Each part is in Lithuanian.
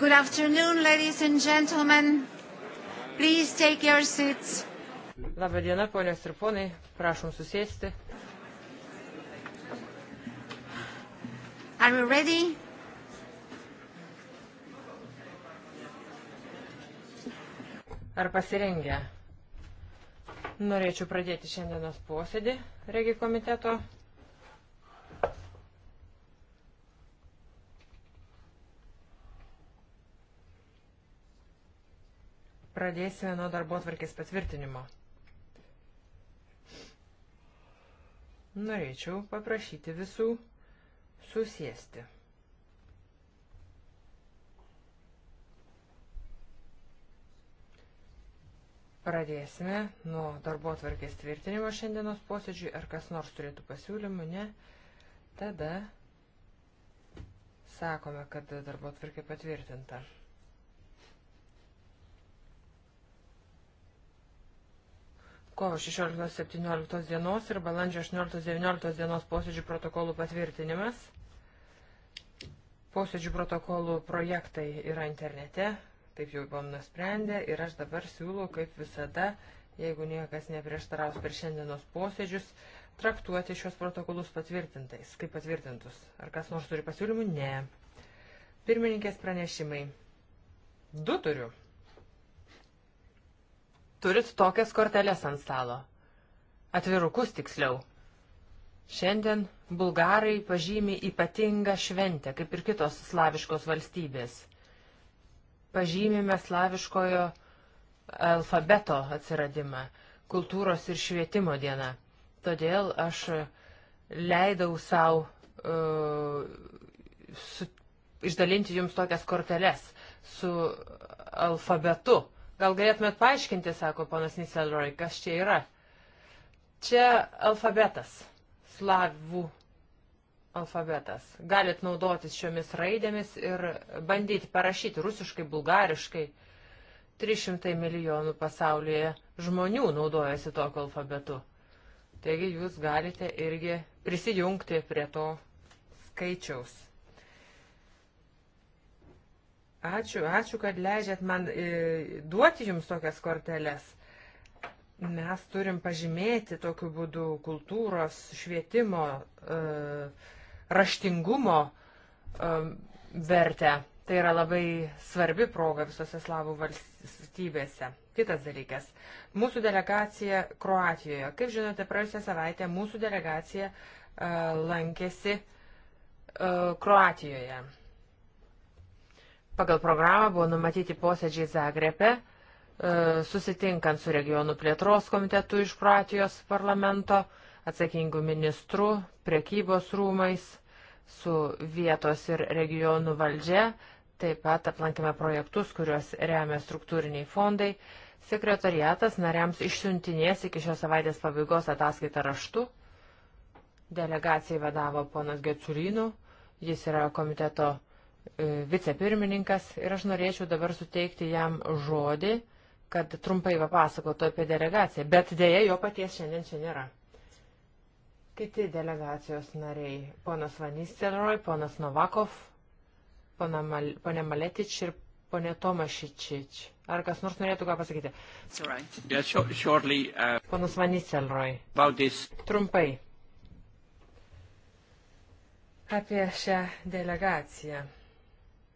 Good afternoon, ladies and gentlemen. Please take your seats. Labą dieną, ponios ir ponai. Prašom susėsti. Are you ready? Ar pasirengę? Norėčiau pradėti šiandienos posėdį regi komiteto. Pradėsime nuo darbo tvarkės patvirtinimo. Norėčiau paprašyti visų susėsti. Pradėsime nuo darbo tvarkės tvirtinimo šiandienos posėdžiui. Ar kas nors turėtų pasiūlymų? Ne. Tada sakome, kad darbo tvarkė patvirtinta. Kovo 16-17 dienos ir balandžio 18-19 dienos posėdžių protokolų patvirtinimas. Posėdžių protokolų projektai yra internete, Taip jau buvom nusprendę ir aš dabar siūlau, kaip visada, jeigu niekas neprieštaraus per šiandienos posėdžius, traktuoti šios protokolus patvirtintais, kaip patvirtintus. Ar kas nors turi pasiūlymų? Ne. Pirmininkės pranešimai. Du turiu. Turit tokias korteles ant stalo. Atvirukus tiksliau. Šiandien bulgarai pažymi ypatingą šventę, kaip ir kitos slaviškos valstybės pažymime slaviškojo alfabeto atsiradimą, kultūros ir švietimo diena. Todėl aš leidau savo uh, e, su, išdalinti jums tokias korteles su alfabetu. Gal galėtumėt paaiškinti, sako ponas Niselroy, kas čia yra? Čia alfabetas slavų alfabetas. Galit naudotis šiomis raidėmis ir bandyti parašyti rusiškai, bulgariškai. 300 milijonų pasaulyje žmonių naudojasi tokiu alfabetu. Taigi jūs galite irgi prisijungti prie to skaičiaus. Ačiū, ačiū, kad leidžiat man e, duoti jums tokias korteles. Mes turim pažymėti tokiu būdu kultūros, švietimo. E, raštingumo um, vertę. Tai yra labai svarbi proga visose slavų valstybėse. Kitas dalykas. Mūsų delegacija Kroatijoje. Kaip žinote, praėjusią savaitę mūsų delegacija uh, lankėsi uh, Kroatijoje. Pagal programą buvo numatyti posėdžiai Zagrepe, uh, susitinkant su regionų plėtros komitetu iš Kroatijos parlamento. Uh, atsakingų ministrų, prekybos rūmais, su vietos ir regionų valdžia, taip pat aplankėme projektus, kuriuos remia struktūriniai fondai. Sekretariatas nariams išsiuntinės iki šios savaitės pabaigos ataskaitą raštu. Delegacijai vadavo ponas Getsurinų, jis yra komiteto e, vicepirmininkas ir aš norėčiau dabar suteikti jam žodį, kad trumpai papasakotų apie delegaciją, bet dėja jo paties šiandien čia nėra. Kiti delegacijos nariai - ponas Vanistelroj, ponas Novakov, ponė Mal, Maletič ir ponė Tomašičič. Ar kas nors norėtų ką pasakyti? Right. Yeah, shortly, uh, ponas Vanistelroj. Trumpai. Apie šią delegaciją.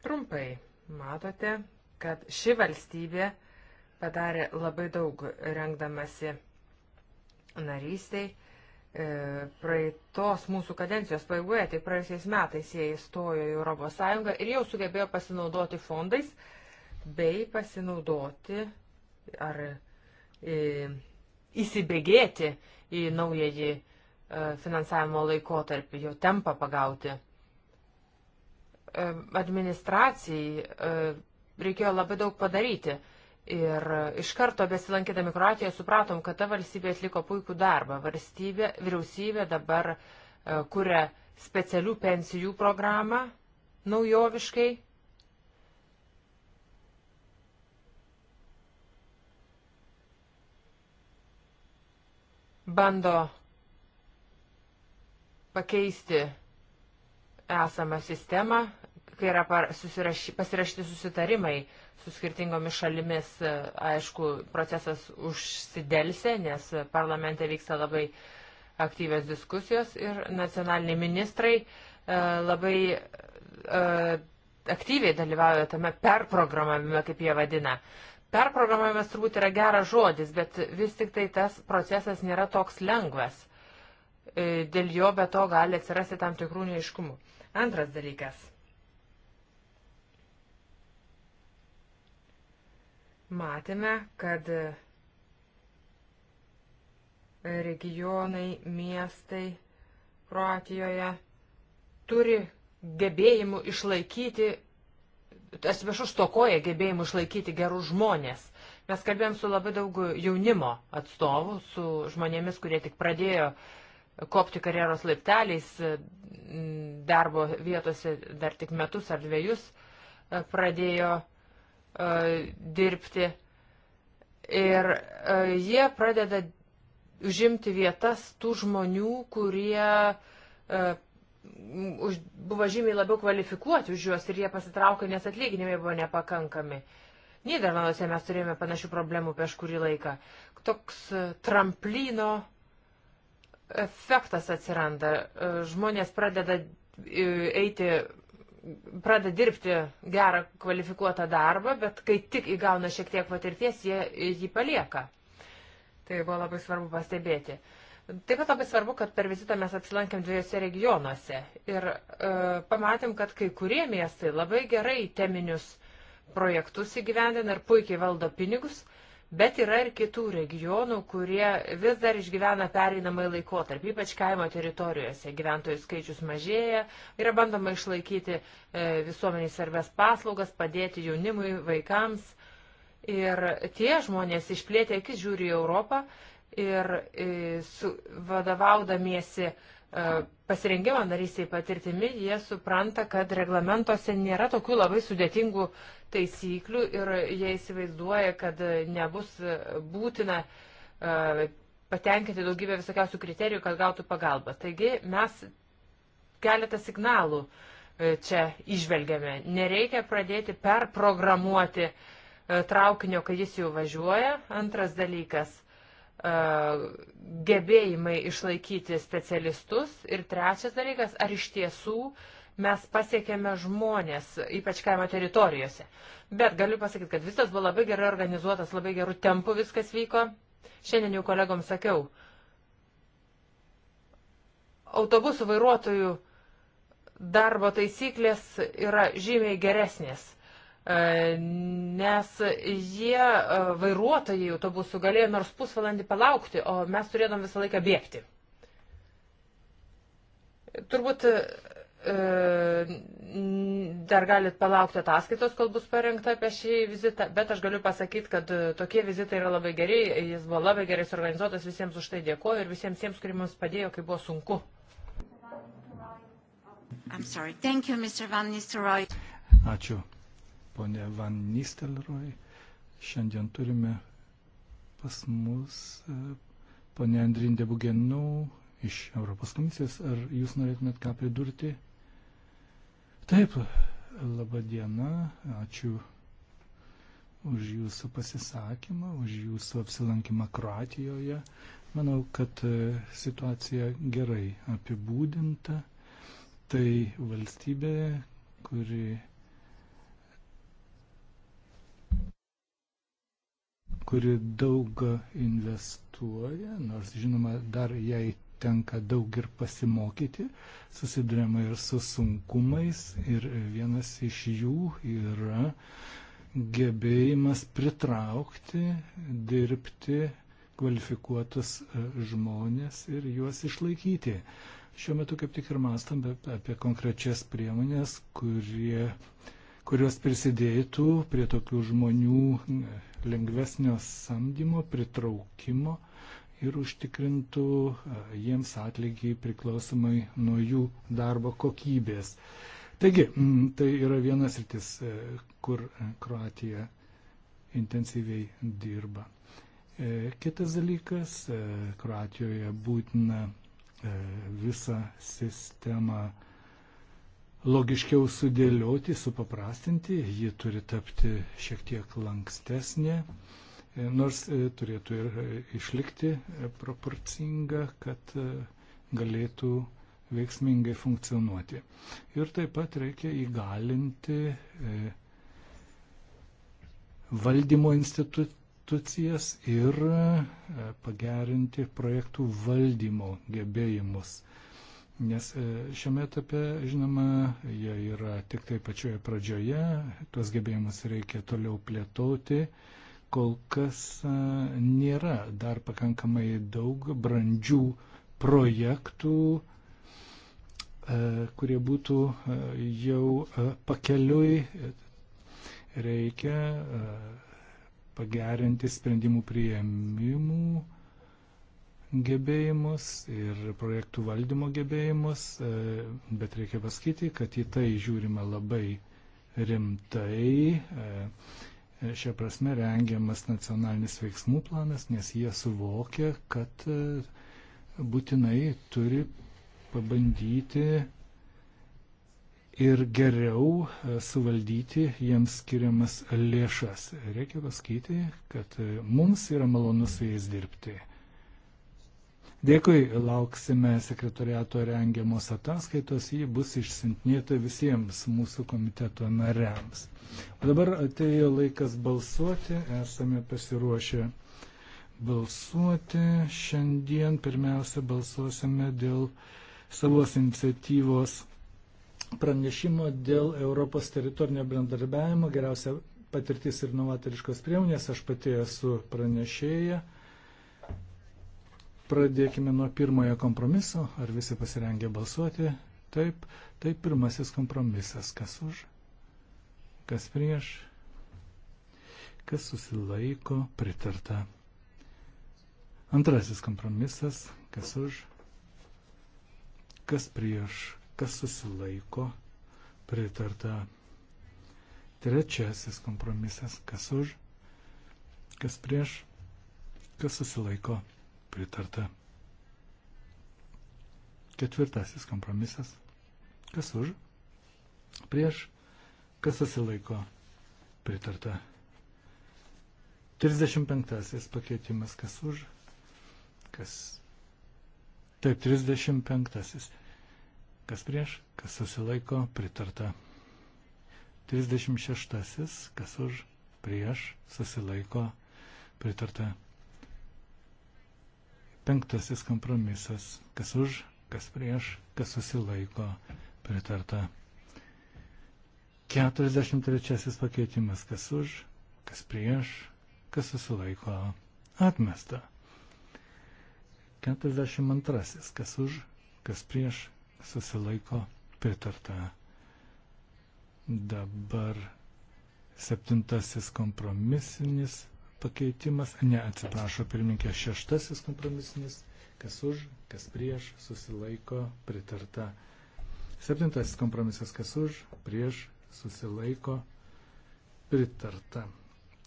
Trumpai. Matote, kad ši valstybė padarė labai daug rengdamasi narystėj E, praeitos mūsų kadencijos paigoje, tai praėjusiais metais jie įstojo į ES ir jau sugebėjo pasinaudoti fondais bei pasinaudoti ar e, įsibėgėti į naująjį e, finansavimo laikotarpį, jo tempą pagauti. E, administracijai e, reikėjo labai daug padaryti. E, Ir iš karto besilankydami Kroatijoje supratom, kad ta valstybė atliko puikų darbą. Valstybė, vyriausybė dabar e, kuria specialių pensijų programą naujoviškai. Bando pakeisti esamą sistemą kai yra pasirašyti susitarimai su skirtingomis šalimis, aišku, procesas užsidelsė, nes parlamente vyksta labai aktyvios diskusijos ir nacionaliniai ministrai e, labai e, aktyviai dalyvauja tame perprogramavime, kaip jie vadina. Perprogramavimas turbūt yra geras žodis, bet vis tik tai tas procesas nėra toks lengvas. E, dėl jo be to gali atsirasti tam tikrų neiškumų. Antras dalykas – matėme, kad regionai, miestai Kroatijoje turi gebėjimų išlaikyti, atsiprašau, stokoja gebėjimų išlaikyti gerus žmonės. Mes kalbėjom su labai daug jaunimo atstovų, su žmonėmis, kurie tik pradėjo kopti karjeros laipteliais darbo vietose dar tik metus ar dviejus, pradėjo uh, E, dirbti. Ir e, jie pradeda užimti vietas tų žmonių, kurie e, už, buvo žymiai labiau kvalifikuoti už juos ir jie pasitraukė, nes atlyginimai buvo nepakankami. Niderlanduose mes turėjome panašių problemų prieš kurį laiką. Toks tramplino efektas atsiranda. Žmonės pradeda eiti pradeda dirbti gerą kvalifikuotą darbą, bet kai tik įgauna šiek tiek patirties, jie jį palieka. Tai buvo labai svarbu pastebėti. Taip pat labai svarbu, kad per vizitą mes apsilankėm dviejose regionuose ir e, pamatėm, kad kai kurie miestai labai gerai teminius projektus įgyvendina ir puikiai valdo pinigus, Bet yra ir kitų regionų, kurie vis dar išgyvena pereinamai laikotarpį, ypač kaimo teritorijose. Gyventojų skaičius mažėja, yra bandoma išlaikyti e, visuomeniai svarbės paslaugas, padėti jaunimui, vaikams. Ir tie žmonės išplėtė akis žiūri į Europą ir e, su, vadovaudamiesi e, E, pasirengimą narysiai patirtimi, jie supranta, kad reglamentuose nėra tokių labai sudėtingų taisyklių ir jie įsivaizduoja, kad nebus būtina e, patenkinti daugybę visokiausių kriterijų, kad gautų pagalbą. Taigi mes keletą signalų e, čia išvelgiame. Nereikia pradėti perprogramuoti traukinio, kai jis jau važiuoja. Antras dalykas E, gebėjimai išlaikyti specialistus. Ir trečias dalykas, ar iš tiesų mes pasiekėme žmonės, ypač kaimo teritorijose. Bet galiu pasakyti, kad visas buvo labai gerai organizuotas, labai gerų tempų viskas vyko. Šiandien jau kolegom sakiau, autobusų vairuotojų darbo taisyklės yra žymiai geresnės E, nes jie e, vairuotojai autobusų galėjo nors pusvalandį palaukti, o mes turėdom visą laiką bėgti. Turbūt e, dar galit palaukti ataskaitos, kol bus parengta apie šį vizitą, bet aš galiu pasakyti, kad tokie vizitai yra labai geri, jis buvo labai gerai suorganizuotas, visiems už tai dėkoju ir visiems tiems, kurie mums padėjo, kai buvo sunku. Ačiū ponė Van Nistelroj. Šiandien turime pas mus e, ponė Andrindė Bugenau iš Europos komisijos. Ar jūs norėtumėt ką pridurti? Taip, laba diena, ačiū už jūsų pasisakymą, už jūsų apsilankymą Kroatijoje. Manau, kad e, situacija gerai apibūdinta. Tai valstybė, kuri kuri daug investuoja, nors žinoma, dar jai tenka daug ir pasimokyti, susidurėma ir su sunkumais ir vienas iš jų yra gebėjimas pritraukti, dirbti kvalifikuotus e, žmonės ir juos išlaikyti. Šiuo metu kaip tik ir mastam apie konkrečias priemonės, kurie, kurios prisidėtų prie tokių žmonių e, lengvesnio samdymo, pritraukimo ir užtikrintų e, jiems atlygį priklausomai nuo jų darbo kokybės. Taigi, tai yra vienas rytis, e, kur Kroatija intensyviai dirba. Kitas dalykas, Kroatijoje būtina visą sistemą logiškiau sudėlioti, supaprastinti, ji turi tapti šiek tiek lankstesnė, e, nors e, turėtų ir e, išlikti proporcinga, kad galėtų veiksmingai funkcionuoti. Ir taip pat reikia įgalinti valdymo institucijas ir pagerinti projektų valdymo gebėjimus. Nes e, šiame etape, žinoma, jie yra tik tai pačioje pradžioje, tuos gebėjimus reikia toliau plėtoti. Kol kas e, nėra dar pakankamai daug brandžių projektų, e, kurie būtų jau pakeliui. Reikia pagerinti sprendimų prieimimų gebėjimus ir projektų valdymo gebėjimus, e, bet reikia pasakyti, kad į tai žiūrima labai rimtai. E, Šią prasme rengiamas nacionalinis veiksmų planas, nes jie suvokia, kad e, būtinai turi pabandyti ir geriau suvaldyti jiems skiriamas lėšas. Reikia pasakyti, kad mums yra malonu su jais dirbti. Dėkui, lauksime sekretoriato rengiamos ataskaitos, ji bus išsintinėta visiems mūsų komiteto nariams. O dabar atėjo laikas balsuoti, esame pasiruošę balsuoti. Šiandien pirmiausia balsuosime dėl savos iniciatyvos pranešimo dėl Europos teritorinio bendradarbiavimo, geriausia patirtis ir novatoriškos priemonės, aš pati esu pranešėja. Pradėkime nuo pirmojo kompromiso. Ar visi pasirengė balsuoti? Taip, tai pirmasis kompromisas. Kas už? Kas prieš? Kas susilaiko? Pritarta. Antrasis kompromisas. Kas už? Kas prieš? Kas susilaiko? Pritarta. Trečiasis kompromisas. Kas už? Kas prieš? Kas susilaiko? Pritarta pritarta. Ketvirtasis kompromisas. Kas už? Prieš. Kas susilaiko? Pritarta. 35 pakeitimas. Kas už? Kas? Taip, 35. Kas prieš? Kas susilaiko? Pritarta. 36. Kas už? Prieš. Susilaiko? Pritarta. Penktasis kompromisas. Kas už, kas prieš, kas susilaiko. Pritarta. 43 pakeitimas. Kas už, kas prieš, kas susilaiko. Atmesta. 42. Kas už, kas prieš, susilaiko. Pritarta. Dabar septintasis kompromisinis pakeitimas, ne, atsiprašo pirmininkė, šeštasis kompromisinis, kas už, kas prieš, susilaiko, pritarta. Septintasis kompromisas, kas už, prieš, susilaiko, pritarta.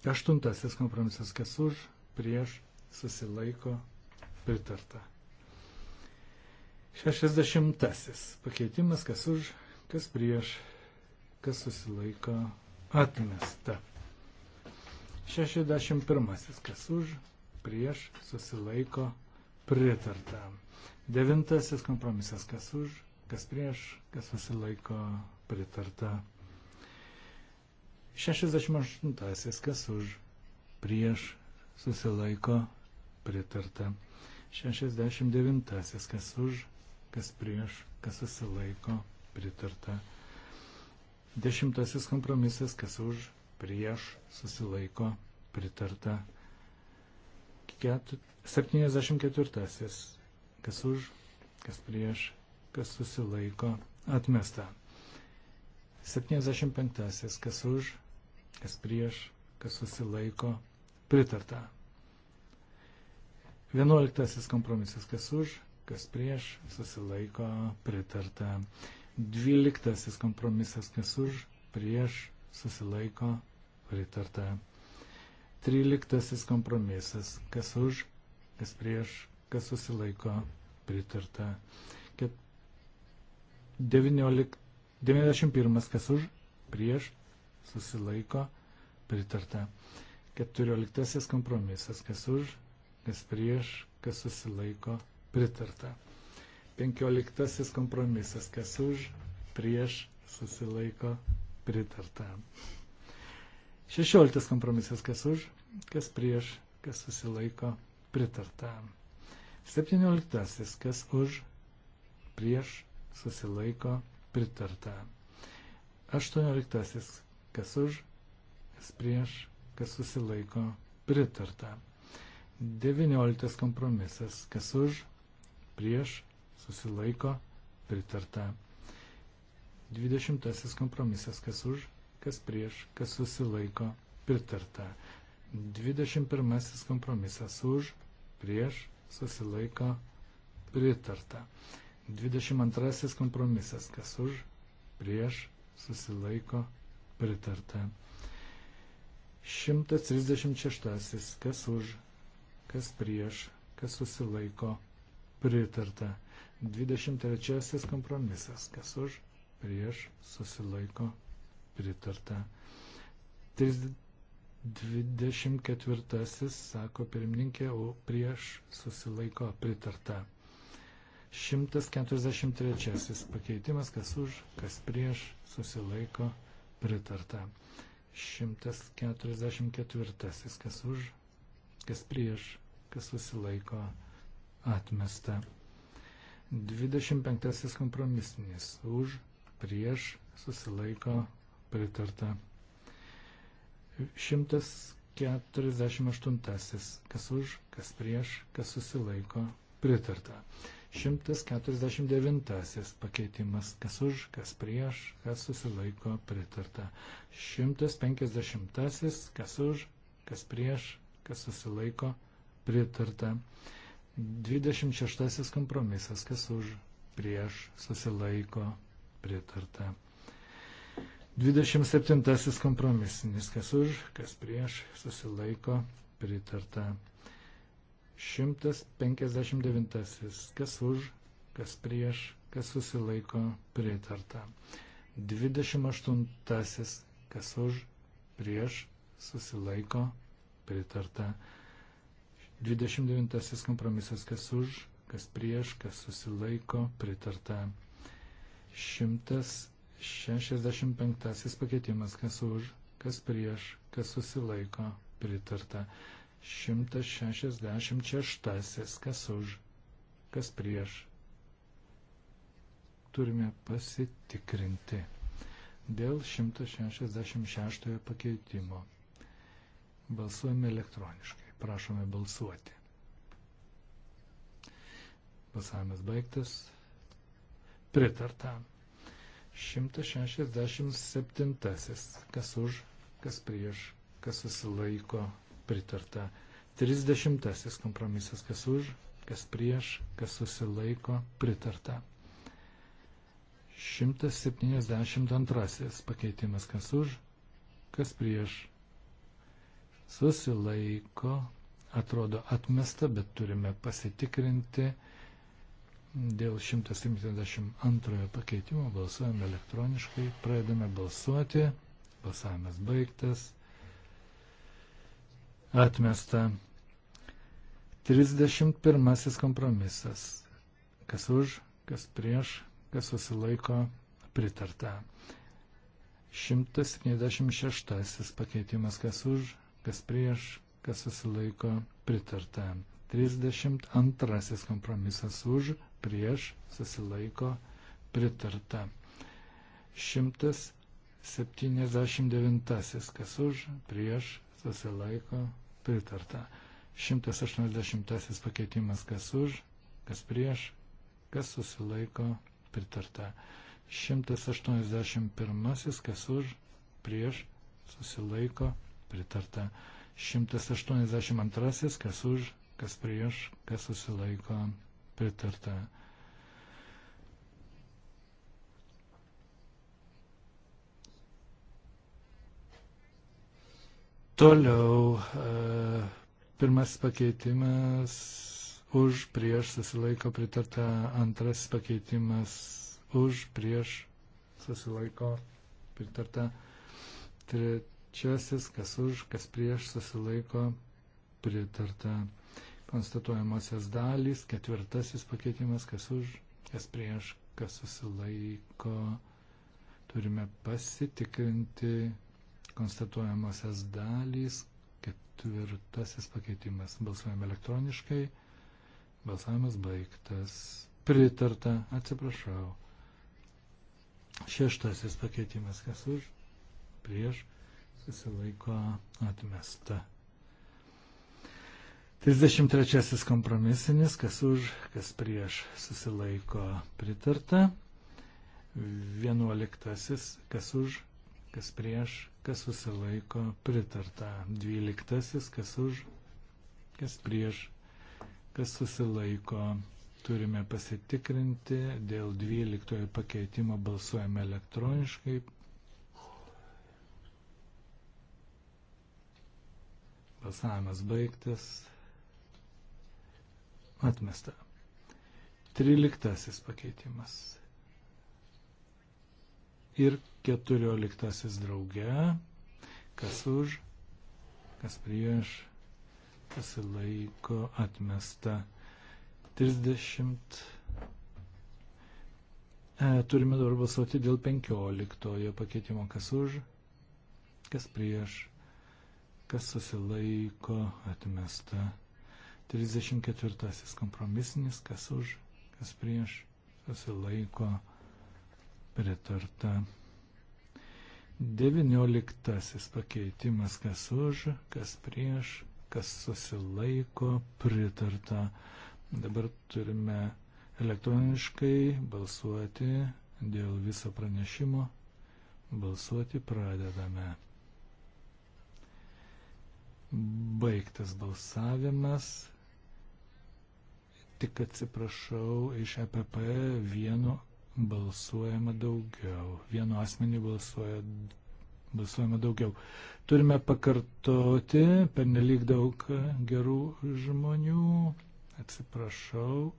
Aštuntasis kompromisas, kas už, prieš, susilaiko, pritarta. Šešiasdešimtasis pakeitimas, kas už, kas prieš, kas susilaiko, atmesta. 61. Kas už, prieš, susilaiko, pritarta. Devintasis kompromisas. Kas už, kas prieš, kas susilaiko, pritarta. 68. Kas už, prieš, susilaiko, pritarta. 69. Kas už, kas prieš, kas susilaiko, pritarta. Dešimtasis kompromisas, kas už, prieš susilaiko pritarta 74. Kas už, kas prieš, kas susilaiko atmesta. 75. Kas už, kas prieš, kas susilaiko pritarta. 11. Kompromisas. Kas už, kas prieš, susilaiko pritarta. 12. Kompromisas. Kas už, prieš, susilaiko pritarta. Tryliktasis kompromisas, kas už, kas prieš, kas susilaiko, pritarta. 19, 91, kas už, prieš, susilaiko, pritarta. 14 kompromisas, kas už, kas prieš, kas susilaiko, pritarta. 15 kompromisas, kas už, prieš, susilaiko, pritarta. 16 kompromisas, kas už, kas prieš, kas susilaiko pritarta. 17. Kas už, prieš, susilaiko pritarta. 18. Kas už, kas prieš, kas susilaiko pritarta. 19. Kompromisas. Kas už, prieš, susilaiko pritarta. 20. Kompromisas. Kas už, kas prieš, kas susilaiko, pritarta. 21 kompromisas už, prieš, susilaiko, pritarta. 22 kompromisas, kas už, prieš, susilaiko, pritarta. 136, kas už, kas prieš, kas susilaiko, pritarta. 23 kompromisas, kas už, prieš, susilaiko, pritarta. 24, sako pirmininkė, o prieš susilaiko pritarta. 143 pakeitimas, kas už, kas prieš susilaiko pritarta. 144, kas už, kas prieš, kas susilaiko atmesta. 25 kompromisinis, už, prieš susilaiko pritarta. 148. Kas už, kas prieš, kas susilaiko, pritarta. 149 pakeitimas, kas už, kas prieš, kas susilaiko, pritarta. 150, kas už, kas prieš, kas susilaiko, pritarta. 26 kompromisas, kas už, prieš, susilaiko, pritarta. 27 kompromisinis, kas už, kas prieš, susilaiko, pritarta. 159, kas už, kas prieš, kas susilaiko, pritarta. 28, kas už, prieš, susilaiko, pritarta. 29 kompromisas, kas už, kas prieš, kas susilaiko, pritarta. 100 65 pakeitimas, kas už, kas prieš, kas susilaiko, pritarta. 166, kas už, kas prieš. Turime pasitikrinti dėl 166 pakeitimo. Balsuojame elektroniškai. Prašome balsuoti. Balsavimas baigtas. Pritarta. 167. Kas už, kas prieš, kas susilaiko, pritarta. 30. Kompromisas. Kas už, kas prieš, kas susilaiko, pritarta. 172. Pakeitimas. Kas už, kas prieš, susilaiko, atrodo atmesta, bet turime pasitikrinti. Dėl 172 pakeitimo balsuojame elektroniškai, pradedame balsuoti, balsavimas baigtas, atmesta 31 kompromisas. Kas už, kas prieš, kas susilaiko, pritarta. 176 pakeitimas, kas už, kas prieš, kas susilaiko, pritarta. 32 kompromisas už, prieš susilaiko pritarta. 179. Kas už prieš susilaiko pritarta. 180 pakeitimas kas už, kas prieš, kas susilaiko, pritarta. 181 kas už, prieš, susilaiko, pritarta. 182 kas už, kas prieš, kas susilaiko, pritarta. Toliau e, pirmas pakeitimas už prieš susilaiko pritarta, antras pakeitimas už prieš susilaiko pritarta, trečiasis kas už, kas prieš susilaiko pritarta konstatuojamasias dalys, ketvirtasis pakeitimas, kas už, kas prieš, kas susilaiko. Turime pasitikrinti konstatuojamasias dalys, ketvirtasis pakeitimas. Balsuojame elektroniškai, balsavimas baigtas. Pritarta, atsiprašau. Šeštasis pakeitimas, kas už, prieš, susilaiko atmesta. 33 kompromisinis, kas už, kas prieš susilaiko pritarta. 11 kas už, kas prieš, kas susilaiko pritarta. 12 kas už, kas prieš, kas susilaiko. Turime pasitikrinti, dėl 12 pakeitimo balsuojame elektroniškai, Balsavimas baigtas. Atmesta. Tryliktasis pakeitimas. Ir keturioliktasis drauge. Kas už, kas prieš, kas laiko atmesta. Trisdešimt. 30... E, turime dabar balsuoti dėl 15 pakeitimo, kas už, kas prieš, kas susilaiko, atmesta. 34 kompromisinis, kas už, kas prieš, susilaiko pritarta. 19 pakeitimas, kas už, kas prieš, kas susilaiko pritarta. Dabar turime elektroniškai balsuoti dėl viso pranešimo. Balsuoti pradedame. Baigtas balsavimas tik atsiprašau iš EPP vienu balsuojama daugiau. Vienu asmeniu balsuoja, balsuojama daugiau. Turime pakartoti per nelik daug gerų žmonių. Atsiprašau.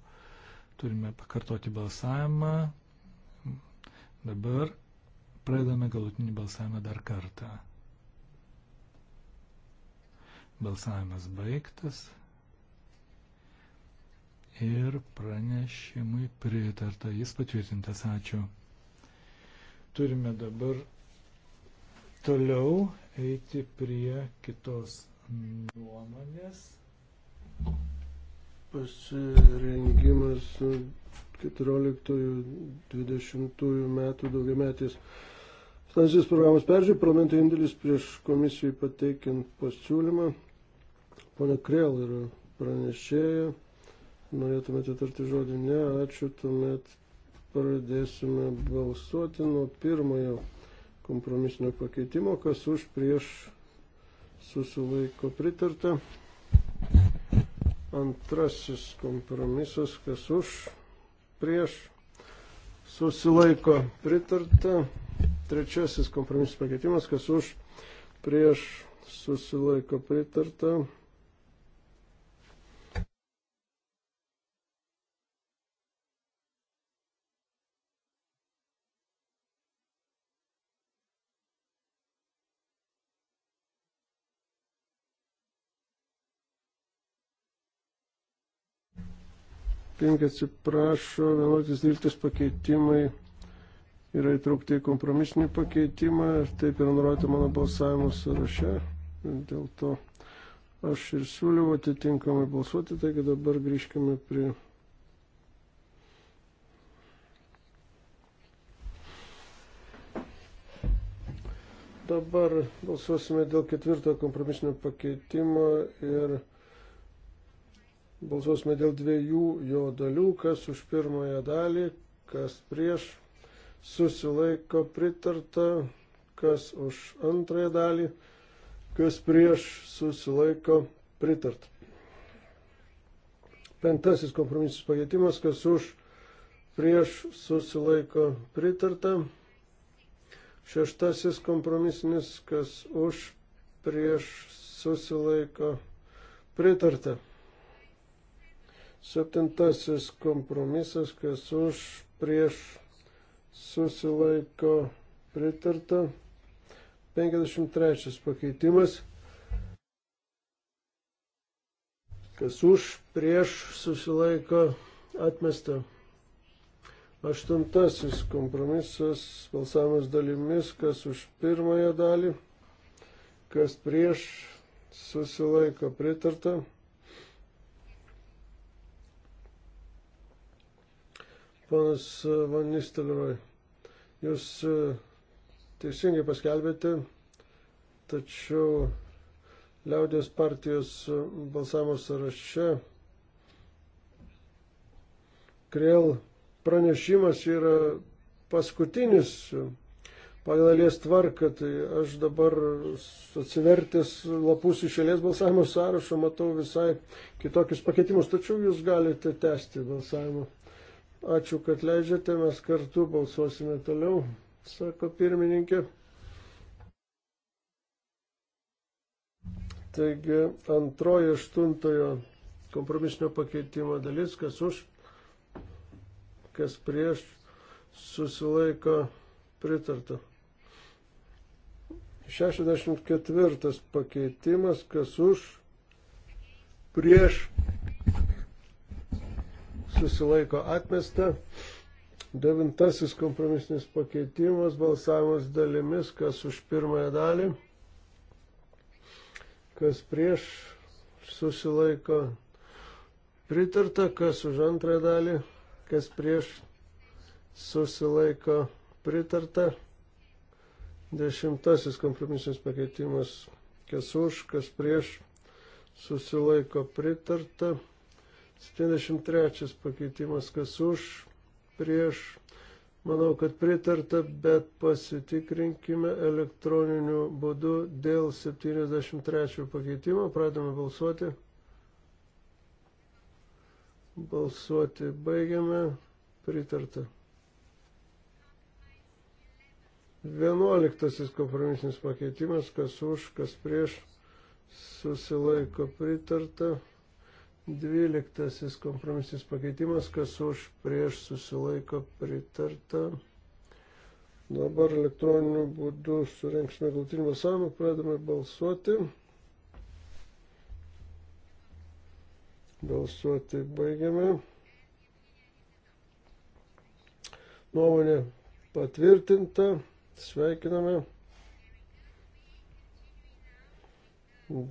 Turime pakartoti balsavimą. Dabar pradedame galutinį balsavimą dar kartą. Balsavimas baigtas ir pranešimui pritarta, jis patvirtintas, ačiū. Turime dabar toliau eiti prie kitos nuomonės. Pasirengimas 14-20 metų daugiametės finansinės programos peržiūrė, parlamento indėlis prieš komisijai pateikiant pasiūlymą. Pone Krėl yra pranešėja. Norėtumėte tarti žodį? Ne, ačiū. Tuomet pradėsime balsuoti nuo pirmojo kompromisinio pakeitimo, kas už prieš susilaiko pritarta. Antrasis kompromisas, kas už prieš susilaiko pritarta. Trečiasis kompromisis pakeitimas, kas už prieš susilaiko pritarta. 5 atsiprašo, 11-12 pakeitimai yra įtraukti į kompromisinį pakeitimą, taip yra nurodyta mano balsavimo sąraše, dėl to aš ir siūliau atitinkamai balsuoti, taigi dabar grįžkime prie. Dabar balsuosime dėl ketvirto kompromisinio pakeitimo ir Balsuosime dėl dviejų jo dalių, kas už pirmąją dalį, kas prieš, susilaiko pritarta, kas už antrąją dalį, kas prieš, susilaiko pritarta. Penktasis kompromisas pakeitimas, kas už prieš, susilaiko pritarta. Šeštasis kompromisinis, kas už prieš, susilaiko pritarta. Septintasis kompromisas, kas už, prieš, susilaiko pritarta. 53 pakeitimas. Kas už, prieš, susilaiko atmesta. Aštuntasis kompromisas, balsavimas dalimis, kas už pirmąją dalį, kas prieš, susilaiko pritarta. Ponas Van Nistelrooy, jūs e, teisingai paskelbėte, tačiau liaudės partijos e, balsavimo sąraše Krėl pranešimas yra paskutinis pagal alies tvarką, tai aš dabar atsivertęs lapus iš alies balsavimo sąrašo matau visai kitokius pakeitimus, tačiau jūs galite tęsti balsavimo Ačiū, kad leidžiate, mes kartu balsuosime toliau, sako pirmininkė. Taigi antroji aštuntojo kompromisinio pakeitimo dalis, kas už, kas prieš, susilaiko pritarta. 64 pakeitimas, kas už, prieš, susilaiko atmesta. Devintasis kompromisinis pakeitimas, balsavimas dalimis, kas už pirmąją dalį, kas prieš susilaiko pritarta, kas už antrąją dalį, kas prieš susilaiko pritarta. Dešimtasis kompromisinis pakeitimas, kas už, kas prieš susilaiko pritarta. 73 pakeitimas, kas už, prieš. Manau, kad pritarta, bet pasitikrinkime elektroniniu būdu dėl 73 pakeitimo. Pradame balsuoti. Balsuoti baigiame. Pritarta. 11 kompromisinis pakeitimas, kas už, kas prieš, susilaiko pritarta. Dvyliktasis kompromisinis pakeitimas, kas už prieš susilaiko pritarta. Dabar elektroniniu būdu surinksime galutinį balsavimą, pradame balsuoti. Balsuoti baigiame. Nuomonė patvirtinta. Sveikiname.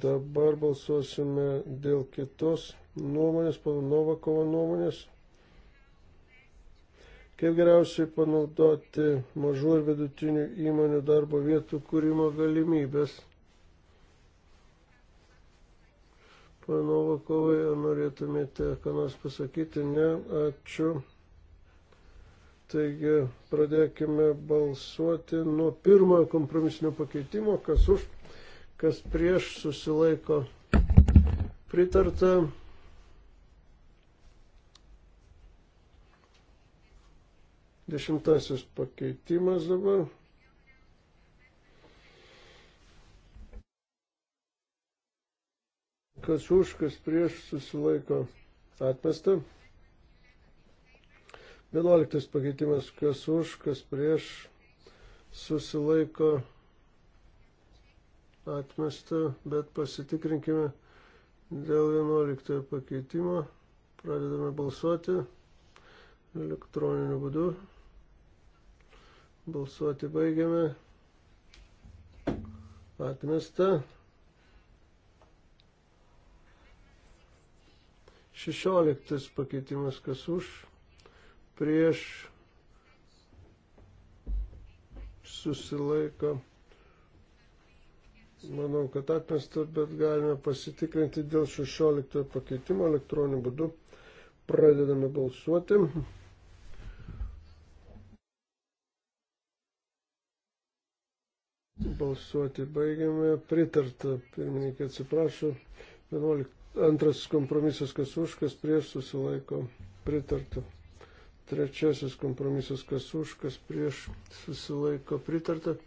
Dabar balsuosime dėl kitos nuomonės, pana Novakovo nuomonės, kaip geriausiai panaudoti mažų ir vidutinių įmonių darbo vietų kūrimo galimybės. Pane Novakovai, ar norėtumėte ką nors pasakyti? Ne, ačiū. Taigi pradėkime balsuoti nuo pirmojo kompromisinio pakeitimo, kas už, kas prieš susilaiko pritarta. Dešimtasis pakeitimas dabar. Kas už, kas prieš susilaiko atmesta. Vienuoliktas pakeitimas, kas už, kas prieš susilaiko atmesta, bet pasitikrinkime dėl vienuoliktojo pakeitimo. Pradedame balsuoti elektroniniu būdu. Balsuoti baigiame. Atmesta. 16 pakeitimas kas už, prieš susilaiko. Manau, kad atmesta, bet galime pasitikrinti dėl 16 pakeitimo elektroniniu būdu. Pradedame balsuoti. Balsuoti baigiame. Pritarta. Pirmininkė atsiprašo. 11. Antras kompromisas, kas už, kas prieš susilaiko. Pritarta. Trečiasis kompromisas, kas už, kas prieš susilaiko. Pritarta.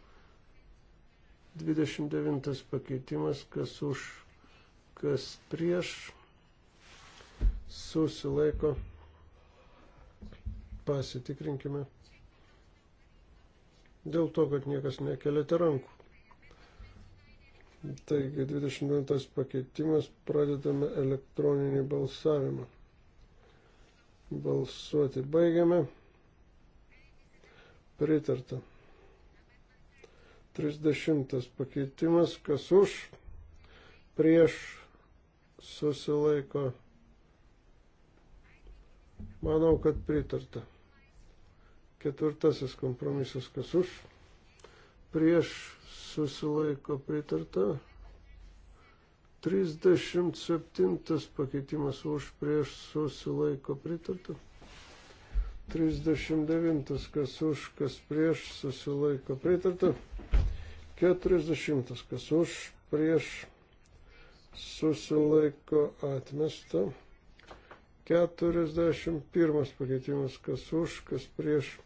29 pakeitimas, kas už, kas prieš susilaiko. Pasitikrinkime. Dėl to, kad niekas nekelėte rankų. Taigi 29 pakeitimas, pradedame elektroninį balsavimą. Balsuoti baigiame. Pritarta. 30 pakeitimas, kas už, prieš, susilaiko. Manau, kad pritarta. Ketvirtasis kompromisas, kas už prieš susilaiko pritarta. 37 pakeitimas už prieš susilaiko pritarta. 39 kas už, kas prieš susilaiko pritarta. 40 kas už, prieš susilaiko atmesta. 41 pakeitimas kas už, kas prieš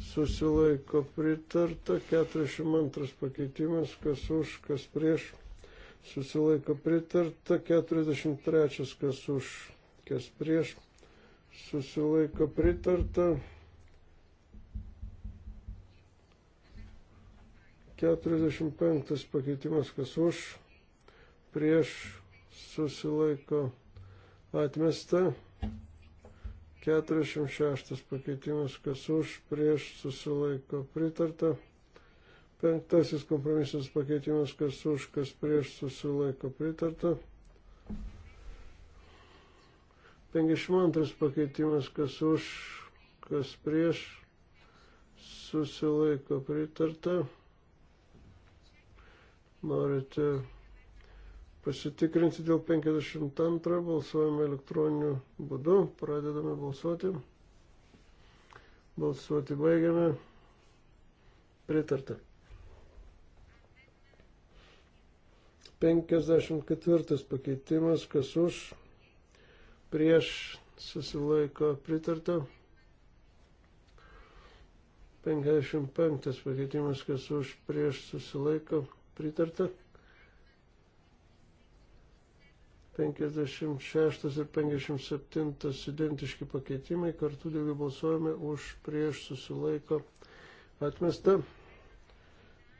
susilaiko pritarta, 42 pakeitimas, kas už, kas prieš, susilaiko pritarta, 43 kas už, kas prieš, susilaiko pritarta. 45 pakeitimas, kas už, prieš, susilaiko atmesta. 46 pakeitimas, kas už, prieš, susilaiko, pritarta. Penktasis kompromisas pakeitimas, kas už, kas prieš, susilaiko, pritarta. 52 pakeitimas, kas už, kas prieš, susilaiko, pritarta. Norite pasitikrinti dėl 52, balsuojame elektroniniu būdu, pradedame balsuoti, balsuoti baigiame, pritarta. 54 pakeitimas, kas už, prieš susilaiko pritarta. 55 pakeitimas, kas už, prieš susilaiko pritarta. 56 ir 57 identiški pakeitimai, kartu dėl jų balsuojame už prieš susilaiko atmesta.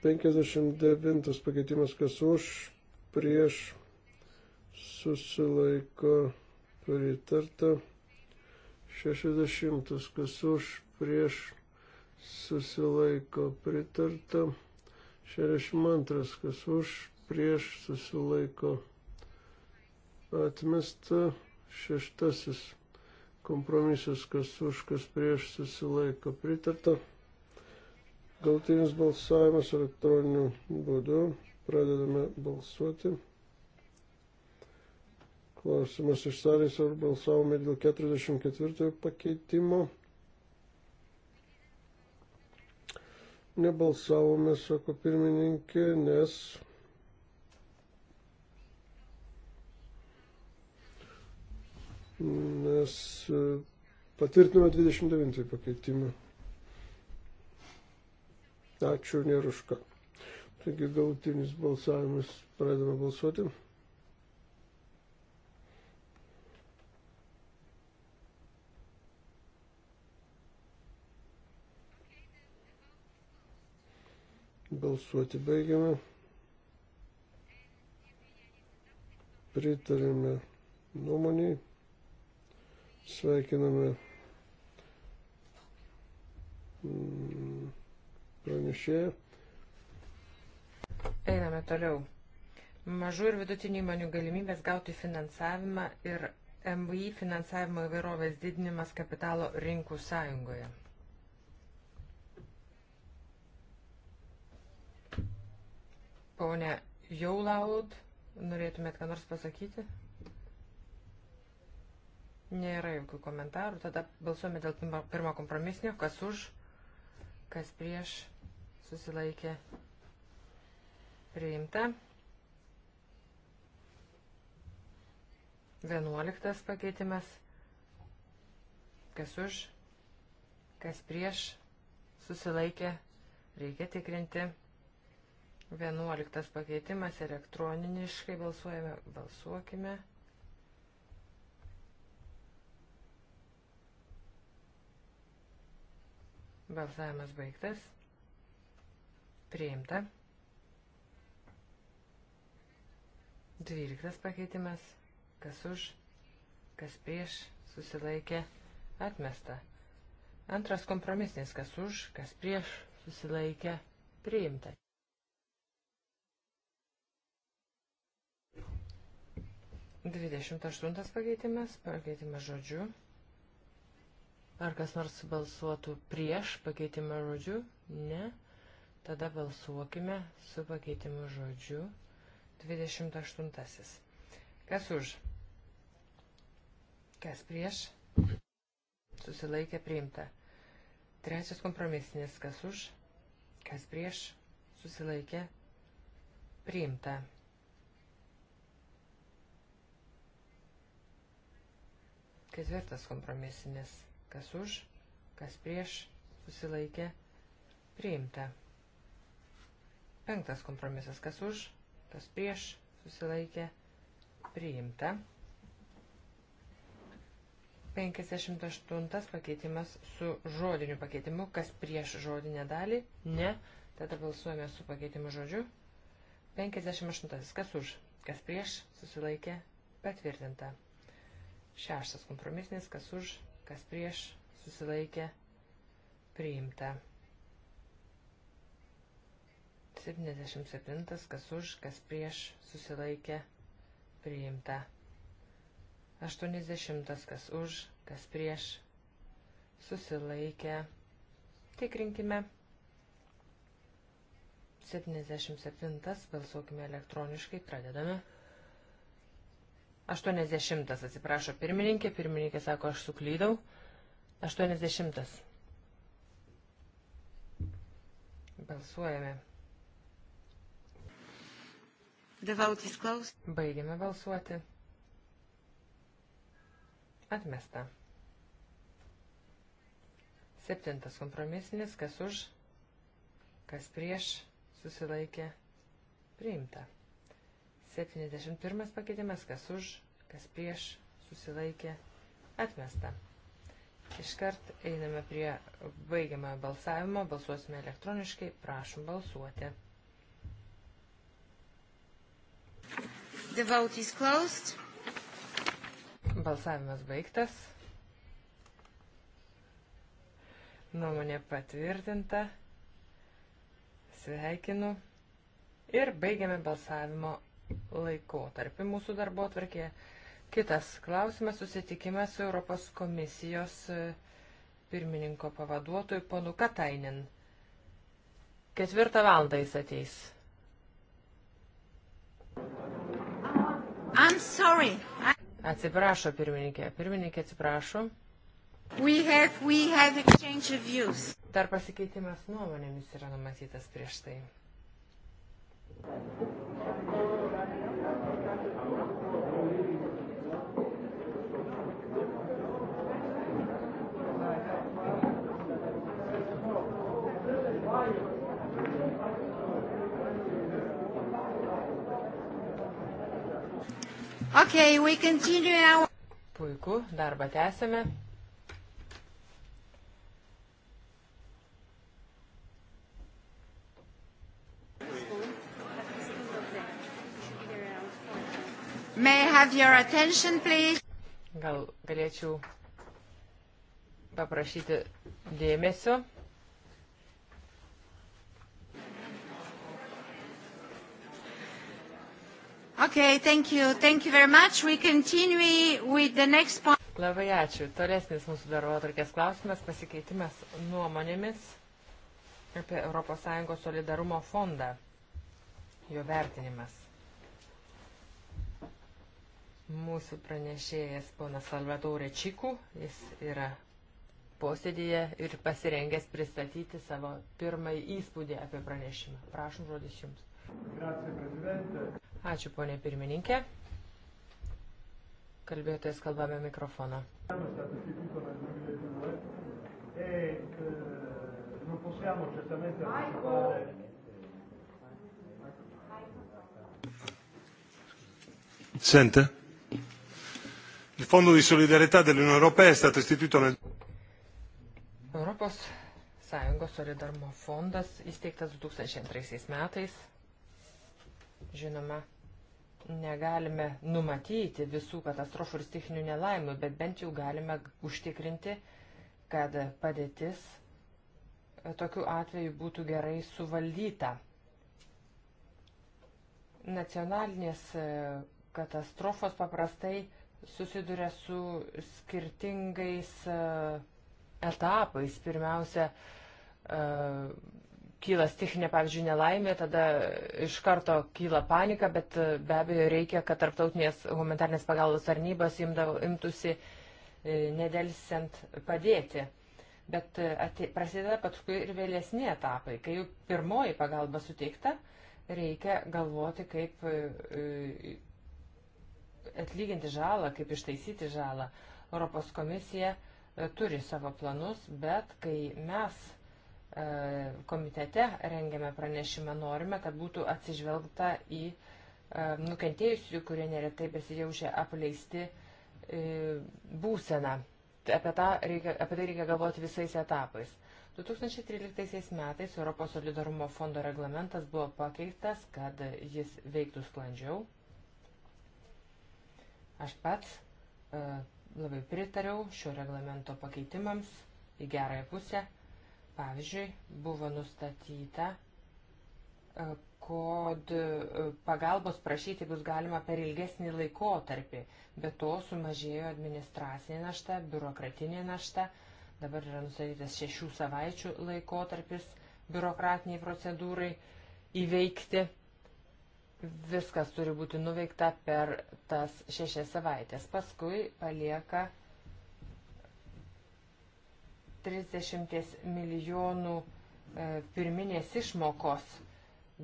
59 pakeitimas, kas už prieš susilaiko pritarta. 60 kas už prieš susilaiko pritarta. 62 kas už prieš susilaiko pritarta atmesta. Šeštasis kompromisas, kas už, kas prieš susilaiko pritarta. Galtinis balsavimas elektroniniu būdu. Pradedame balsuoti. Klausimas iš salės, ar balsavome dėl 44 pakeitimo. Nebalsavome, sako pirmininkė, nes Mes e, patvirtinome 29 pakeitimą. Ačiū, nėra už ką. Taigi galutinis balsavimas, pradedame balsuoti. Balsuoti baigiame. Pritarėme nuomonėjai. Sveikiname mm, pranešėją. Einame toliau. Mažų ir vidutinių įmonių galimybės gauti finansavimą ir MVI finansavimo įvairovės didinimas kapitalo rinkų sąjungoje. Pone Jaulaud, norėtumėt ką nors pasakyti? Nėra jokių komentarų. Tada balsuojame dėl pirmo kompromisinio. Kas už, kas prieš, susilaikė, priimta. Vienuoliktas pakeitimas. Kas už, kas prieš, susilaikė, reikia tikrinti. Vienuoliktas pakeitimas elektroniškai balsuojame, balsuokime. Balsuokime. Balsavimas baigtas. Priimta. Dvyliktas pakeitimas. Kas už, kas prieš, susilaikė, atmesta. Antras kompromisnis, kas už, kas prieš, susilaikė, priimta. Dvidešimt aštuntas pakeitimas, pakeitimas žodžiu. Ar kas nors balsuotų prieš pakeitimą žodžiu? Ne. Tada balsuokime su pakeitimu žodžiu 28. Kas už? Kas prieš? Susilaikė priimta. Trečias kompromisinis. Kas už? Kas prieš? Susilaikė priimta. Ketvirtas kompromisinis kas už, kas prieš, susilaikė, priimta. Penktas kompromisas, kas už, kas prieš, susilaikė, priimta. 58 pakeitimas su žodiniu pakeitimu, kas prieš žodinę dalį, ne, tada balsuojame su pakeitimu žodžiu. 58, kas už, kas prieš, susilaikė, patvirtinta. Šeštas kompromisinis, kas už, kas prieš, susilaikė, priimta. 77, kas už, kas prieš, susilaikė, priimta. 80, kas už, kas prieš, susilaikė, tikrinkime. 77, balsuokime elektroniškai, pradedame. 80 atsiprašo pirmininkė, pirmininkė sako, aš suklydau. 80. Balsuojame. Devautys klaus. Baigiame balsuoti. Atmesta. Septintas kompromisinis, kas už, kas prieš, susilaikė, priimta. 71 pakeitimas, kas už, kas prieš, susilaikė, atmesta. Iškart einame prie baigiamojo balsavimo, balsuosime elektroniškai, prašom balsuoti. The vote is closed. Balsavimas baigtas. Nuomonė patvirtinta. Sveikinu. Ir baigiame balsavimo laikotarpį mūsų darbo atvarkėje. Kitas klausimas - susitikimas su Europos komisijos e, pirmininko pavaduotoju ponu Katainin. Ketvirtą valandą jis ateis. I'm sorry. I... Atsiprašo pirmininkė. Pirmininkė atsiprašo. We have, we have exchange of views. Dar pasikeitimas nuomonėmis yra numatytas prieš tai. Thank you. Okay, we continue our... Puiku, darbą tęsime. May I have your attention, please? Gal galėčiau paprašyti dėmesio. Okay, thank you. Thank you very much. We continue with the next point. Labai ačiū. Tolesnis mūsų darbo atrakės klausimas - pasikeitimas nuomonėmis apie ES solidarumo fondą, jo vertinimas. Mūsų pranešėjas ponas Salvatore Čikų, jis yra posėdėje ir pasirengęs pristatyti savo pirmąjį įspūdį apie pranešimą. Prašom žodis jums. Ačiū, ponė pirmininkė. Kalbėtojas kalbame mikrofoną. E, eh, Sente? Il Fondo di solidarietà dell'Unione Europea è stato istituito nel... Europos Sąjungos solidarumo fondas įsteigtas 2002 metais Žinoma, negalime numatyti visų katastrofų ir stichinių nelaimių, bet bent jau galime užtikrinti, kad padėtis e, tokiu atveju būtų gerai suvaldyta. Nacionalinės e, katastrofos paprastai susiduria su skirtingais e, etapais. Pirmiausia, kyla stichinė, pavyzdžiui, nelaimė, tada iš karto kyla panika, bet e, be abejo reikia, kad tarptautinės humanitarnės pagalbos tarnybos imtųsi e, nedelsiant padėti. Bet e, atė, prasideda paskui ir vėlesni etapai. Kai jau pirmoji pagalba suteikta, reikia galvoti, kaip atlyginti žalą, kaip ištaisyti žalą. Europos komisija turi savo planus, bet kai mes E, komitete rengiame pranešimą, norime, kad būtų atsižvelgta į e, nukentėjusių, kurie neretai besijaučia apleisti e, būseną. Apie, reikia, apie tai reikia galvoti visais etapais. 2013 metais Europos solidarumo fondo reglamentas buvo pakeistas, kad jis veiktų sklandžiau. Aš pats e, labai pritariau šio reglamento pakeitimams į gerąją pusę. Pavyzdžiui, buvo nustatyta, e, kad e, pagalbos prašyti bus galima per ilgesnį laikotarpį, bet to sumažėjo administracinė našta, biurokratinė našta, dabar yra nustatytas šešių savaičių laikotarpis biurokratiniai procedūrai įveikti. Viskas turi būti nuveikta per tas šešias savaitės. Paskui palieka 30 milijonų e, pirminės išmokos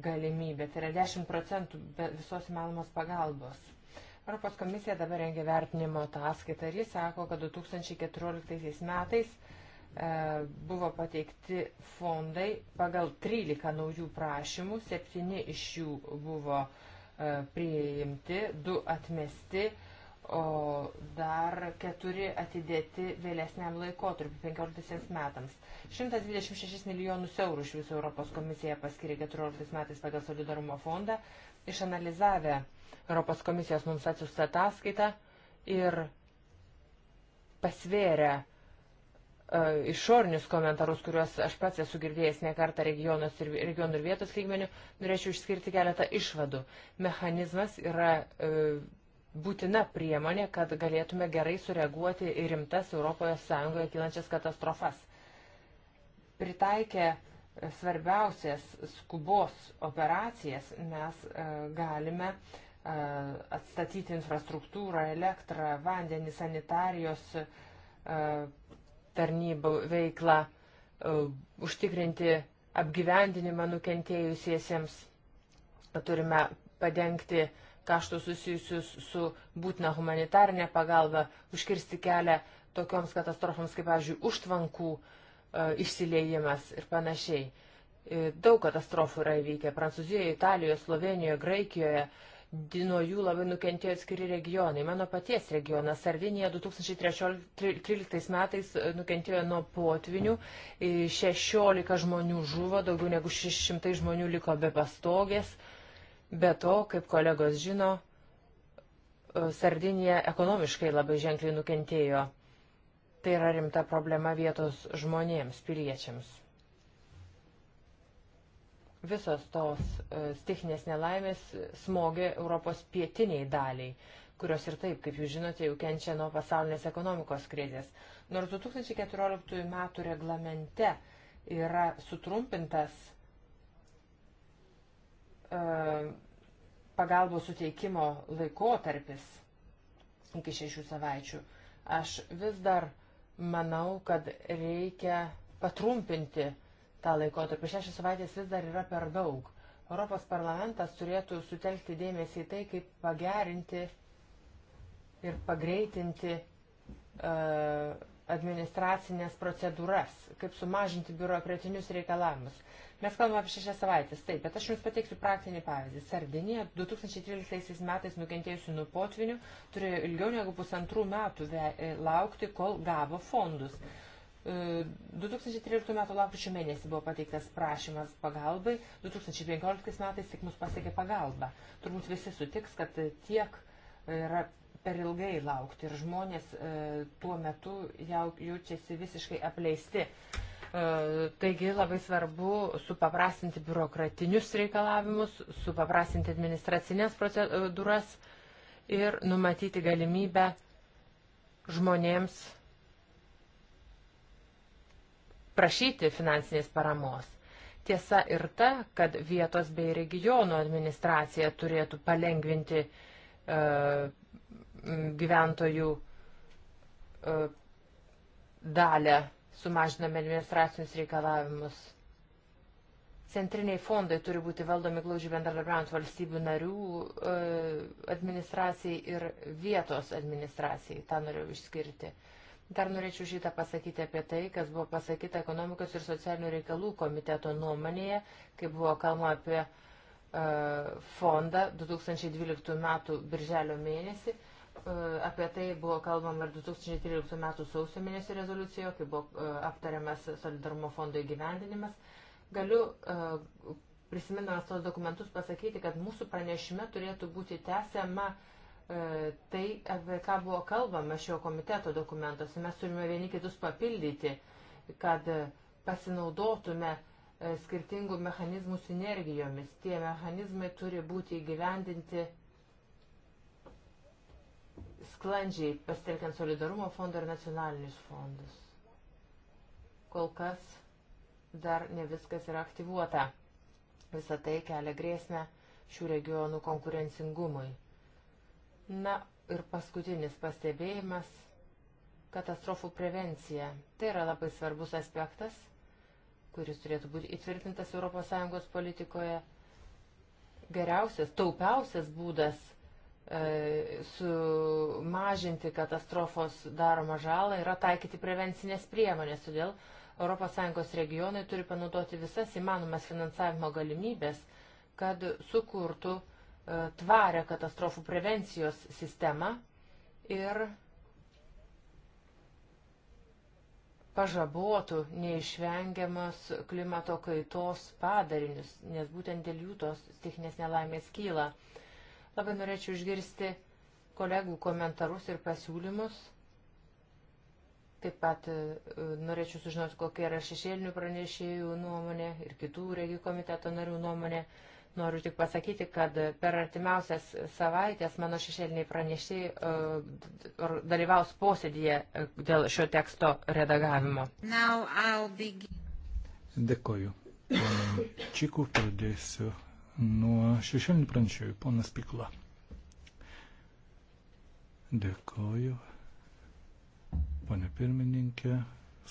galimybė, tai yra 10 procentų visos įmanomos pagalbos. Europos komisija dabar rengia vertinimo ataskaitą ir jis sako, kad 2014 metais e, buvo pateikti fondai pagal 13 naujų prašymų, 7 iš jų buvo e, priimti, 2 atmesti, o dar keturi atidėti vėlesniam laikotarpiu, 15 metams. 126 milijonus eurų iš viso Europos komisija paskiria 14 metais pagal solidarumo fondą, išanalizavę Europos komisijos mums atsiųstą ataskaitą ir pasvėrę e, išorinius komentarus, kuriuos aš pats esu girdėjęs ne kartą regionos ir, regionų ir vietos lygmenių, norėčiau išskirti keletą išvadų. Mechanizmas yra e, būtina priemonė, kad galėtume gerai sureaguoti į rimtas ES kylančias katastrofas. Pritaikę svarbiausias skubos operacijas mes e, galime e, atstatyti infrastruktūrą, elektrą, vandenį, sanitarijos e, tarnybų veiklą, užtikrinti apgyvendinimą nukentėjusiesiems. Turime padengti uh, kaštus susijusius su būtina humanitarinė pagalba, užkirsti kelią tokioms katastrofams kaip, pavyzdžiui, užtvankų e, išsiliejimas ir panašiai. E, daug katastrofų yra įvykę Prancūzijoje, Italijoje, Slovenijoje, Graikijoje. Nuo jų labai nukentėjo atskiri regionai. Mano paties regionas Sardinija 2013 metais e, nukentėjo nuo potvinių. 16 e, žmonių žuvo, daugiau negu 600 žmonių liko be pastogės. E, Be to, kaip kolegos žino, e, Sardinija ekonomiškai labai ženkliai nukentėjo. Tai yra rimta problema vietos žmonėms, piliečiams. Visos tos e, stichinės nelaimės smogė Europos pietiniai daliai, kurios ir taip, kaip jūs žinote, jau kenčia nuo pasaulinės ekonomikos krizės. Nors 2014 m. reglamente yra sutrumpintas E, pagalbos suteikimo laikotarpis iki šešių savaičių. Aš vis dar manau, kad reikia patrumpinti tą laikotarpį. Šešias savaitės vis dar yra per daug. Europos parlamentas turėtų sutelkti dėmesį į tai, kaip pagerinti ir pagreitinti uh, administracinės procedūras, kaip sumažinti biurokratinius reikalavimus. Mes kalbame apie šešias savaitės, taip, bet aš Jums pateiksiu praktinį pavyzdį. Sardinija 2013 metais nukentėjusi nuo potvinių turėjo ilgiau negu pusantrų metų e, laukti, kol gavo fondus. 2013 e, m. lapkričio mėnesį buvo pateiktas prašymas pagalbai, 2015 metais tik mus pasiekė pagalba. Turbūt visi sutiks, kad tiek yra per ilgai laukti ir žmonės e, tuo metu jau jaučiasi visiškai apleisti. E, taigi labai svarbu supaprastinti biurokratinius reikalavimus, supaprastinti administracinės procedūras ir numatyti galimybę žmonėms prašyti finansinės paramos. Tiesa ir ta, kad vietos bei regionų administracija turėtų palengvinti e, Mm, gyventojų e, dalę sumažiname administracinius reikalavimus. Centriniai fondai turi būti valdomi glaudžiai bendradarbiaujant valstybių narių e, administracijai ir vietos administracijai. Ta norėjau išskirti. Dar norėčiau šitą pasakyti apie tai, kas buvo pasakyta ekonomikos ir socialinių reikalų komiteto nuomonėje, kai buvo kalbama apie uh, fondą 2012 m. birželio mėnesį. E, apie tai buvo kalbama ir 2013 m. sausio mėnesio rezoliucijoje, kai buvo e, aptariamas solidarumo fondo įgyvendinimas. Galiu e, prisimindamas tos dokumentus pasakyti, kad mūsų pranešime turėtų būti tęsiama tai, apie ką buvo kalbama šio komiteto dokumentuose. Mes turime vieni kitus papildyti, kad pasinaudotume skirtingų mechanizmų sinergijomis. Tie mechanizmai turi būti įgyvendinti sklandžiai pasitelkiant solidarumo fondą ir nacionalinius fondus. Kol kas dar ne viskas yra aktyvuota. Visą tai kelia grėsmę šių regionų konkurencingumui. Na ir paskutinis pastebėjimas - katastrofų prevencija. Tai yra labai svarbus aspektas, kuris turėtų būti įtvirtintas ES politikoje. Geriausias, taupiausias būdas E, sumažinti katastrofos daromą žalą yra taikyti prevencinės priemonės. Todėl ES regionai turi panaudoti visas įmanomas finansavimo galimybės, kad sukurtų e, tvarę katastrofų prevencijos sistemą ir pažabotų neišvengiamas klimato kaitos padarinius, nes būtent dėl jų tos stichinės nelaimės kyla. Uh, Labai norėčiau išgirsti kolegų komentarus ir pasiūlymus. Taip pat e, norėčiau sužinoti, kokia yra šešėlinių pranešėjų nuomonė ir kitų regijų komiteto narių nuomonė. Noriu tik pasakyti, kad per artimiausias savaitės mano šešėliniai pranešiai e, dalyvaus posėdėje e, dėl šio teksto redagavimo. Dėkoju. Čikų pradėsiu nuo šešėlinių pranešėjų, ponas Pikla. Dėkoju, ponė pirmininkė.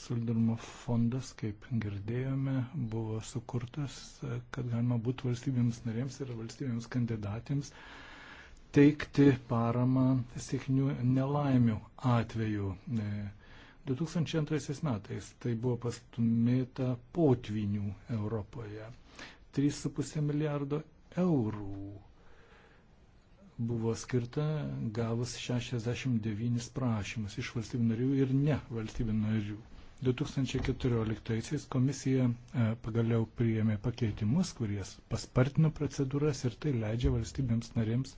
Solidarumo fondas, kaip girdėjome, buvo sukurtas, kad galima būtų valstybėms narėms ir valstybėms kandidatėms teikti paramą sėkmių nelaimių atveju. 2002 e, metais tai buvo pastumėta potvinių Europoje. 3,5 milijardo eurų buvo skirta gavus 69 prašymus iš valstybių narių ir ne valstybių narių. 2014 komisija e, pagaliau priėmė pakeitimus, kurie paspartino procedūras ir tai leidžia valstybėms narėms e,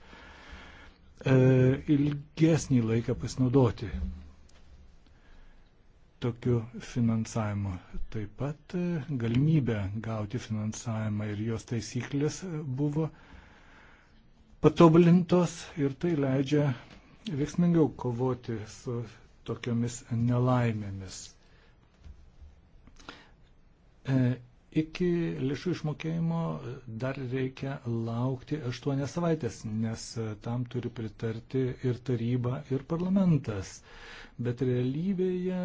ilgesnį laiką pasinaudoti tokiu finansavimu. Taip pat e, galimybė gauti finansavimą ir jos taisyklės e, buvo patobulintos ir tai leidžia veiksmingiau kovoti su tokiomis nelaimėmis. E, iki lėšų išmokėjimo dar reikia laukti 8 savaitės, nes e, tam turi pritarti ir taryba, ir parlamentas. Bet realybėje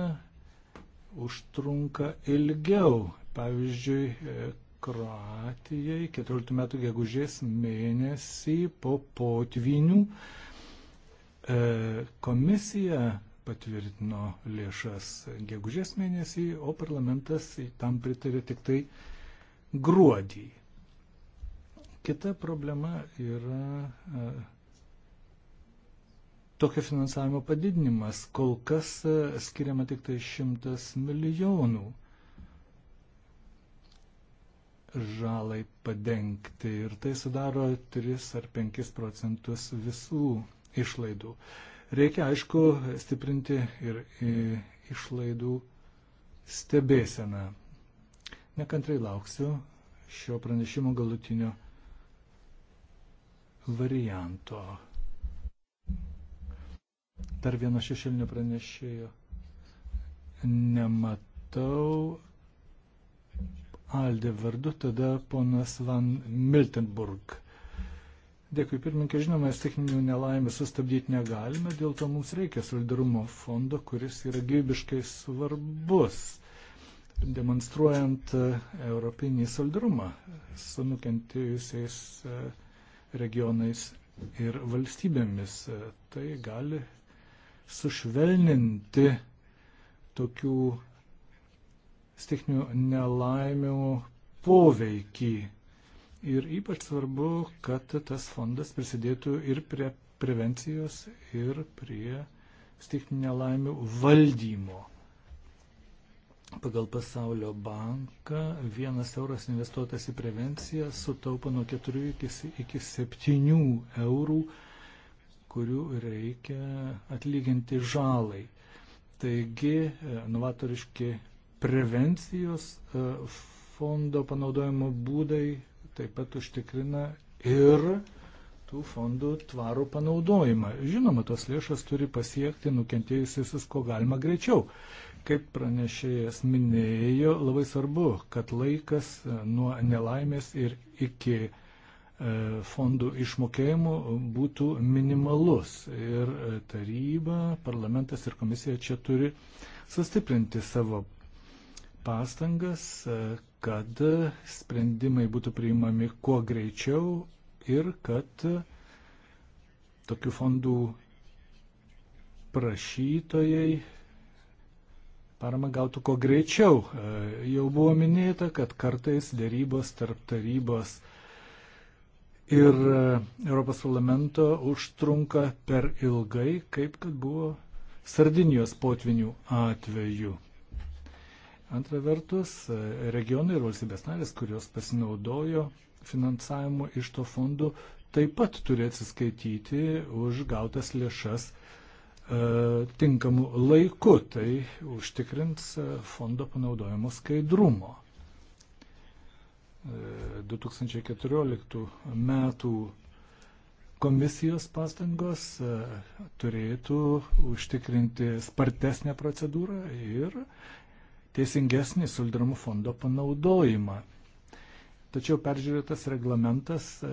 užtrunka ilgiau. Pavyzdžiui, e, Kroatijai 14 metų gegužės mėnesį po potvinių e, komisija patvirtino lėšas gegužės mėnesį, o parlamentas tam pritarė tik tai gruodį. Kita problema yra e, tokio finansavimo padidinimas. Kol kas e, skiriama tik tai 100 milijonų žalai padengti ir tai sudaro 3 ar 5 procentus visų išlaidų. Reikia, aišku, stiprinti ir e, išlaidų stebėseną. Nekantrai lauksiu šio pranešimo galutinio varianto. Dar vieno šešėlinio pranešėjo. Nematau. Aldė vardu, tada ponas Van Miltenburg. Dėkui, pirmininkė, žinoma, mes techninių nelaimę sustabdyti negalime, dėl to mums reikia solidarumo fondo, kuris yra gyvybiškai svarbus, demonstruojant e, europinį solidarumą su nukentėjusiais e, regionais ir valstybėmis. E, tai gali sušvelninti tokių stichnių nelaimių poveikį. Ir ypač svarbu, kad tas fondas prisidėtų ir prie prevencijos, ir prie stichnių nelaimių valdymo. Pagal pasaulio banką vienas euras investuotas į prevenciją sutaupo nuo 4 iki 7 eurų kurių reikia atlyginti žalai. Taigi, e, novatoriški prevencijos e, fondo panaudojimo būdai taip pat užtikrina ir tų fondų tvarų panaudojimą. Žinoma, tos lėšas turi pasiekti nukentėjusius, ko galima greičiau. Kaip pranešėjas minėjo, labai svarbu, kad laikas e, nuo nelaimės ir iki E, fondų išmokėjimų būtų minimalus. Ir e, taryba, parlamentas ir komisija čia turi sustiprinti savo pastangas, e, kad sprendimai būtų priimami kuo greičiau ir kad tokių fondų prašytojai parama gautų kuo greičiau. Jau buvo minėta, kad kartais dėrybos tarp tarybos ir e, Europos parlamento užtrunka per ilgai, kaip kad buvo Sardinijos potvinių atveju. Antra vertus, e, regionai ir valstybės narės, kurios pasinaudojo finansavimu iš to fondų, taip pat turi atsiskaityti už gautas lėšas e, tinkamu laiku. Tai užtikrins e, fondo panaudojimo skaidrumo. 2014 metų komisijos pastangos e, turėtų užtikrinti spartesnę procedūrą ir teisingesnį solidarumo fondo panaudojimą. Tačiau peržiūrėtas reglamentas e,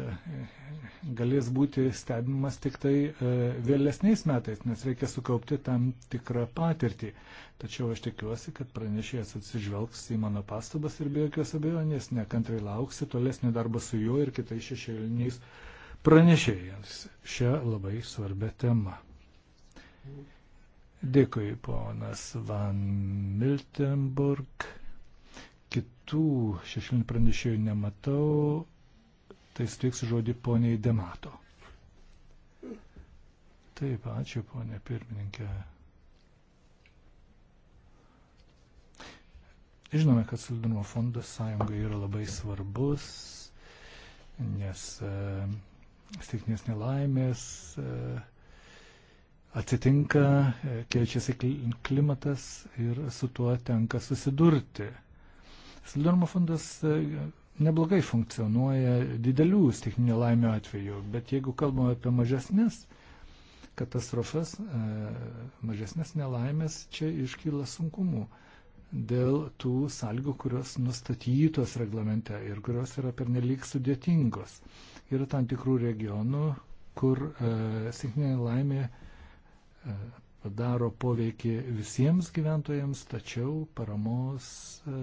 galės būti stebimas tik tai e, vėlesniais metais, nes reikia sukaupti tam tikrą patirtį. Tačiau aš tikiuosi, kad pranešėjas atsižvelgs į mano pastabas ir be jokios abejonės nekantrai lauksi tolesnio darbo su juo ir kitais šešėliniais pranešėjams šią labai svarbę temą. Dėkui, ponas Van Miltenburg. Kitų šešilinių pranešėjų nematau, tai steiksiu žodį poniai Demato. Taip, ačiū ponė pirmininkė. Žinome, kad solidarumo fondas sąjungai yra labai svarbus, nes e, stiknės nelaimės e, atsitinka, e, keičiasi klimatas ir su tuo tenka susidurti. Solidarumo fondas e, neblogai funkcionuoja didelių stichinio laimio atveju, bet jeigu kalbame apie mažesnės katastrofas, e, mažesnės nelaimės, čia iškyla sunkumų dėl tų sąlygų, kurios nustatytos reglamente ir kurios yra pernelyg sudėtingos. Yra tam tikrų regionų, kur e, sėkmė laimė e, padaro poveikį visiems gyventojams, tačiau paramos e,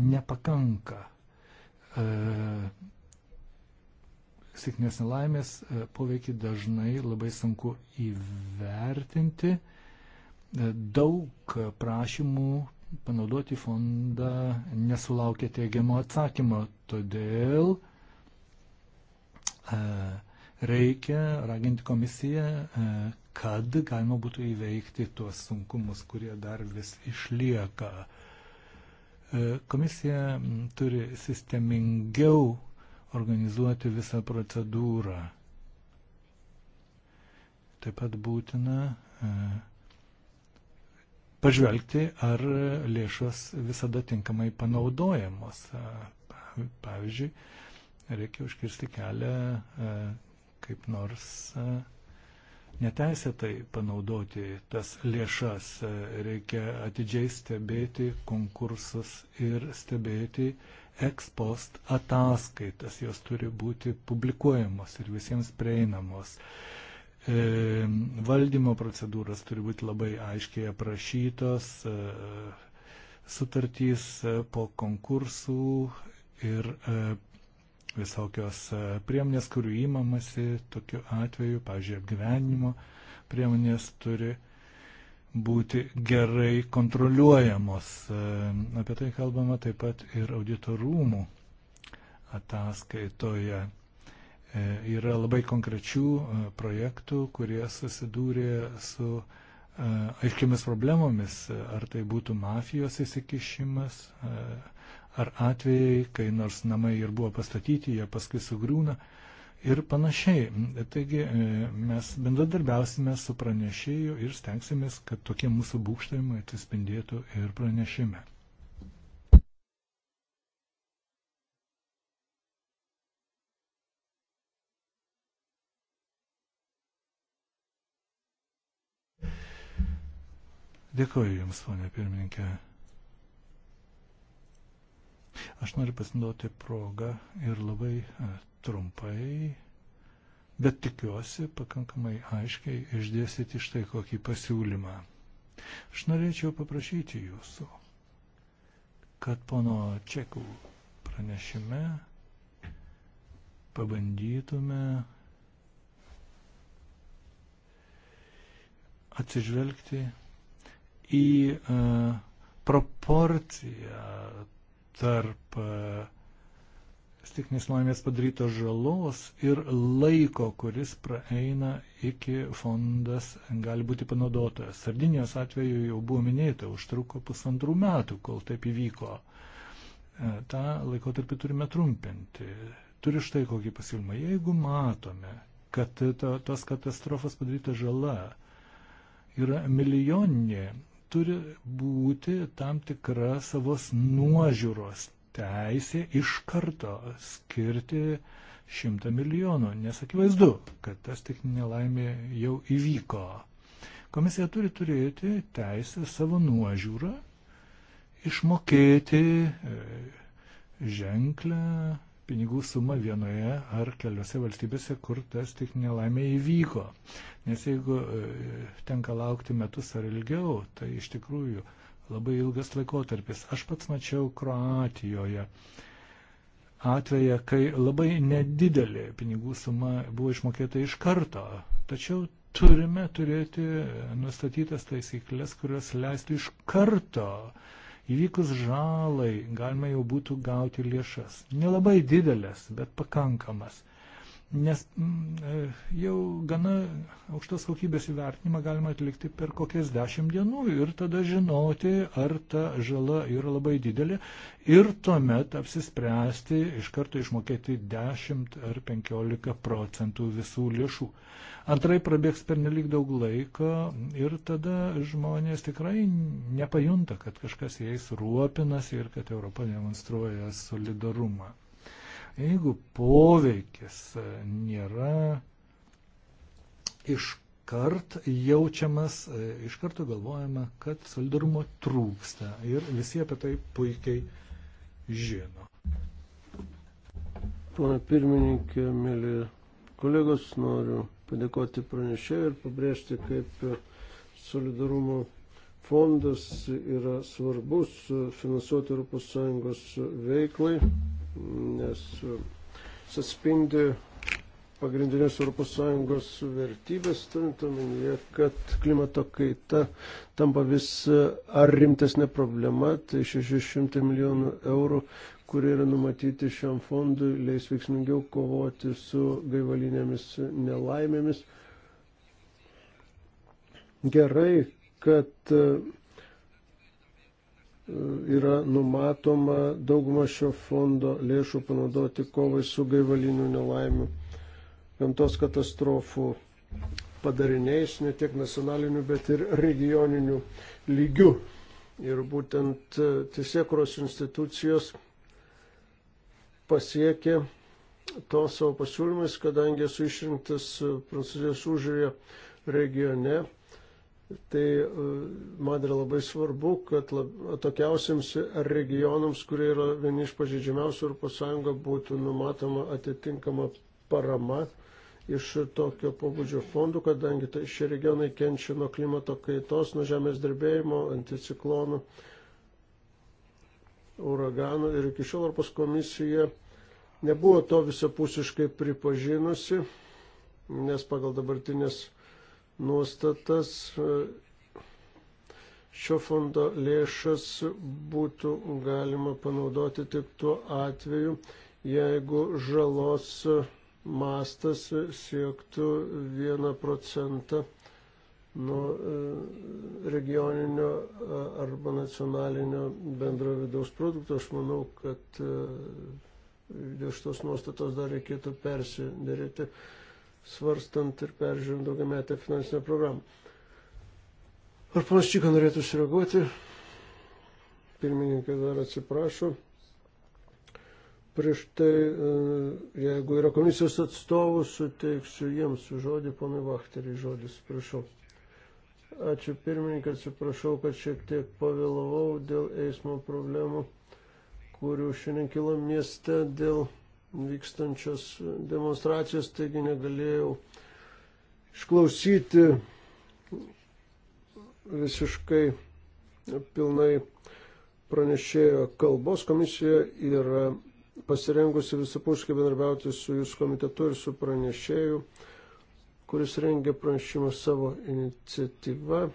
nepakanka. E, Sėkmės nelaimės e, poveikį dažnai labai sunku įvertinti. E, daug prašymų panaudoti fondą nesulaukė teigiamo atsakymo, todėl e, reikia raginti komisiją, kad galima būtų įveikti tuos sunkumus, kurie dar vis išlieka. E, komisija turi sistemingiau organizuoti visą procedūrą. Taip pat būtina e, pažvelgti, ar lėšos visada tinkamai panaudojamos. E, pavyzdžiui, reikia užkirsti kelią kaip nors neteisėtai panaudoti tas lėšas. Reikia atidžiai stebėti konkursus ir stebėti ekspost ataskaitas. Jos turi būti publikuojamos ir visiems prieinamos. E, valdymo procedūras turi būti labai aiškiai aprašytos. E, sutartys po konkursų ir e, visokios e, priemonės, kurių įmamasi tokiu atveju, pavyzdžiui, apgyvenimo priemonės turi būti gerai kontroliuojamos. E, apie tai kalbama taip pat ir auditorumų ataskaitoje. E, yra labai konkrečių projektų, kurie susidūrė su aiškiamis problemomis, ar tai būtų mafijos įsikišimas, ar atvejai, kai nors namai ir buvo pastatyti, jie paskui sugriūna ir panašiai. Taigi e, mes bendradarbiausime su pranešėju ir stengsimės, kad tokie mūsų būkštavimai atsispindėtų ir pranešime. Dėkuoju Jums, ponė pirmininkė. Aš noriu pasinaudoti progą ir labai e, trumpai, bet tikiuosi pakankamai aiškiai išdėstyti štai kokį pasiūlymą. Aš norėčiau paprašyti jūsų, kad pono Čekų pranešime pabandytume atsižvelgti į uh, proporciją tarp e, stiknės laimės padarytos žalos ir laiko, kuris praeina iki fondas gali būti panaudotas. Sardinijos atveju jau buvo minėta, užtruko pusantrų metų, kol taip įvyko. E, ta laikotarpį turime trumpinti. Turiu štai kokį pasiūlymą. Jeigu matome, kad to, tos katastrofos padaryta žala yra milijoninė turi būti tam tikra savos nuožiūros teisė iš karto skirti šimtą milijonų, nes akivaizdu, kad tas tik nelaimė jau įvyko. Komisija turi turėti teisę savo nuožiūrą išmokėti e, ženklę pinigų sumą vienoje ar keliose valstybėse, kur tas tik nelaimė įvyko. Nes jeigu e, tenka laukti metus ar ilgiau, tai iš tikrųjų labai ilgas laikotarpis. Aš pats mačiau Kroatijoje atveją, kai labai nedidelė pinigų suma buvo išmokėta iš karto. Tačiau turime turėti nustatytas taisyklės, kurios leistų iš karto uh, Įvykus žalai galima jau būtų gauti lėšas. Nelabai didelės, bet pakankamas nes mm, e, jau gana aukštos kokybės įvertinimą galima atlikti per kokias dešimt dienų ir tada žinoti, ar ta žala yra labai didelė ir tuomet apsispręsti iš karto išmokėti 10 ar 15 procentų visų lėšų. Antrai prabėgs per nelik daug laiko ir tada žmonės tikrai nepajunta, kad kažkas jais rūpinasi ir kad Europa demonstruoja solidarumą. Jeigu poveikis e, nėra iškart jaučiamas, e, iš karto galvojama, kad solidarumo trūksta ir visi apie tai puikiai žino. Pana pirmininkė, mėly kolegos, noriu padėkoti pranešėjui ir pabrėžti, kaip solidarumo fondas yra svarbus finansuoti ES veiklai nes jis e, atspindi pagrindinės ES vertybės, turint omenyje, kad klimato kaita tampa vis e, ar rimtesnė problema, tai 600 milijonų eurų, kurie yra numatyti šiam fondui, leis veiksmingiau kovoti su gaivalinėmis nelaimėmis. Gerai, kad e, yra numatoma daugumą šio fondo lėšų panaudoti kovai su gaivalinių nelaimių, gamtos katastrofų padariniais, ne tiek nacionaliniu, bet ir regioniniu lygiu. Ir būtent e, tiesiekros institucijos pasiekė to savo pasiūlymais, kadangi esu išrinktas e, Prancūzijos užžiūrė regione Tai e, man yra labai svarbu, kad atokiausiams regionams, kurie yra vieni iš pažydžiamiausių Europos Sąjunga, būtų numatoma atitinkama parama iš tokio pobūdžio fondų, kadangi tai šie regionai kenčia nuo klimato kaitos, nuo žemės drebėjimo, anticiklonų, uraganų ir iki šiol Europos komisija nebuvo to visapusiškai pripažinusi, nes pagal dabartinės nuostatas šio fondo lėšas būtų galima panaudoti tik tuo atveju, jeigu žalos mastas siektų 1 procentą nuo e, regioninio e, arba nacionalinio bendro vidaus produkto. Aš manau, kad e, dėl šitos nuostatos dar reikėtų persidėrėti svarstant ir peržiūrint daugiametę finansinę programą. Ar panas Čika norėtų sureaguoti? Pirmininkė dar atsiprašo. Prieš tai, e, jeigu yra komisijos atstovų, suteiksiu jiems žodį, ponai Vachteriai žodis, prašau. Ačiū pirmininkai, atsiprašau, kad šiek tiek pavėlavau dėl eismo problemų, kurių šiandien kilo mieste dėl vykstančios demonstracijos, taigi negalėjau išklausyti visiškai pilnai pranešėjo kalbos. Komisija yra pasirengusi visapuškai bendarbiauti su jūsų komitetu ir su pranešėju, kuris rengia pranešimą savo iniciatyvą.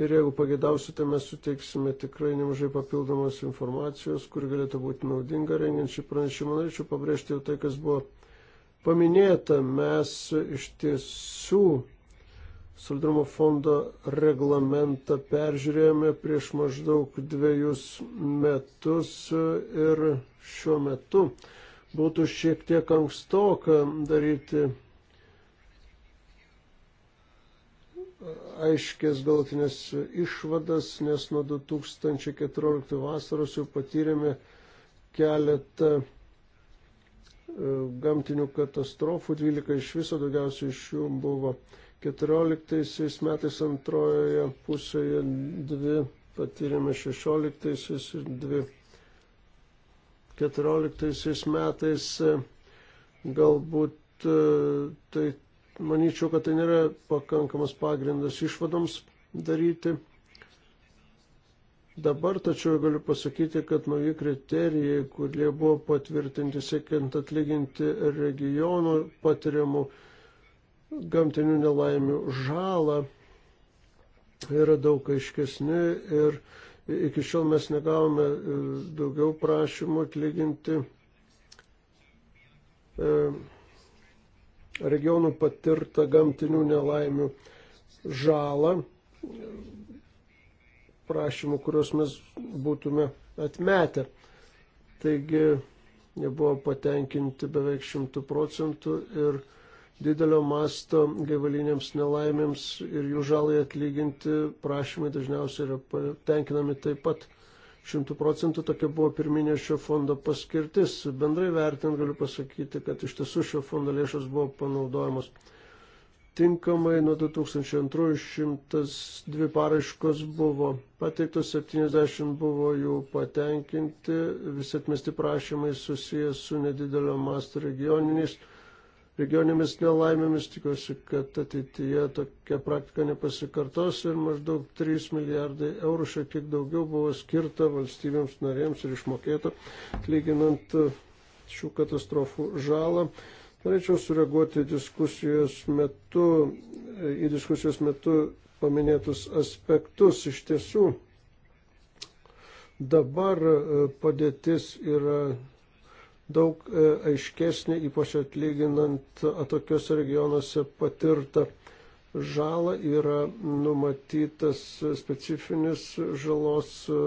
Ir jeigu pagėdausite, mes suteiksime tikrai nemažai papildomos informacijos, kuri galėtų būti naudinga rengiant šį pranešimą. Norėčiau pabrėžti jau tai, kas buvo paminėta. Mes iš tiesų solidarumo fondo reglamentą peržiūrėjome prieš maždaug dviejus metus ir šiuo metu būtų šiek tiek ankstoka daryti aiškės galutinės išvadas, nes nuo 2014 vasaros jau patyrėme keletą e, gamtinių katastrofų, 12 iš viso, daugiausiai iš jų buvo 14 metais antrojoje pusėje, dvi patyrėme 16 ir dvi 14 metais galbūt e, tai Manyčiau, kad tai nėra pakankamas pagrindas išvadoms daryti. Dabar tačiau galiu pasakyti, kad nauji kriterijai, kurie buvo patvirtinti siekiant atlyginti regionų patiriamų gamtinių nelaimių žalą, yra daug aiškesni ir iki šiol mes negavome e, daugiau prašymų atlyginti. E, regionų patirtą gamtinių nelaimių žalą, prašymų, kuriuos mes būtume atmetę. Taigi nebuvo patenkinti beveik šimtų procentų ir didelio masto gaivaliniams nelaimėms ir jų žalai atlyginti prašymai dažniausiai yra patenkinami taip pat Šimtų procentų tokia buvo pirminė šio fondo paskirtis. Bendrai vertint galiu pasakyti, kad iš tiesų šio fondo lėšos buvo panaudojamos tinkamai. Nuo 2202 paraiškos buvo pateiktos, 70 buvo jų patenkinti, visi atmesti prašymai susijęs su nedidelio masto regioniniais regioninėmis nelaimėmis. Tikiuosi, kad ateityje tokia praktika nepasikartos ir maždaug 3 milijardai eurų šiek tiek daugiau buvo skirta valstybėms narėms ir išmokėta, lyginant šių katastrofų žalą. Norėčiau sureaguoti diskusijos metu, į diskusijos metu paminėtus aspektus. Iš tiesų, dabar padėtis yra daug e, aiškesnė, ypač atlyginant atokiuose regionuose patirtą žalą, yra numatytas specifinis žalos e,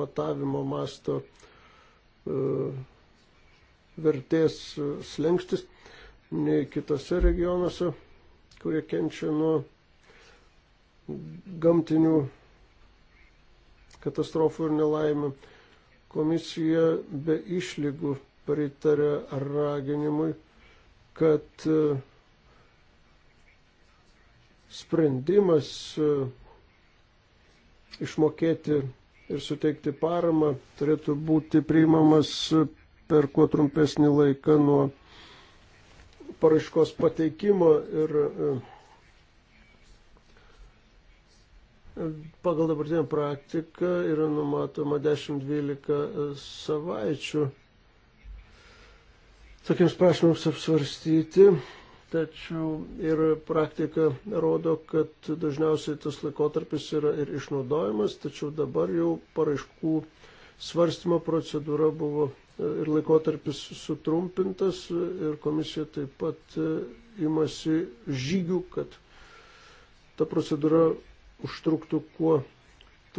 matavimo masto e, vertės slengstis nei kitose regionuose, kurie kenčia nuo gamtinių katastrofų ir nelaimių. Komisija be išlygų pritarė raginimui, kad e, sprendimas e, išmokėti ir suteikti paramą turėtų būti priimamas per kuo trumpesnį laiką nuo paraiškos pateikimo ir e, pagal dabartinę praktiką yra numatoma 10-12 savaičių tokiems prašymams apsvarstyti, tačiau ir praktika rodo, kad dažniausiai tas laikotarpis yra ir išnaudojamas, tačiau dabar jau paraiškų svarstymo procedūra buvo ir laikotarpis sutrumpintas ir komisija taip pat e, imasi žygių, kad ta procedūra užtruktų kuo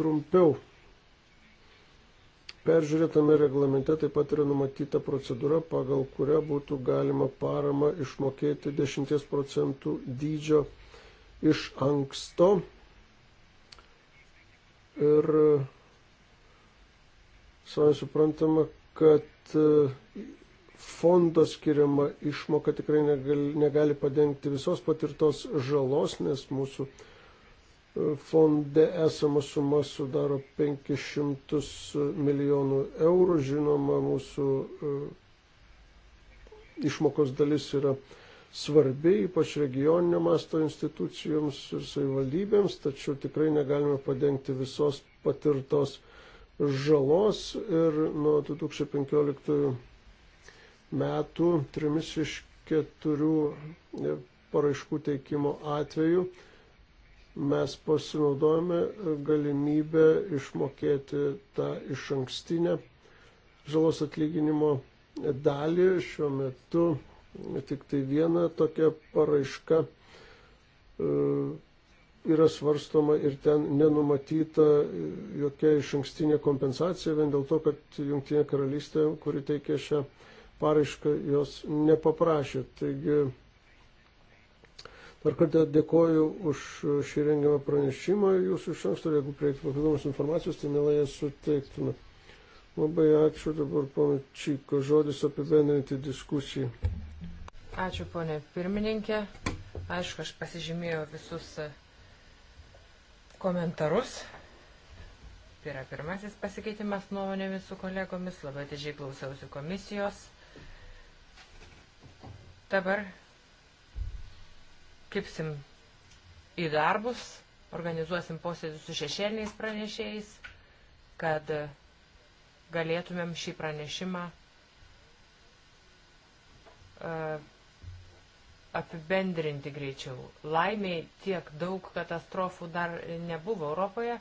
trumpiau. Peržiūrėtame reglamente taip pat yra numatyta procedūra, pagal kurią būtų galima parama išmokėti 10 procentų dydžio iš anksto. Ir savai suprantama, kad e, fondo skiriama išmoka tikrai negali, negali padengti visos patirtos žalos, nes mūsų uh, fonde esama suma sudaro 500 milijonų eurų. Žinoma, mūsų e, išmokos dalis yra svarbi, ypač regioninio masto institucijoms ir savivaldybėms, tačiau tikrai negalime padengti visos patirtos žalos ir nuo 2015 metų trimis iš keturių e, paraiškų teikimo atveju mes pasinaudojame galimybę išmokėti tą iš ankstinę žalos atlyginimo dalį. Šiuo metu tik tai viena tokia paraiška e, yra svarstoma ir ten nenumatyta jokia iš ankstinė kompensacija, vien dėl to, kad Junktinė karalystė, kuri teikė šią paraišką, jos nepaprašė. Taigi Dar kartą dėkoju už šį rengiamą pranešimą. Jūsų iš anksto, jeigu prieiktų papildomos informacijos, tai mielai jas suteiktume. Labai ačiū dabar, ponai Čiko, žodis apibendrinti diskusiją. Ačiū, ponė pirmininkė. Aišku, aš pasižymėjau visus e, komentarus. Tai yra pirmasis pasikeitimas nuomonėmis su kolegomis. Labai atidžiai klausiausi komisijos. Dabar kipsim į darbus, organizuosim posėdžius su šešėliniais pranešėjais, kad galėtumėm šį pranešimą e, apibendrinti greičiau. Laimiai tiek daug katastrofų dar nebuvo Europoje,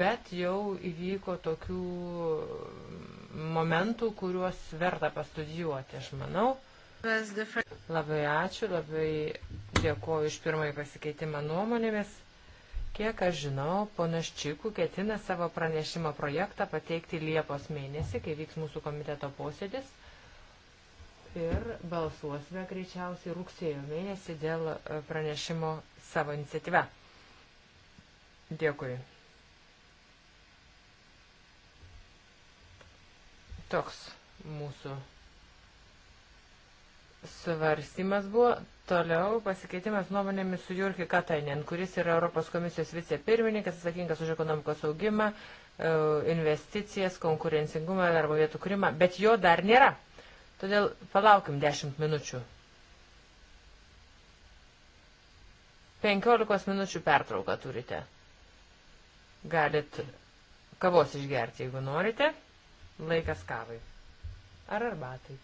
bet jau įvyko tokių momentų, kuriuos verta pastudijuoti, aš manau. Labai ačiū, labai Dėkuoju iš pirmąjį pasikeitimą nuomonėmis. Kiek aš žinau, ponas Čikų ketina savo pranešimo projektą pateikti Liepos mėnesį, kai vyks mūsų komiteto posėdis. Ir balsuosime greičiausiai rugsėjo mėnesį dėl e, pranešimo savo iniciatyve. Dėkui. Toks mūsų svarstymas buvo. Toliau pasikeitimas nuomonėmis su Jurki Katainen, kuris yra Europos komisijos vicepirmininkas, atsakingas už ekonomikos augimą, e, investicijas, konkurencingumą, darbo vietų kūrimą, bet jo dar nėra. Todėl palaukim 10 minučių. 15 minučių pertrauką turite. Galit kavos išgerti, jeigu norite. Laikas kavai. Ar arbatai.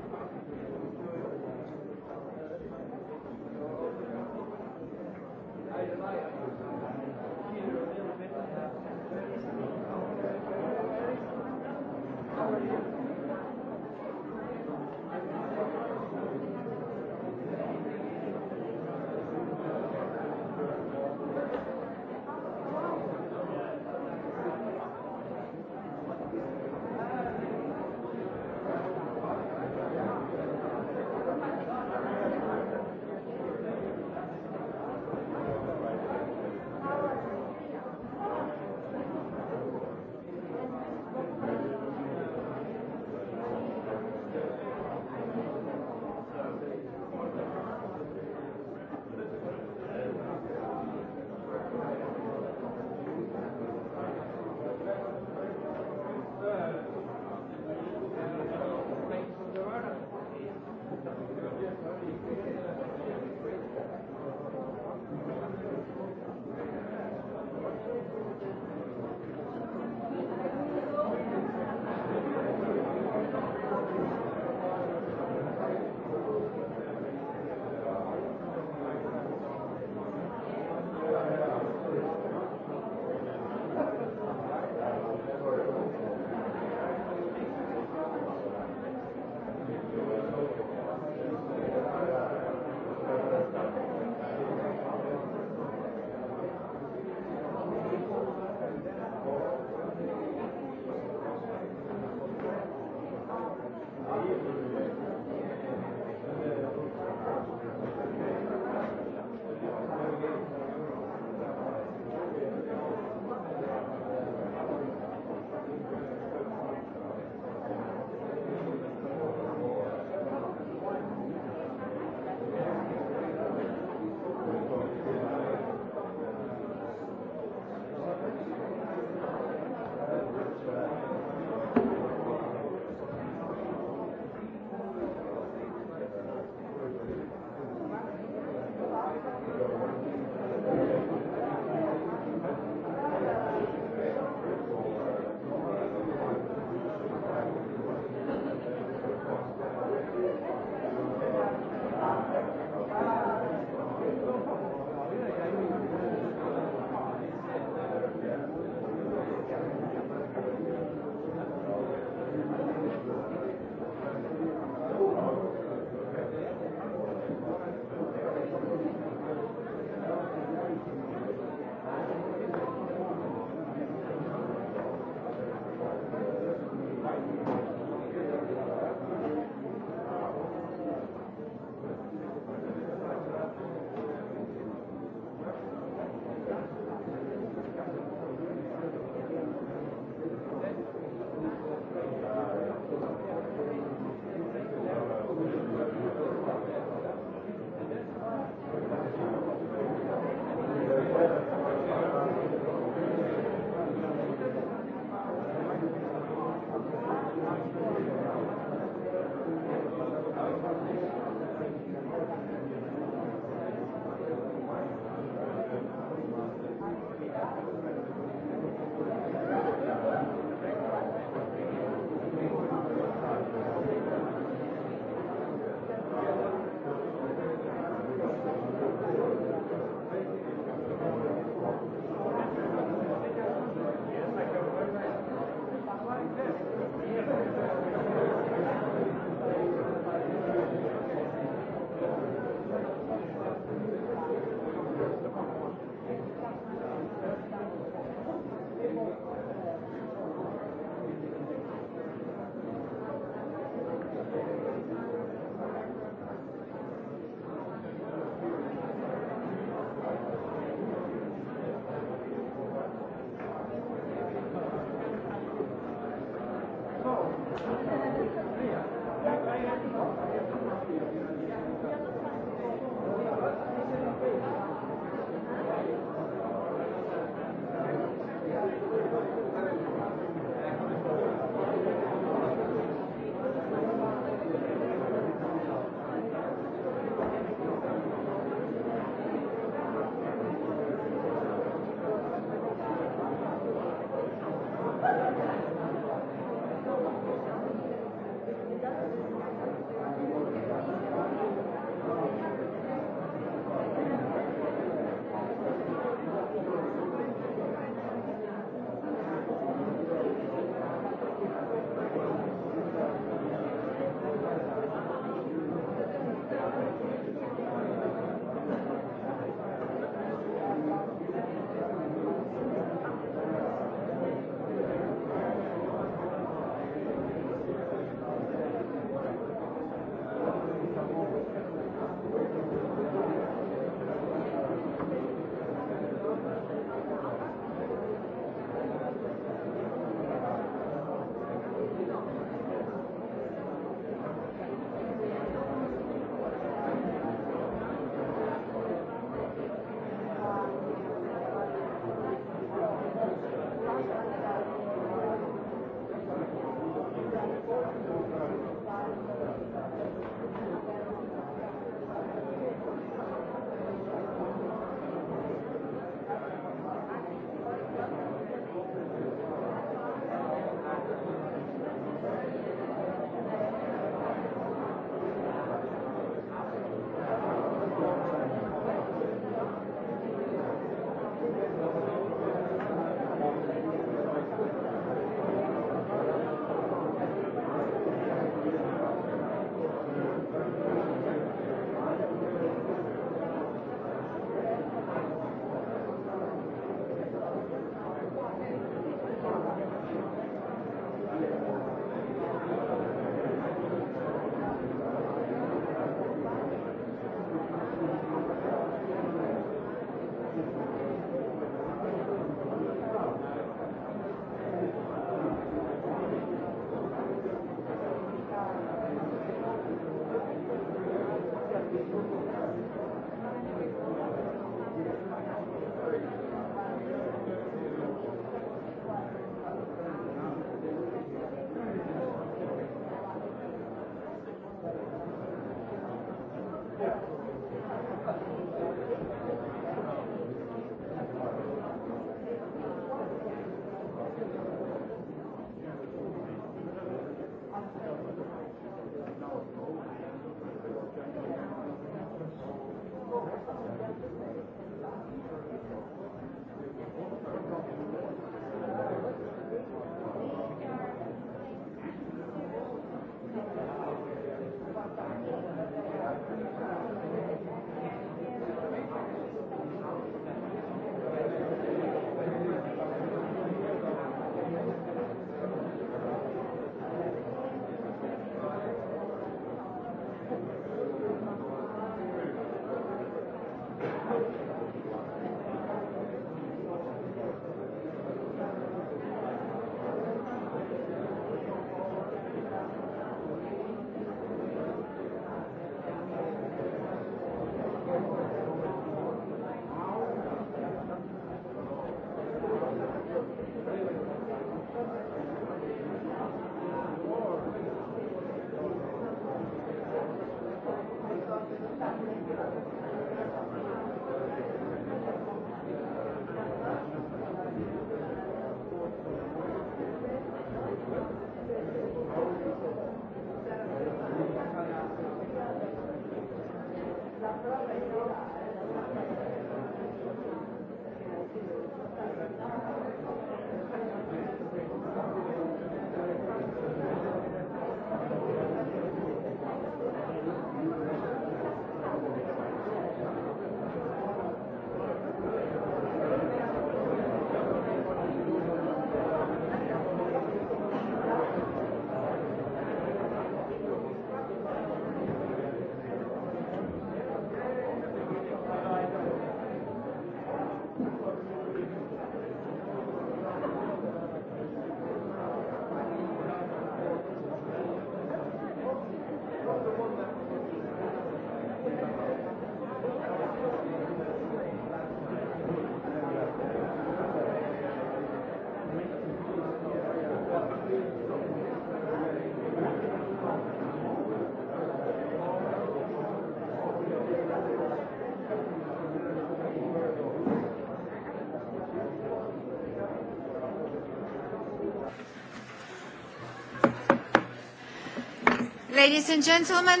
Ladies and gentlemen.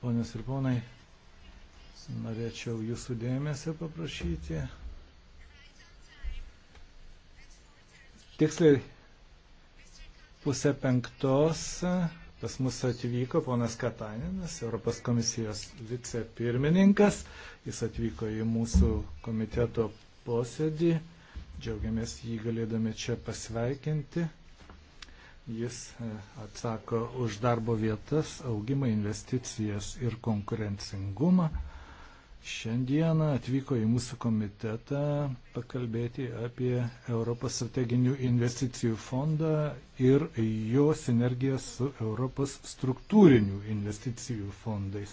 Ponios ir ponai, norėčiau jūsų dėmesio paprašyti. Tiksliai pusę penktos pas mus atvyko ponas Kataninas, Europos komisijos vicepirmininkas. Jis atvyko į mūsų komiteto posėdį. Džiaugiamės jį galėdami čia pasveikinti. Jis e, atsako už darbo vietas, augimą, investicijas ir konkurencingumą. Šiandieną atvyko į mūsų komitetą pakalbėti apie Europos strateginių investicijų fondą ir jo sinergiją su Europos struktūrinių investicijų fondais.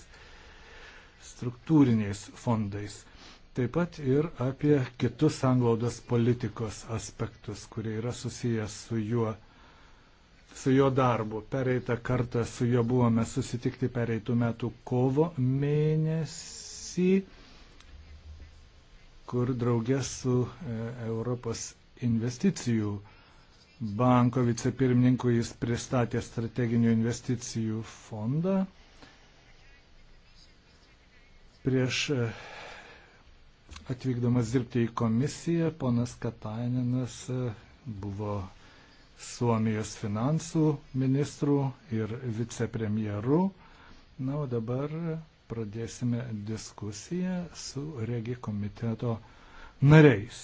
Struktūriniais fondais. Taip pat ir apie kitus anglaudos politikos aspektus, kurie yra susijęs su juo su jo darbu. Pereitą kartą su juo buvome susitikti pereitų metų kovo mėnesį, kur draugė su e, Europos investicijų banko vicepirmininku jis pristatė strateginių investicijų fondą. Prieš e, atvykdamas dirbti į komisiją, ponas Katainenas e, buvo Suomijos finansų ministrų ir vicepremjeru. Na, o dabar pradėsime diskusiją su regi komiteto nariais.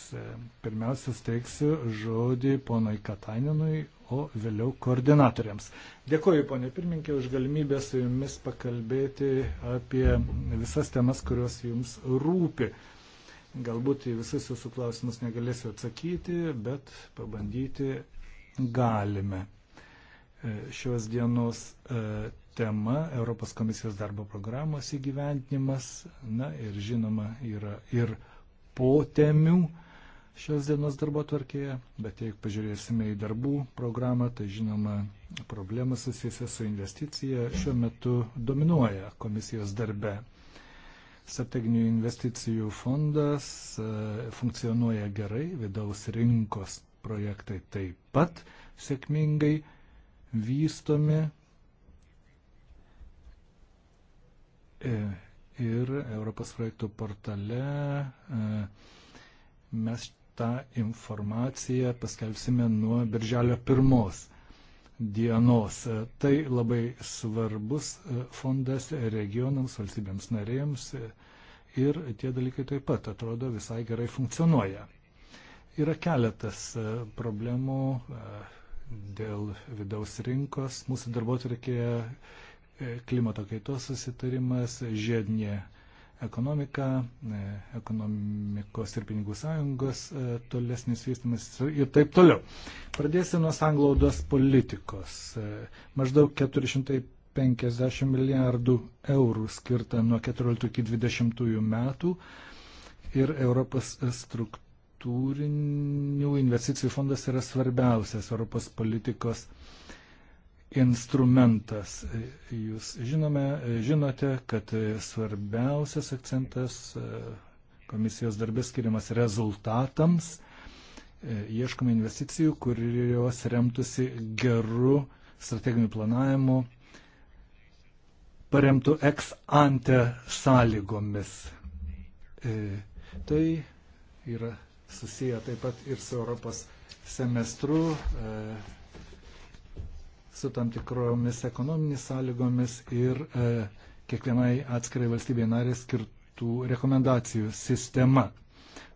Pirmiausia, steiksiu žodį ponui Kataninui, o vėliau koordinatoriams. Dėkuoju, ponė pirminkė, už galimybę su jumis pakalbėti apie visas temas, kurios jums rūpi. Galbūt į visus jūsų klausimus negalėsiu atsakyti, bet pabandyti galime. E, šios dienos e, tema Europos komisijos darbo programos įgyventinimas, na ir žinoma, yra ir potemių šios dienos darbo tvarkėje, bet jeigu pažiūrėsime į darbų programą, tai žinoma, problema susijusia su investicija šiuo metu dominuoja komisijos darbe strateginių investicijų fondas e, funkcionuoja gerai, vidaus rinkos projektai taip pat sėkmingai vystomi e, ir Europos projektų portale e, mes tą informaciją paskelbsime nuo birželio pirmos dienos. E, tai labai svarbus fondas regionams, valstybėms narėms ir tie dalykai taip pat atrodo visai gerai funkcionuoja. Yra keletas e, problemų e, dėl vidaus rinkos. Mūsų darbotvarkėje e, klimato kaitos susitarimas, žiedinė ekonomika, ekonomikos ir pinigų sąjungos tolesnis vystimas ir taip toliau. Pradėsiu nuo sanglaudos politikos. Maždaug 450 milijardų eurų skirta nuo 14 iki 20 metų ir Europos struktūros struktūrinių investicijų fondas yra svarbiausias Europos politikos instrumentas. Jūs žinome, žinote, kad svarbiausias akcentas e, komisijos darbės skiriamas rezultatams. E, ieškome investicijų, kurios remtųsi geru strateginiu planavimu, paremtų ex ante sąlygomis. E, tai yra susiję taip pat ir su Europos semestru, e, su tam tikromis ekonominės sąlygomis ir e, kiekvienai atskirai valstybėje narė skirtų rekomendacijų sistema.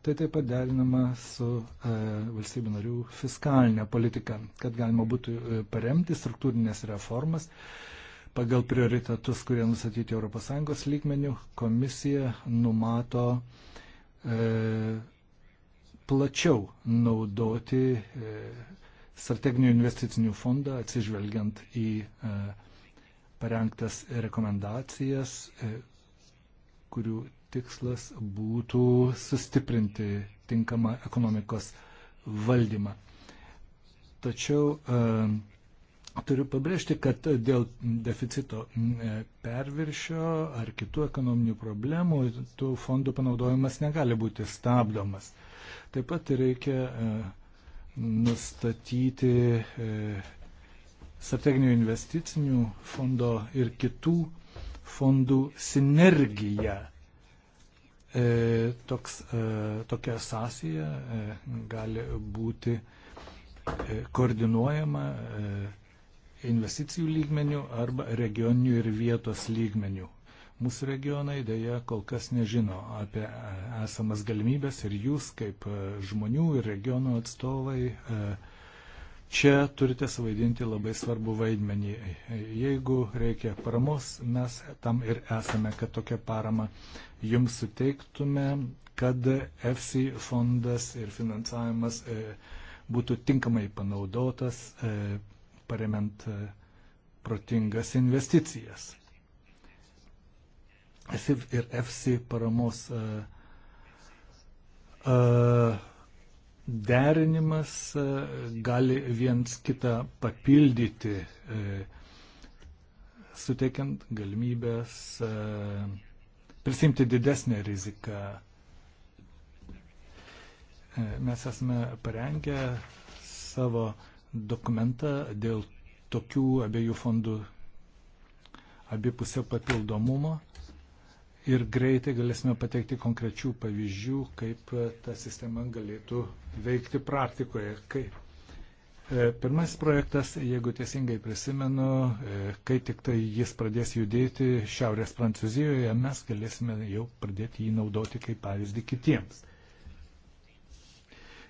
Tai taip pat derinama su e, valstybių narių fiskalinė politika, kad galima būtų e, paremti struktūrinės reformas pagal prioritetus, kurie nusatyti ES lygmenių. Komisija numato e, plačiau naudoti e, strateginių investicinių fondą, atsižvelgiant į e, parengtas rekomendacijas, e, kurių tikslas būtų sustiprinti tinkamą ekonomikos valdymą. Tačiau Turiu pabrėžti, kad dėl deficito mm, e, perviršio ar kitų ekonominių problemų tų fondų panaudojimas negali būti stabdomas. Taip pat reikia e, nustatyti e, strateginių investicinių fondo ir kitų fondų sinergiją. Toks, tokia sąsija gali būti koordinuojama investicijų lygmenių arba regioninių ir vietos lygmenių. Mūsų regionai dėja kol kas nežino apie esamas galimybės ir jūs kaip e, žmonių ir regionų atstovai e, čia turite suvaidinti labai svarbu vaidmenį. Jeigu reikia paramos, mes tam ir esame, kad tokią paramą jums suteiktume, kad EFSI fondas ir finansavimas e, būtų tinkamai panaudotas, paremant e, protingas investicijas. SIF ir FC paramos e, e, derinimas gali viens kitą papildyti, suteikiant galimybės prisimti didesnę riziką. Mes esame parengę savo uh, dokumentą dėl tokių abiejų fondų abipusio papildomumo ir greitai galėsime pateikti konkrečių pavyzdžių, kaip ta sistema galėtų veikti praktikoje. Kaip. E, pirmasis projektas, jeigu teisingai prisimenu, e, kai tik tai jis pradės judėti Šiaurės Prancūzijoje, mes galėsime jau pradėti jį naudoti kaip pavyzdį kitiems.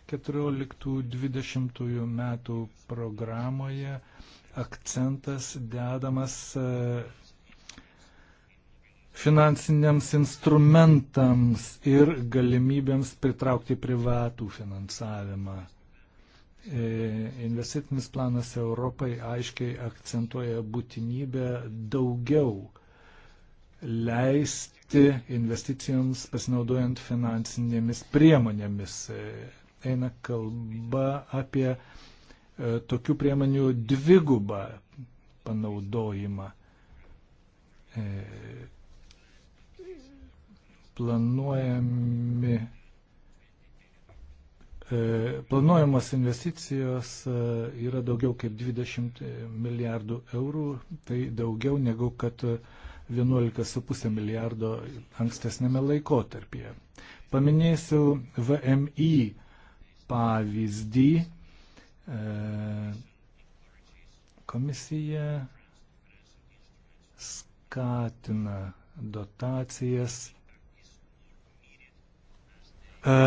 14-20 metų programoje akcentas dedamas e, finansiniams instrumentams ir galimybėms pritraukti privatų finansavimą. E, investicinis planas Europai aiškiai akcentuoja būtinybę daugiau leisti investicijoms pasinaudojant finansinėmis priemonėmis. E, eina kalba apie e, tokių priemonių dvigubą panaudojimą. E, planuojami, e, planuojamos investicijos yra daugiau kaip 20 milijardų eurų, tai daugiau negu kad 11,5 milijardo ankstesnėme laikotarpyje. Paminėsiu VMI pavyzdį. E, komisija skatina dotacijas e,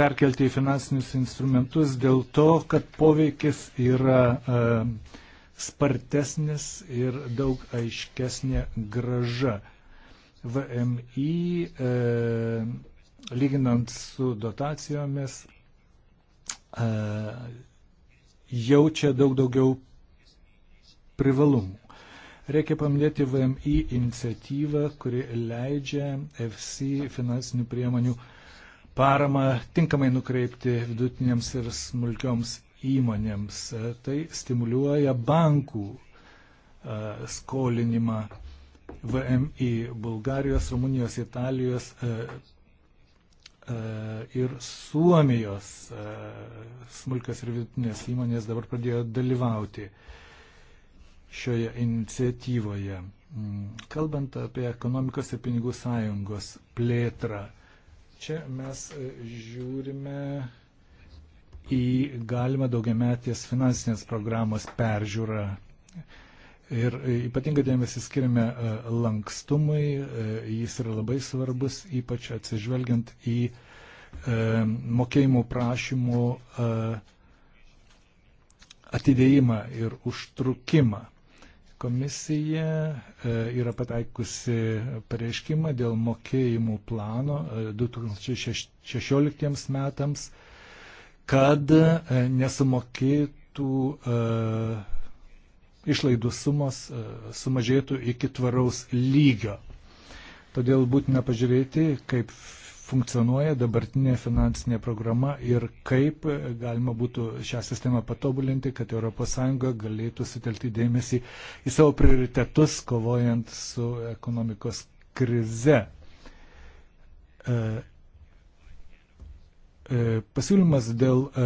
perkelti į finansinius instrumentus dėl to, kad poveikis yra e, spartesnis ir daug aiškesnė graža. VMI, lyginant su dotacijomis, E, jaučia daug daugiau privalumų. Reikia paminėti VMI iniciatyvą, kuri leidžia FC finansinių priemonių paramą tinkamai nukreipti vidutinėms ir smulkioms įmonėms. Tai stimuliuoja bankų e, skolinimą VMI Bulgarijos, Rumunijos, Italijos e, E, ir Suomijos e, smulkios ir vidutinės įmonės dabar pradėjo dalyvauti šioje iniciatyvoje. Mm, kalbant apie ekonomikos ir pinigų sąjungos plėtrą, čia mes e, žiūrime į galimą daugiametės finansinės programos peržiūrą Ir e, ypatingai dėmesį skiriame e, lankstumui, e, jis yra labai svarbus, ypač atsižvelgiant į mokėjimų prašymų atidėjimą ir užtrukimą. Komisija yra pateikusi pareiškimą dėl mokėjimų plano 2016 metams, kad nesumokėtų išlaidų sumos e, sumažėtų iki tvaraus lygio. Todėl būtina pažiūrėti, kaip funkcionuoja dabartinė finansinė programa ir kaip e, galima būtų šią sistemą patobulinti, kad ES galėtų sutelkti dėmesį į savo prioritetus, kovojant su ekonomikos krize. E, E, pasiūlymas dėl e,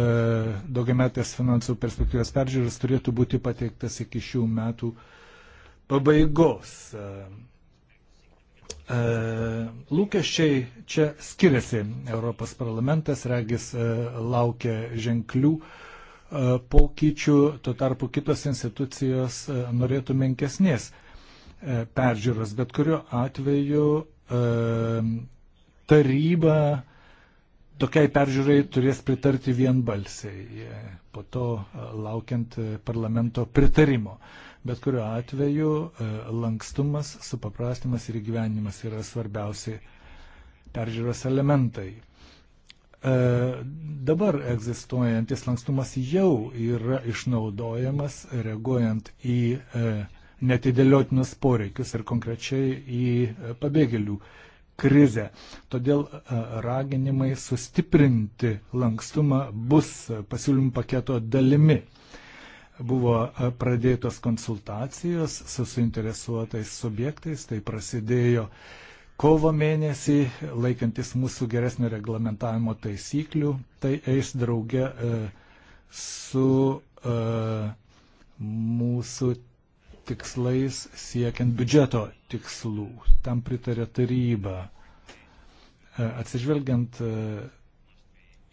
daugiametės finansų perspektyvos peržiūros turėtų būti pateiktas iki šių metų pabaigos. E, lūkesčiai čia skiriasi. Europos parlamentas, regis, laukia ženklių pokyčių, tuo tarpu kitos institucijos norėtų menkesnės peržiūros. Bet kuriuo atveju taryba tokiai peržiūrai turės pritarti vienbalsiai, po to laukiant e, parlamento pritarimo. Bet kuriuo atveju e, lankstumas, supaprastimas ir įgyvenimas yra svarbiausi peržiūros elementai. E, dabar egzistuojantis lankstumas jau yra išnaudojamas reaguojant į netidėliotinus poreikius ir konkrečiai į pabėgėlių krizę. Todėl e, raginimai sustiprinti lankstumą bus pasiūlymų paketo dalimi. Buvo e, pradėtos konsultacijos su suinteresuotais subjektais, tai prasidėjo kovo mėnesį, laikantis mūsų geresnio reglamentavimo taisyklių, tai eis drauge e, su mūsų tikslais siekiant biudžeto tikslų. Tam pritarė taryba. E, atsižvelgiant e,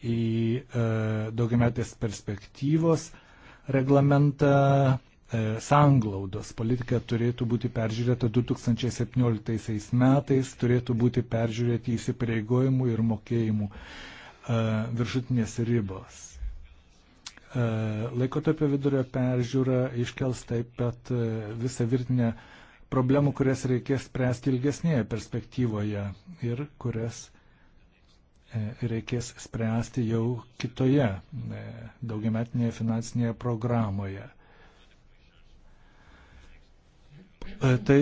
į e, daugiametės perspektyvos reglamentą, sanglaudos politika turėtų būti peržiūrėta 2017 metais, turėtų būti peržiūrėti įsipareigojimų ir mokėjimų viršutinės ribos. E, Laikotopio vidurio peržiūra iškels taip pat e, visą virtinę problemų, kurias reikės spręsti ilgesnėje perspektyvoje ir kurias e, reikės spręsti jau kitoje daugiametinėje finansinėje programoje. Tai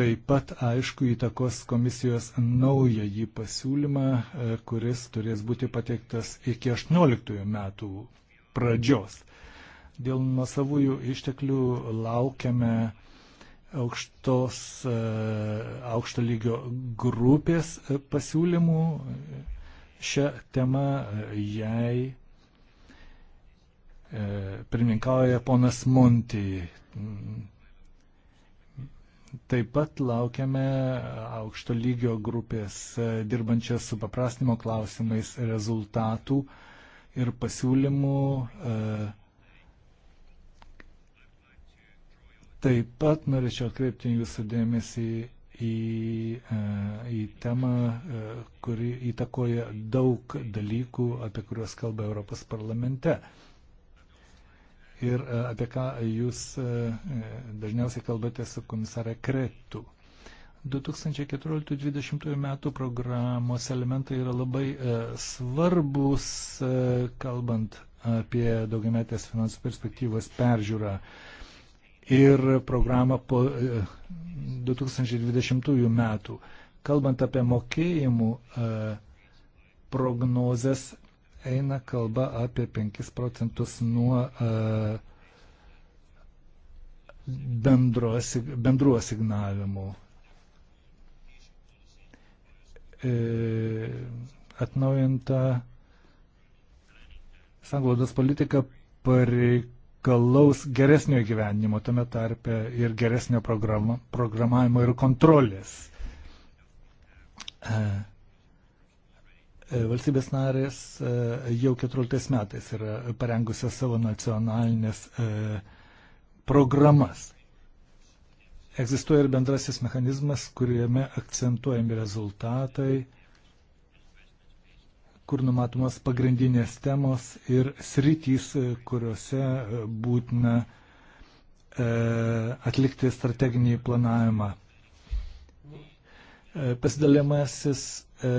taip pat aišku įtakos komisijos naująjį pasiūlymą, kuris turės būti pateiktas iki 18 metų pradžios. Dėl nuosavųjų išteklių laukiame aukštos, e, aukšto lygio grupės e, pasiūlymų šią temą, e, jai pirmininkauja ponas Monti. Taip pat laukiame aukšto lygio grupės dirbančias su paprastinimo klausimais rezultatų ir pasiūlymų. E, taip pat norėčiau atkreipti jūsų dėmesį į, e, į temą, e, kuri įtakoja daug dalykų, apie kuriuos kalba Europos parlamente. Ir apie ką jūs dažniausiai kalbate su komisarė Kretu. 2014-2020 metų programos elementai yra labai e, svarbus, e, kalbant apie daugiametės finansų perspektyvos peržiūrą. Ir programą po e, 2020 metų. Kalbant apie mokėjimų e, prognozes, eina kalba apie 5 procentus nuo e, bendro, bendrų asignavimų E, atnaujinta sanglaudos politika pareikalaus geresnio gyvenimo, tame tarpe ir geresnio programa, programavimo ir kontrolės. E, e, valstybės narės jau 14 metais yra parengusios savo nacionalinės programas egzistuoja ir bendrasis mechanizmas, kuriame akcentuojami rezultatai, kur numatomos pagrindinės temos ir sritys, e, kuriuose e, būtina e, atlikti strateginį planavimą. E, pasidalimasis e,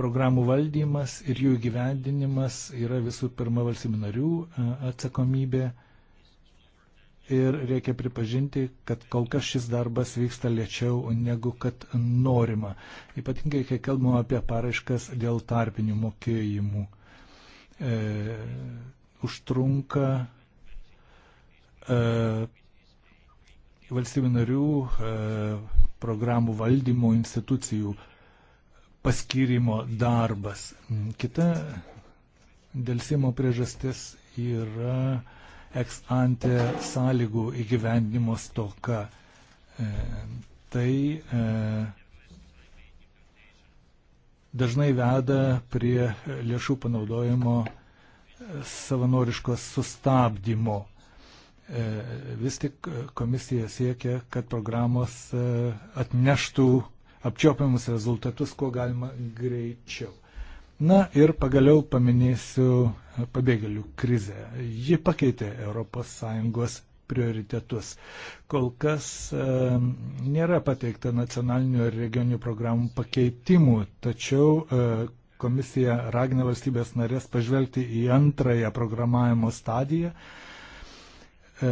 programų valdymas ir jų gyvendinimas yra visų pirma valstybių narių e, atsakomybė. E, ir reikia pripažinti, kad kol kas šis darbas vyksta lėčiau negu kad norima. Ypatingai, kai kalbama apie paraiškas dėl tarpinių mokėjimų. E, užtrunka e, valstybių narių e, programų valdymo institucijų paskyrimo darbas. Kita dėlsimo priežastis yra e, eks ante sąlygų įgyvendinimo stoka. E, tai e, dažnai veda prie lėšų panaudojimo e, savanoriškos sustabdymo. E, vis tik komisija siekia, kad programos e, atneštų apčiopiamus rezultatus, kuo galima greičiau. Na ir pagaliau paminėsiu pabėgėlių krizę. Ji pakeitė ES prioritetus. Kol kas e, nėra pateikta nacionalinių ir regionių programų pakeitimų, tačiau e, komisija ragina valstybės narės pažvelgti į antrąją programavimo stadiją E,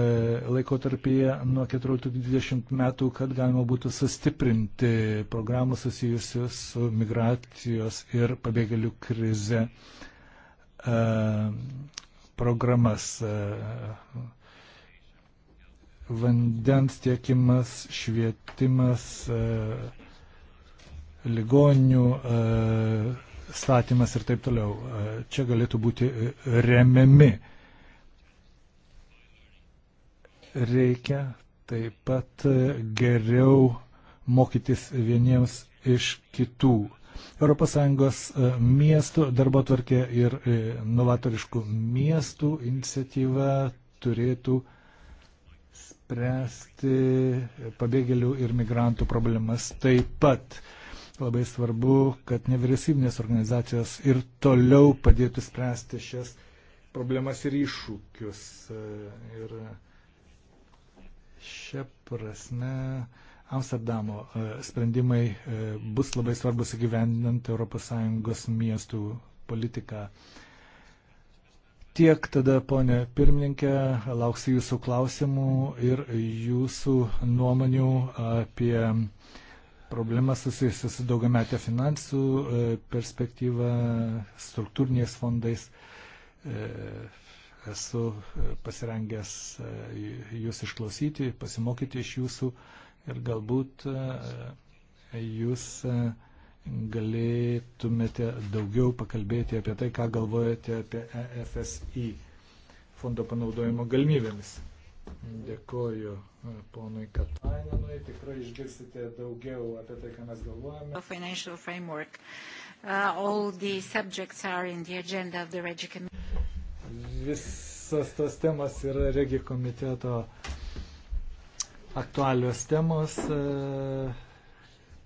laikotarpyje nuo 14-20 metų, kad galima būtų sustiprinti programų susijusių su migracijos ir pabėgėlių krize e, programas. E, vandens tiekimas, švietimas, ligonių statymas ir taip toliau. Čia galėtų būti remiami Reikia taip pat geriau mokytis vieniems iš kitų. ES e, miestų darbo tvarkė ir e, novatoriškų miestų iniciatyva turėtų spręsti pabėgėlių ir migrantų problemas taip pat. Labai svarbu, kad nevyriausybinės organizacijos ir toliau padėtų spręsti šias problemas ir iššūkius. E, ir Šia prasme Amsterdamo e, sprendimai e, bus labai svarbus įgyvendinant ES miestų politiką. Tiek tada, ponė pirmininkė, lauksiu jūsų klausimų ir jūsų nuomonių apie problemas susijusias su daugiametė finansų e, perspektyva, struktūriniais fondais esu e, pasirengęs e, jūs išklausyti, pasimokyti iš jūsų ir galbūt e, jūs galėtumėte daugiau pakalbėti apie tai, ką galvojate apie EFSI fondo panaudojimo galimybėmis. Dėkoju ponui Katainenui, tikrai išgirsite daugiau apie tai, ką mes galvojame. Financial framework. Uh, all the subjects are in the agenda of the Regi Committee visas tos temos yra regi komiteto aktualios temos.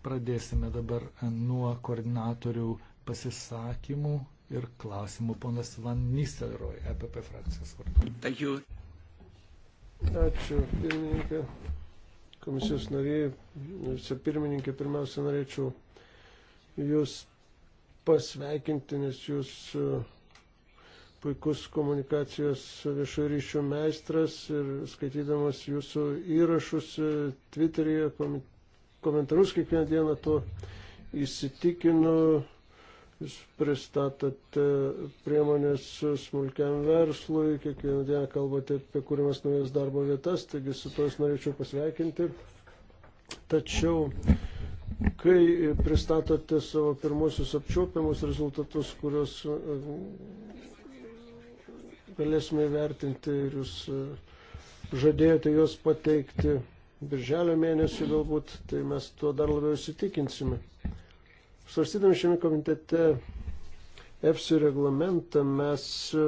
Pradėsime dabar nuo koordinatorių pasisakymų ir klausimų. Ponas Van Nistelrooy, EPP frakcijos vardu. Ačiū, pirmininkė, komisijos nariai, vicepirmininkė, pirmiausia, norėčiau Jūs pasveikinti, nes Jūs uh, puikus komunikacijos viešųjų ryšių meistras ir skaitydamas jūsų įrašus e, Twitter'yje, komentarus kiekvieną dieną to įsitikinu. Jūs pristatote priemonės smulkiam verslui, kiekvieną dieną kalbate apie kūrimas naujas darbo vietas, taigi su to jūs norėčiau pasveikinti. Tačiau, kai pristatote savo pirmosius apčiuopiamus rezultatus, kuriuos galėsime vertinti ir jūs e, žadėjote juos pateikti birželio mėnesį galbūt, tai mes tuo dar labiau įsitikinsime. Svarstydami šiame komitete EFSI reglamentą mes e,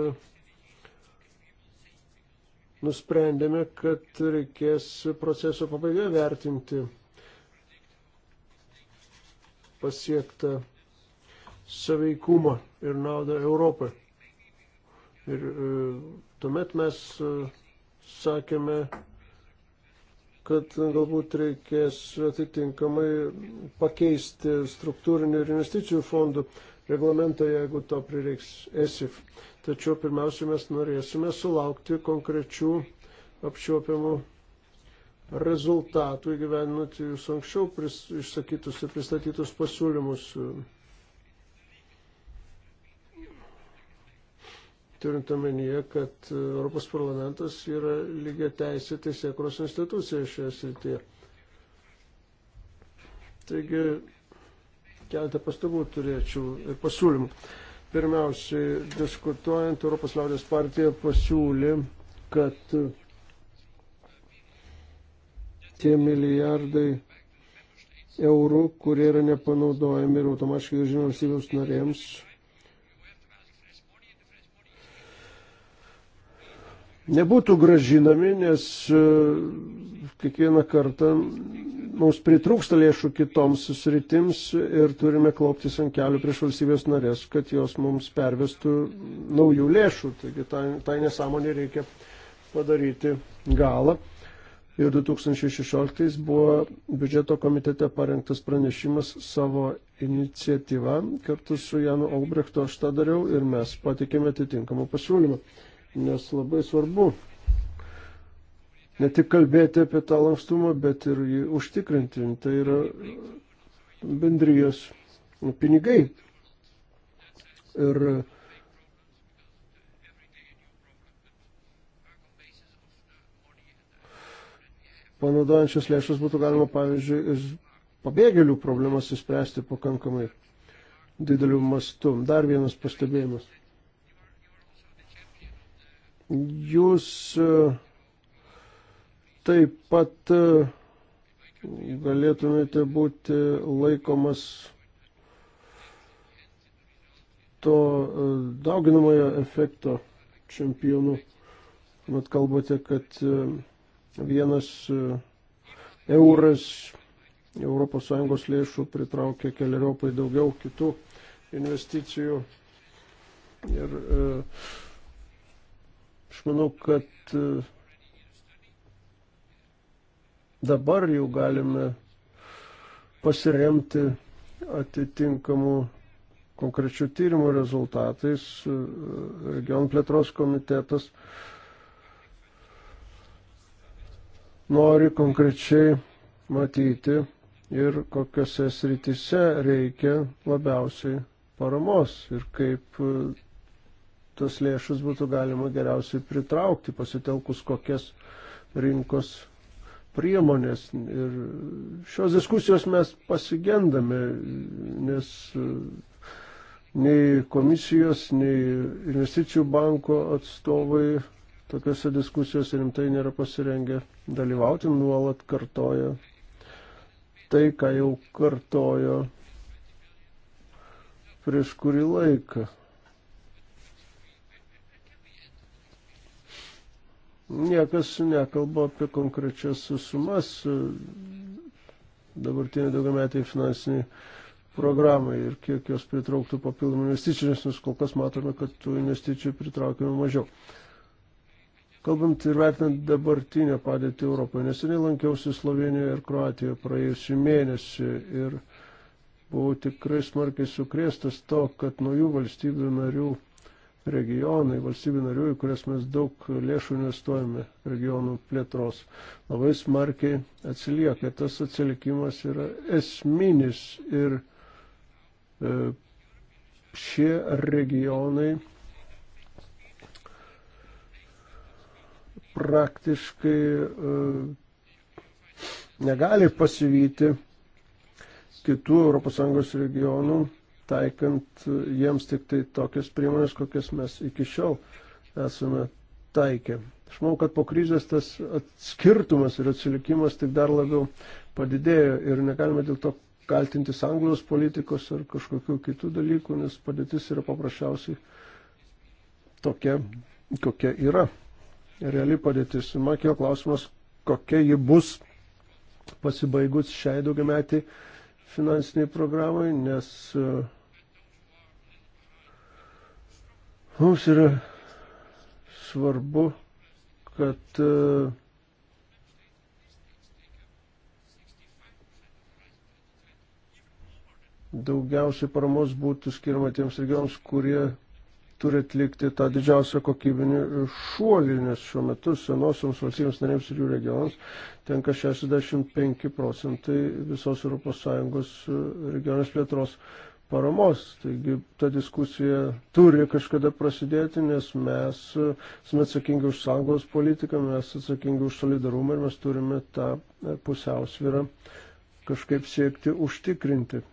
nusprendėme, kad reikės proceso pabaigoje vertinti pasiektą saveikumą ir naudą Europai. Ir e, tuomet mes e, sakėme, kad galbūt reikės atitinkamai pakeisti struktūrinių ir investicijų fondų reglamentą, jeigu to prireiks ESIF. Tačiau pirmiausia, mes norėsime sulaukti konkrečių apčiuopiamų rezultatų įgyveninant jūsų anksčiau pris, išsakytus ir pristatytus pasiūlymus. turint omenyje, kad e, Europos parlamentas yra lygia teisė teisėkros institucija šioje srityje. Taigi, keletą pastabų turėčiau ir pasiūlymų. Pirmiausiai, diskutuojant, Europos liaudės partija pasiūlė, kad tie milijardai eurų, kurie yra nepanaudojami ir automatiškai grįžinami valstybėms narėms, nebūtų gražinami, nes e, kiekvieną kartą mums pritrūksta lėšų kitoms sritims ir turime klauptis ant kelių prieš valstybės narės, kad jos mums pervestų naujų lėšų. Taigi tai, tai nesąmonė reikia padaryti galą. Ir 2016 buvo biudžeto komitete parengtas pranešimas savo iniciatyva. Kartu su Janu Olbrechtu aš tą dariau ir mes patikėme atitinkamą pasiūlymą nes labai svarbu ne tik kalbėti apie tą lankstumą, bet ir jį užtikrinti. Tai yra bendrijos pinigai. Ir panaudojančias lėšas būtų galima, pavyzdžiui, pabėgėlių problemas įspręsti pakankamai dideliu mastu. Dar vienas pastebėjimas. Jūs e, taip pat e, galėtumėte būti laikomas to e, dauginamojo efekto čempionu. Mat kalbate, kad vienas euras ES lėšų pritraukia keliariopai daugiau kitų investicijų. Ir e, Aš manau, kad e, dabar jau galime pasiremti atitinkamų konkrečių tyrimų rezultatais. E, Region plėtros komitetas nori konkrečiai matyti ir kokiuose srityse reikia labiausiai paramos ir kaip e, tas lėšas būtų galima geriausiai pritraukti, pasitelkus kokias rinkos priemonės. Ir šios diskusijos mes pasigendame, nes e, nei komisijos, nei investicijų banko atstovai tokiuose diskusijose rimtai nėra pasirengę dalyvauti, nuolat kartoja tai, ką jau kartojo prieš kurį laiką. Niekas nekalba apie konkrečias sumas dabartinį daugiametį finansinį programą ir kiek jos pritrauktų papildomų investicijų, nes mes kol kas matome, kad tų investicijų pritraukime mažiau. Kalbant ir vertinant dabartinę padėtį Europoje, neseniai lankiausi Slovenijoje ir Kroatijoje praėjusį mėnesį ir buvau tikrai smarkiai sukrėstas to, kad naujų valstybių narių regionai, valstybių narių, į kurias mes daug lėšų investuojame regionų plėtros, labai smarkiai atsilieka. Tas atsilikimas yra esminis ir e, šie regionai praktiškai e, negali pasivyti kitų ES regionų taikant jiems tik tai tokias priemonės, kokias mes iki šiol esame taikę. Aš manau, kad po krizės tas skirtumas ir atsilikimas tik dar labiau padidėjo ir negalime dėl to kaltinti sanglos politikos ar kažkokių kitų dalykų, nes padėtis yra paprasčiausiai tokia, kokia yra. Reali padėtis. Man kėjo klausimas, kokia ji bus pasibaigus šiai daugiametį finansiniai programai, nes e, mums yra svarbu, kad e, daugiausiai paramos būtų skirma tiems regionams, kurie turi atlikti tą didžiausią kokybinį šuolį, nes šiuo metu senosioms valstybėms narėms ir jų regionams tenka 65 procentai visos ES regionės plėtros paramos. Taigi ta diskusija turi kažkada prasidėti, nes mes esame atsakingi už sąjungos politiką, mes atsakingi už solidarumą ir mes turime tą pusiausvyrą kažkaip siekti užtikrinti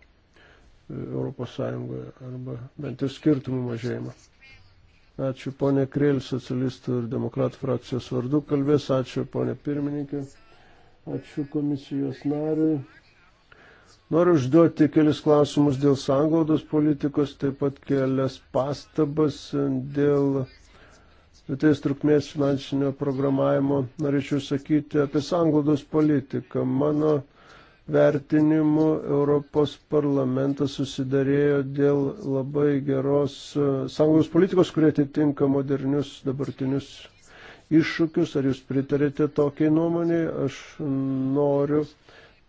ES arba bent jau skirtumų mažėjimą. Ačiū ponė Krėl, socialistų ir demokratų frakcijos vardu kalbės. Ačiū ponė pirmininkė. Ačiū komisijos nariui. Noriu užduoti kelis klausimus dėl sanglaudos politikos, taip pat kelias pastabas dėl vietės trukmės finansinio programavimo. Norėčiau sakyti apie sanglaudos politiką. Mano vertinimu Europos parlamentas susidarėjo dėl labai geros e, sąjungos politikos, kurie atitinka modernius dabartinius iššūkius. Ar jūs pritarėte tokiai nuomonė? Aš noriu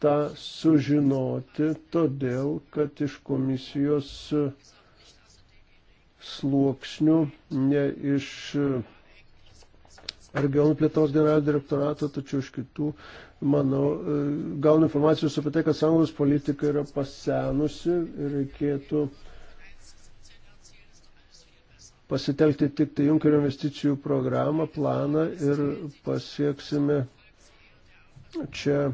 tą sužinoti, todėl kad iš komisijos e, sluoksnių, ne iš regionų plėtos generalinio direktorato, tačiau iš kitų, manau, e, gaunu informacijos apie tai, kad sąjungos politika yra pasenusi ir reikėtų pasitelkti tik tai Junkerio investicijų programą, planą ir pasieksime čia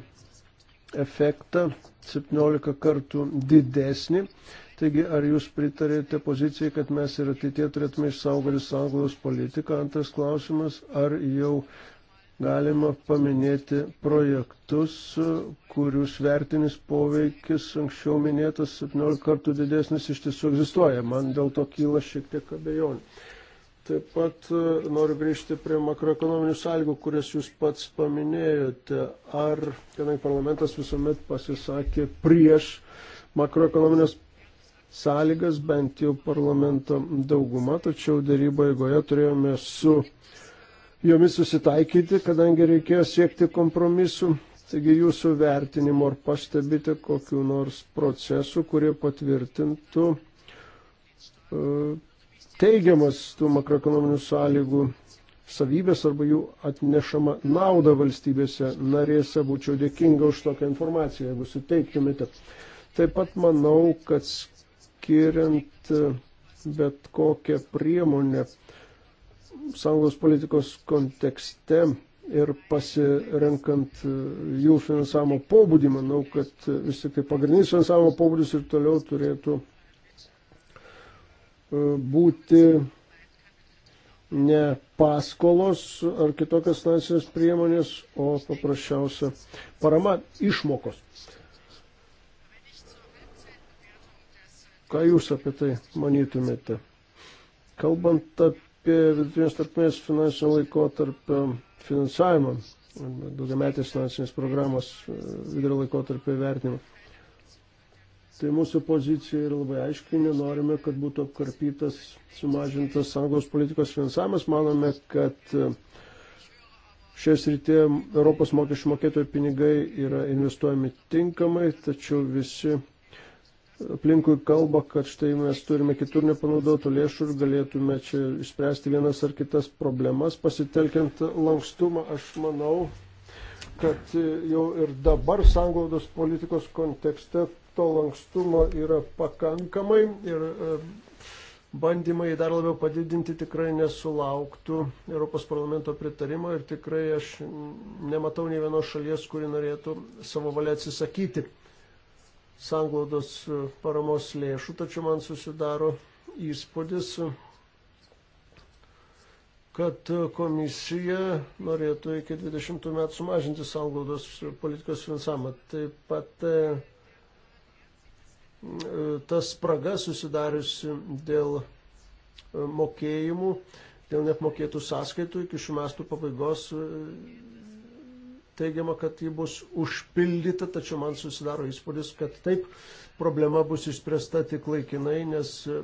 efektą 17 kartų didesnį Taigi, ar jūs pritarėte pozicijai, kad mes ir ateitie turėtume išsaugoti sąnglaudos politiką? Antras klausimas, ar jau galima paminėti projektus, kurių svertinis poveikis anksčiau minėtas 17 kartų didesnis iš tiesų egzistuoja. Man dėl to kyla šiek tiek abejonių. Taip pat e, noriu grįžti prie makroekonominių sąlygų, kurias jūs pats paminėjote. Ar, kadangi parlamentas visuomet pasisakė prieš makroekonominės sąlygas, bent jau parlamento dauguma, tačiau dėrybo eigoje turėjome su jomis susitaikyti, kadangi reikėjo siekti kompromisų. Taigi jūsų vertinimo ar pastebite kokiu nors procesu, kurie patvirtintų e, teigiamas tų makroekonominių sąlygų savybės arba jų atnešama nauda valstybėse narėse. Būčiau dėkinga už tokią informaciją, jeigu suteiktumėte. Taip pat manau, kad skiriant bet kokią priemonę sąjungos politikos kontekste ir pasirenkant jų finansavimo pobūdį, manau, kad vis tik tai pagrindinis finansavimo pobūdis ir toliau turėtų e, būti ne paskolos ar kitokios finansinės priemonės, o paprasčiausia parama išmokos. Ką Jūs apie tai manytumėte? Kalbant apie vidutinės tarpmės finansinio laikotarpio finansavimą, daugiametės finansinės programos e, vidurio laikotarpio vertinimą. Tai mūsų pozicija yra labai aiškiai, nenorime, kad būtų apkarpytas, sumažintas sąjungos politikos finansavimas. Manome, kad e, šioje srityje Europos mokesčių mokėtojų pinigai yra investuojami tinkamai, tačiau visi aplinkui kalba, kad štai mes turime kitur nepanaudotų lėšų ir galėtume čia išspręsti vienas ar kitas problemas, pasitelkiant lankstumą, aš manau, kad jau ir dabar sanglaudos politikos kontekste to lankstumo yra pakankamai ir e, bandymai dar labiau padidinti tikrai nesulauktų Europos parlamento pritarimo ir tikrai aš nematau nei vienos šalies, kuri norėtų savo valia atsisakyti sanglaudos e, paramos lėšų, tačiau man susidaro įspūdis, kad komisija norėtų iki 20 metų sumažinti sanglaudos politikos finansavimą. Taip pat e, tas spraga susidariusi dėl e, mokėjimų, dėl neapmokėtų sąskaitų iki šių metų pabaigos teigiama, kad ji bus užpildyta, tačiau man susidaro įspūdis, kad taip problema bus išspręsta tik laikinai, nes e,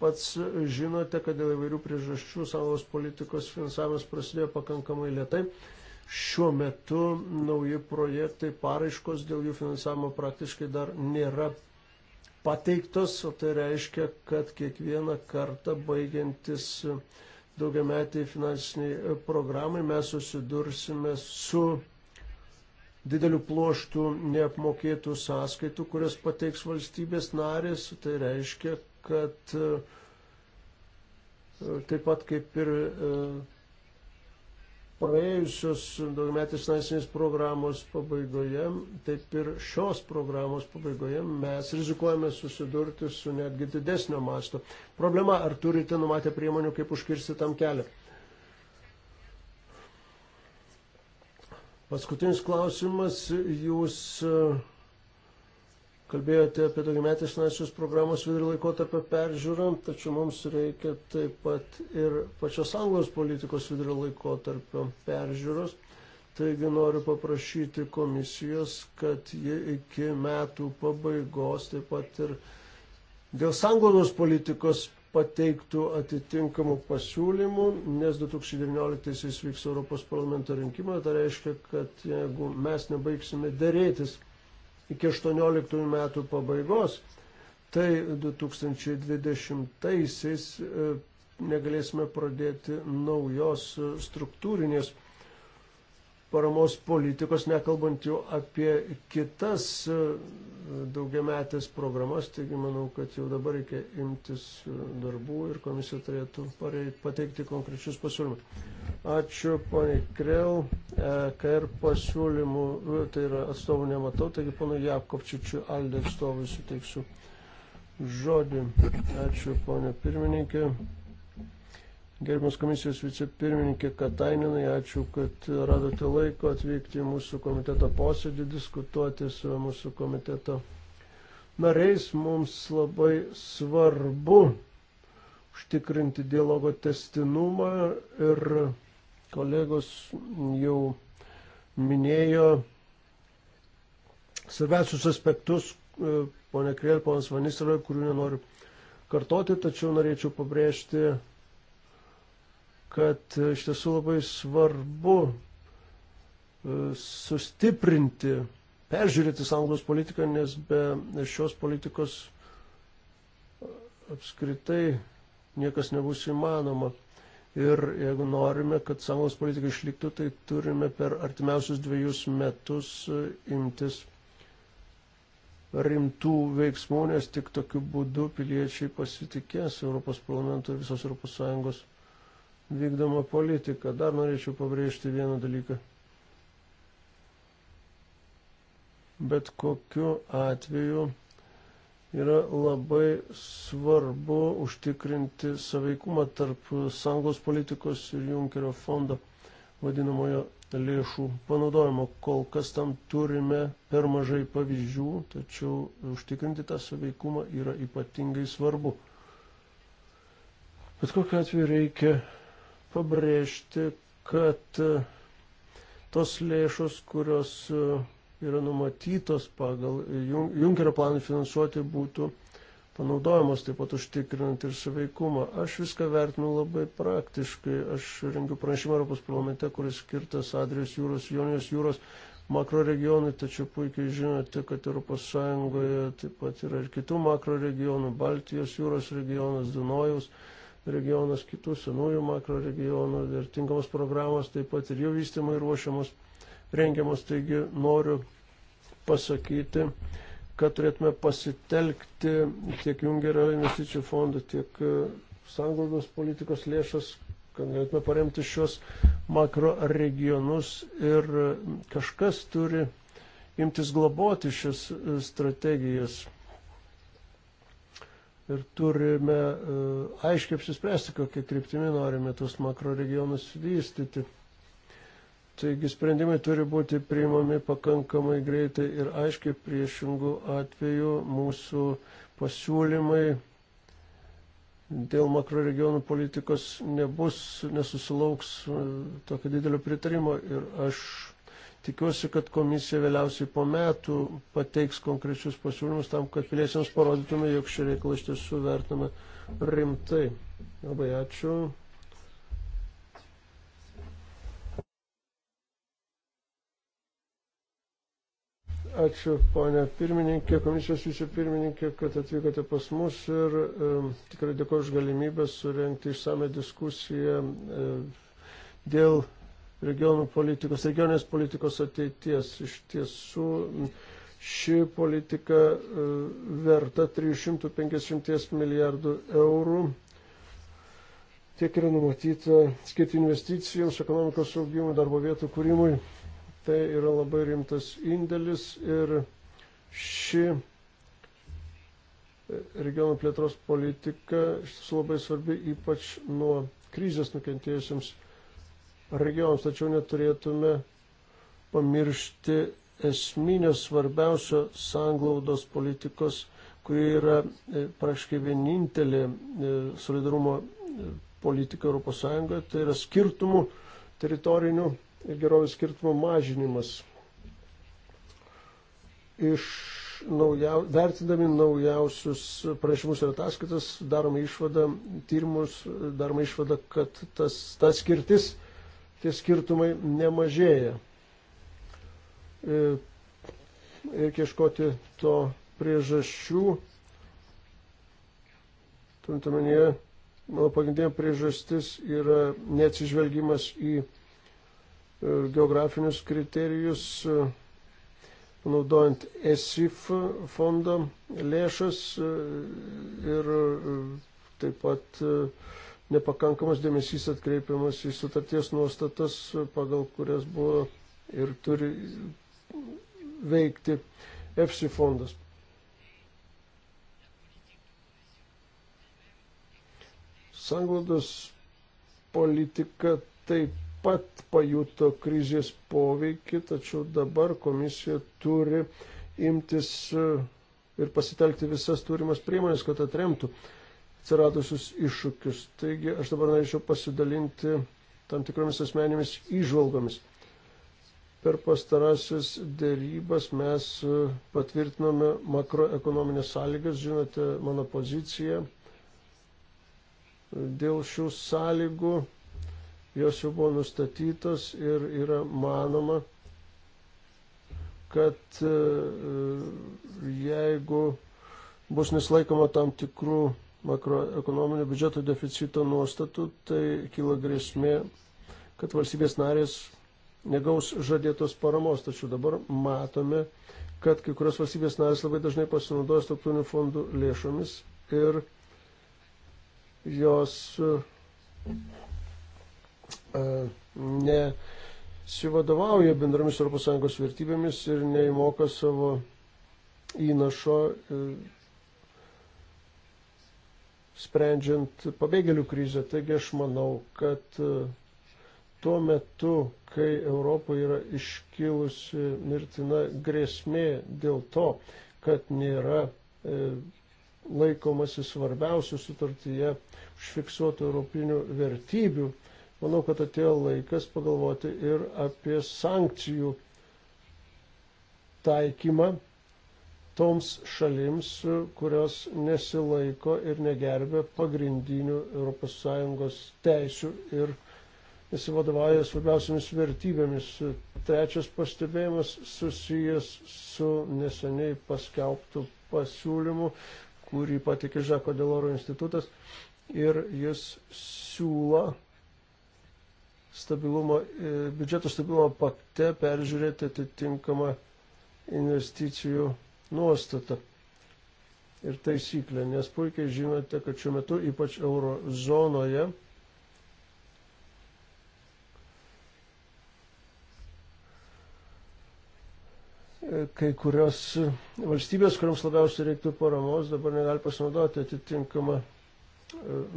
pats e, žinote, kad dėl įvairių priežasčių sąjungos politikos finansavimas prasidėjo pakankamai lietai. Šiuo metu nauji projektai, paraiškos dėl jų finansavimo praktiškai dar nėra pateiktos, o tai reiškia, kad kiekvieną kartą baigiantis uh, daugiametiai finansiniai e, programai mes susidursime su dideliu pluoštų neapmokėtų sąskaitų, kurias pateiks valstybės narės. Tai reiškia, kad e, taip pat kaip ir e, praėjusios daugmetės finansinės programos pabaigoje, taip ir šios programos pabaigoje mes rizikuojame susidurti su netgi didesnio masto. Problema, ar turite numatę priemonių, kaip užkirsti tam kelią? Paskutinis klausimas, jūs Kalbėjote apie daugiametės finansinės programos vidurio laikotarpio peržiūrą, tačiau mums reikia taip pat ir pačios anglos politikos vidurio laikotarpio peržiūros. Taigi noriu paprašyti komisijos, kad ji iki metų pabaigos taip pat ir dėl sanglaudos politikos pateiktų atitinkamų pasiūlymų, nes 2019-aisiais vyks Europos parlamento rinkimai, tai reiškia, kad jeigu mes nebaigsime dėrėtis iki 18 metų pabaigos, tai 2020-aisiais e, negalėsime pradėti naujos e, struktūrinės paramos politikos, nekalbant jau apie kitas e, daugiametės programas, taigi manau, kad jau dabar reikia imtis e, darbų ir komisija turėtų pateikti konkrečius pasiūlymus. Ačiū, poniai Krell, e KR pasiūlymų, tai yra atstovų nematau, taigi ponui Jakovčičiu Aldė atstovui suteiksiu žodį. Ačiū, ponė pirmininkė. Gerbiamas komisijos vicepirmininkė Katainenai, ačiū, kad radote laiko atvykti į mūsų komiteto posėdį, diskutuoti su mūsų komiteto nariais. Mums labai svarbu užtikrinti dialogo testinumą ir kolegos jau minėjo svarbiausius aspektus, e, ponė Krėl, ponas Vanisra, kurių nenoriu kartoti, tačiau norėčiau pabrėžti kad e, iš tiesų labai svarbu e, sustiprinti, peržiūrėti sąjungos politiką, nes be šios politikos e, apskritai niekas nebus įmanoma. Ir jeigu norime, kad sąjungos politika išliktų, tai turime per artimiausius dviejus metus imtis rimtų veiksmų, nes tik tokiu būdu piliečiai pasitikės Europos parlamento ir visos Europos Sąjungos vykdoma politika. Dar norėčiau pabrėžti vieną dalyką. Bet kokiu atveju yra labai svarbu užtikrinti saveikumą tarp sąjungos politikos ir Junkerio fondo vadinamojo lėšų panaudojimo. Kol kas tam turime per mažai pavyzdžių, tačiau užtikrinti tą saveikumą yra ypatingai svarbu. Bet kokiu atveju reikia pabrėžti, kad e, tos lėšos, kurios e, yra numatytos pagal Junkerio planą finansuoti, būtų panaudojamos, taip pat užtikrinant ir saveikumą. Aš viską vertinu labai praktiškai. Aš rengiu pranešimą Europos parlamente, kuris skirtas Adrijos jūros, Jonijos jūros makroregionui, tačiau puikiai žinote, kad ES taip pat yra ir kitų makroregionų, Baltijos jūros regionas, Dunojaus regionas regionas, kitų senųjų makro regionų ir tinkamos programos, taip pat ir jų vystymai ruošiamos, rengiamos. Taigi noriu pasakyti, kad turėtume pasitelkti tiek Jungerio investicijų fondą, tiek e, sanglaudos politikos lėšas, kad galėtume paremti šios makro regionus ir e, kažkas turi imtis globoti šias e, strategijas ir turime e, aiškiai apsispręsti, kokie kryptimi norime tuos makroregionus vystyti. Taigi sprendimai turi būti priimami pakankamai greitai ir aiškiai priešingų atveju mūsų pasiūlymai dėl makroregionų politikos nebus, nesusilauks e, tokio didelio pritarimo ir aš Tikiuosi, kad komisija vėliausiai po metų pateiks konkrečius pasiūlymus tam, kad piliečiams parodytume, jog šį reikalą iš tiesų vertiname rimtai. Labai ačiū. Ačiū, ponė pirmininkė, komisijos vicepirmininkė, kad atvykote pas mus ir e, tikrai dėkoju už galimybę surenkti išsame diskusiją e, dėl regionų politikos, regioninės politikos ateities. Iš tiesų ši politika e, verta 350 milijardų eurų. Tiek yra numatyta skirti investicijoms, ekonomikos augimui, darbo vietų kūrimui. Tai yra labai rimtas indėlis ir ši e, regionų plėtros politika iš tiesų labai svarbi ypač nuo krizės nukentėjusiems regionams, tačiau neturėtume pamiršti esminio svarbiausio sanglaudos politikos, kuri yra e, praškai vienintelė e, solidarumo e, politika ES, tai yra skirtumų teritorinių ir gerovės skirtumų mažinimas. Iš naujau, vertindami naujausius pranešimus ir ataskaitas daroma išvada, tyrimus daroma išvada, kad tas, ta skirtis tie skirtumai nemažėja. E, reikia ieškoti to priežasčių. Turintuomenėje, mano pagrindinė priežastis yra neatsižvelgimas į e, geografinius kriterijus, e, naudojant ESIF fondo lėšas ir taip pat uh, nepakankamas dėmesys atkreipiamas į sutarties nuostatas, pagal kurias buvo ir turi veikti EFSI fondas. Sanglaudos politika taip pat pajuto krizės poveikį, tačiau dabar komisija turi imtis ir pasitelkti visas turimas priemonės, kad atremtų atsiradusius iššūkius. Taigi aš dabar norėčiau pasidalinti tam tikromis asmenėmis įžvalgomis. Per pastarasis dėrybas mes e, patvirtinome makroekonominės sąlygas, žinote mano poziciją. E, dėl šių sąlygų jos jau buvo nustatytos ir yra manoma, kad e, jeigu bus neslaikoma tam tikrų makroekonominio biudžeto deficito nuostatų, tai kyla grėsmė, kad valstybės narės negaus žadėtos paramos. Tačiau dabar matome, kad kai kurios valstybės narės labai dažnai pasinaudoja struktūrinių fondų lėšomis ir jos e, nesivadovauja bendromis ES vertybėmis ir neįmoka savo įnašo e, sprendžiant pabėgėlių krizę. Taigi aš manau, kad e, tuo metu, kai Europoje yra iškilusi mirtina grėsmė dėl to, kad nėra e, laikomasi svarbiausių sutartyje užfiksuotų europinių vertybių, manau, kad atėjo laikas pagalvoti ir apie sankcijų taikymą toms šalims, kurios nesilaiko ir negerbė pagrindinių ES teisių ir nesivadovauja svarbiausiamis vertybėmis. Trečias pastebėjimas susijęs su neseniai paskelbtų pasiūlymų, kurį patikė Žako Deloro institutas ir jis siūlo stabilumo, e, biudžeto stabilumo pakte peržiūrėti atitinkamą investicijų nuostata ir taisyklė, nes puikiai žinote, kad šiuo metu ypač eurozonoje kai kurios valstybės, kuriams labiausiai reiktų paramos, dabar negali pasinaudoti atitinkamą e,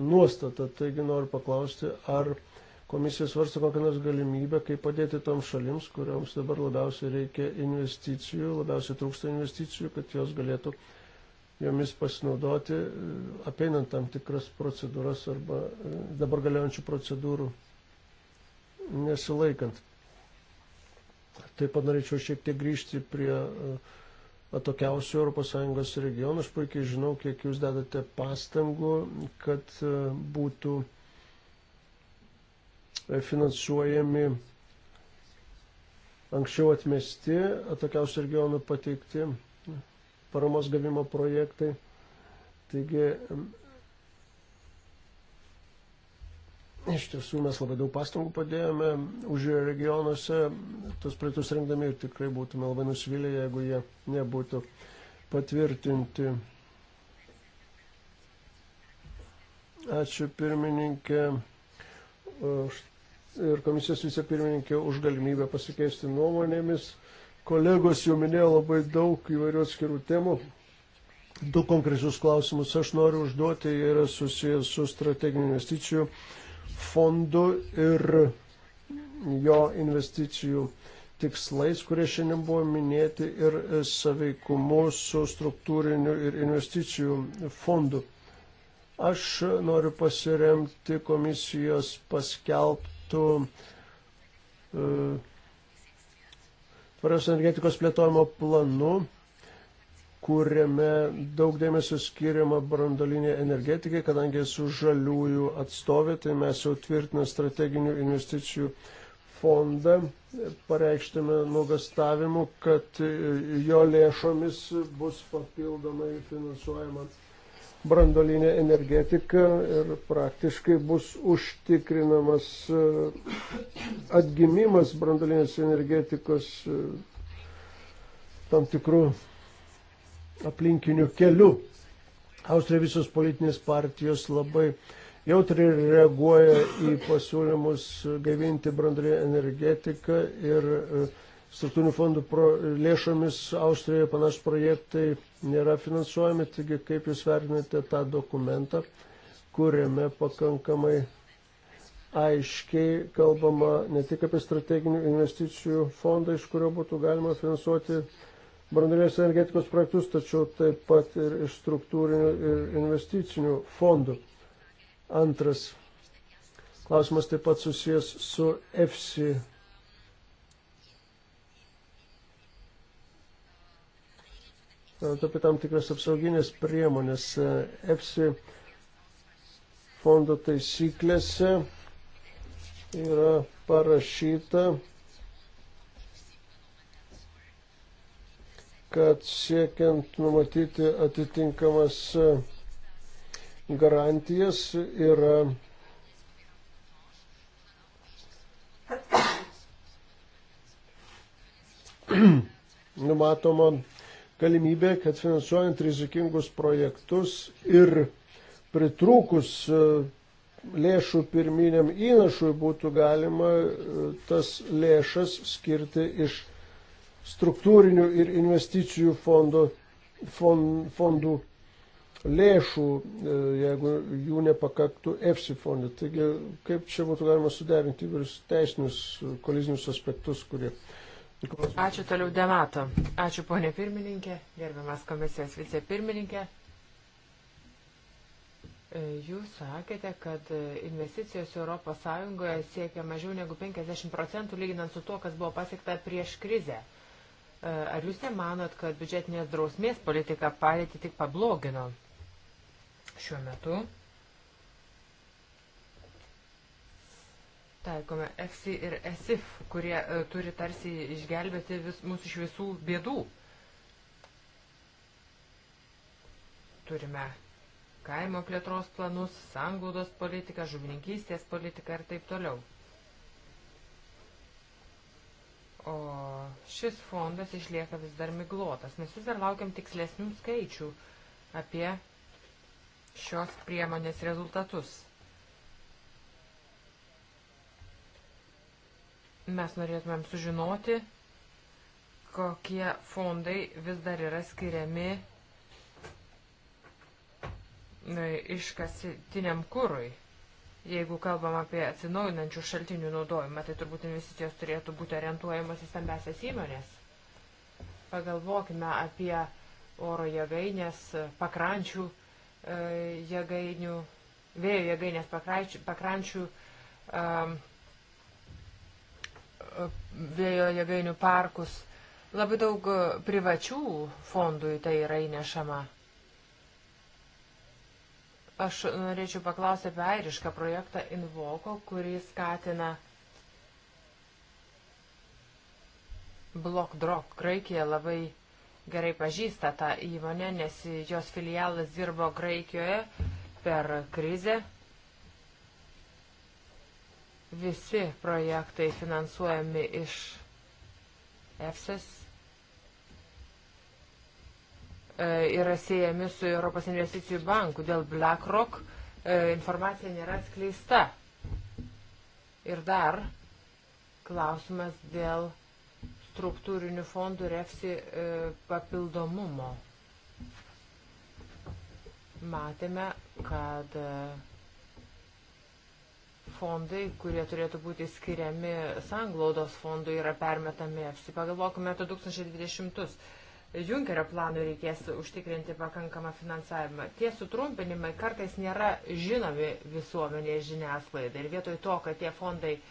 nuostatą. Taigi noriu paklausti, ar komisija svarsto kokią nors galimybę, kaip padėti toms šalims, kuriams dabar labiausiai reikia investicijų, labiausiai trūksta investicijų, kad jos galėtų jomis pasinaudoti, apeinant tam tikras procedūras arba e, dabar galiojančių procedūrų nesilaikant. Taip pat norėčiau šiek tiek grįžti prie e, atokiausių ES regionų. Aš puikiai žinau, kiek jūs dedate pastangų, kad e, būtų finansuojami anksčiau atmesti, atokiausių regionų pateikti paramos gavimo projektai. Taigi, iš tiesų mes labai daug pastangų padėjome už regionuose, tos praeitus rengdami ir tikrai būtume labai nusivylę, jeigu jie nebūtų patvirtinti. Ačiū pirmininkė už ir komisijos vicepirmininkė už galimybę pasikeisti nuomonėmis. Kolegos jau minėjo labai daug įvairių atskirų temų. Du konkrečius klausimus aš noriu užduoti, jie yra susijęs su strateginiu investicijų fondu ir jo investicijų tikslais, kurie šiandien buvo minėti, ir saveikumu su struktūriniu ir investicijų fondu. Aš noriu pasiremti komisijos paskelbtą metų e, tvarios energetikos plėtojimo planu, kuriame daug dėmesio skiriama brandolinė energetikai, kadangi esu žaliųjų atstovė, tai mes jau tvirtinę strateginių investicijų fondą pareikštame nuogastavimu, kad jo lėšomis bus papildomai finansuojama brandolinė energetika ir praktiškai bus užtikrinamas e, atgimimas brandolinės energetikos e, tam tikrų aplinkinių kelių. Austrija visos politinės partijos labai jautriai reaguoja į pasiūlymus gaivinti brandolinę energetiką ir uh, struktūrinių fondų pro, lėšomis Austrijoje panašus projektai nėra finansuojami, taigi kaip Jūs vertinate tą dokumentą, kuriame pakankamai aiškiai kalbama ne tik apie strateginių investicijų fondą, iš kurio būtų galima finansuoti brandulės energetikos projektus, tačiau taip pat ir iš struktūrinių ir investicinių fondų. Antras klausimas taip pat susijęs su EFSI apie tam tikras apsauginės priemonės. E, EFSI fondo taisyklėse yra parašyta, kad siekiant numatyti atitinkamas e, garantijas yra numatoma galimybė, kad finansuojant rizikingus projektus ir pritrūkus e, lėšų pirminiam įnašui būtų galima e, tas lėšas skirti iš struktūrinių ir investicijų fondo, fond, fondų lėšų, e, jeigu jų nepakaktų EFSI fondai. Taigi, kaip čia būtų galima suderinti įvairius teisinius kolizinius aspektus, kurie Ačiū toliau Demato. Ačiū ponė pirmininkė, gerbiamas komisijos vicepirmininkė. E, jūs sakėte, kad investicijos ES siekia mažiau negu 50 procentų lyginant su tuo, kas buvo pasiekta prieš krizę. E, ar jūs nemanot, kad biudžetinės drausmės politika padėtį tik pablogino šiuo metu? taikome EFSI ir ESIF, kurie e, turi tarsi išgelbėti vis, mūsų iš visų bėdų. Turime kaimo plėtros planus, sanglaudos politiką, žuvininkystės politiką ir taip toliau. O šis fondas išlieka vis dar miglotas, nes vis dar laukiam tikslesnių skaičių apie šios priemonės rezultatus. Mes norėtumėm sužinoti, kokie fondai vis dar yra skiriami e, iškasitiniam kūrui. Jeigu kalbam apie atsinaujinančių šaltinių naudojimą, tai turbūt investicijos turėtų būti orientuojamos į stambesias įmonės. Pagalvokime apie oro jėgainės, pakrančių e, jėgainių, vėjo jėgainės pakrančių, pakrančių um, vėjo jėgainių parkus. Labai daug e, privačių fondų į tai yra įnešama. Aš norėčiau paklausyti apie airišką projektą Invoko, kurį skatina Block Drop. Graikija labai gerai pažįsta tą įmonę, nes jos filialas dirbo Graikijoje per krizę Visi projektai finansuojami iš EFSAS e, yra siejami su Europos investicijų banku. Dėl BlackRock e, informacija nėra atskleista. Ir dar klausimas dėl struktūrinių fondų refsi papildomumo. Matėme, kad e, fondai, kurie turėtų būti skiriami sanglaudos fondui, yra permetami. Apsi pagalvokime apie 2020. Junkerio planui reikės užtikrinti pakankamą finansavimą. Tie sutrumpinimai kartais nėra žinomi visuomenėje žiniasklaidai. Ir vietoj to, kad tie fondai e,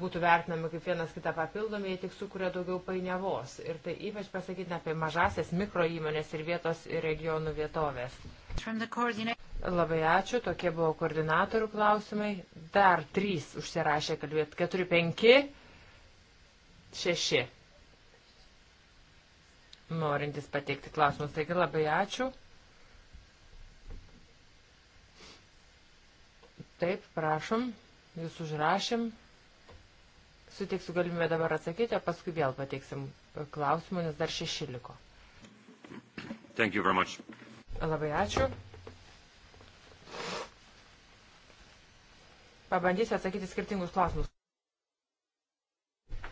būtų vertinami kaip vienas kitą papildomi, jie tik sukuria daugiau painiavos. Ir tai ypač pasakytina apie mažasias mikro įmonės ir vietos ir regionų vietovės. Labai ačiū, tokie buvo koordinatorių klausimai. Dar trys užsirašė kalbėti. Keturi, penki, šeši. Norintis pateikti klausimus, taigi labai ačiū. Taip, prašom, jūs užrašym. Suteiksiu galimybę dabar atsakyti, o paskui vėl pateiksim klausimų, nes dar šeši liko. Labai ačiū. Pabandysiu atsakyti skirtingus klausimus.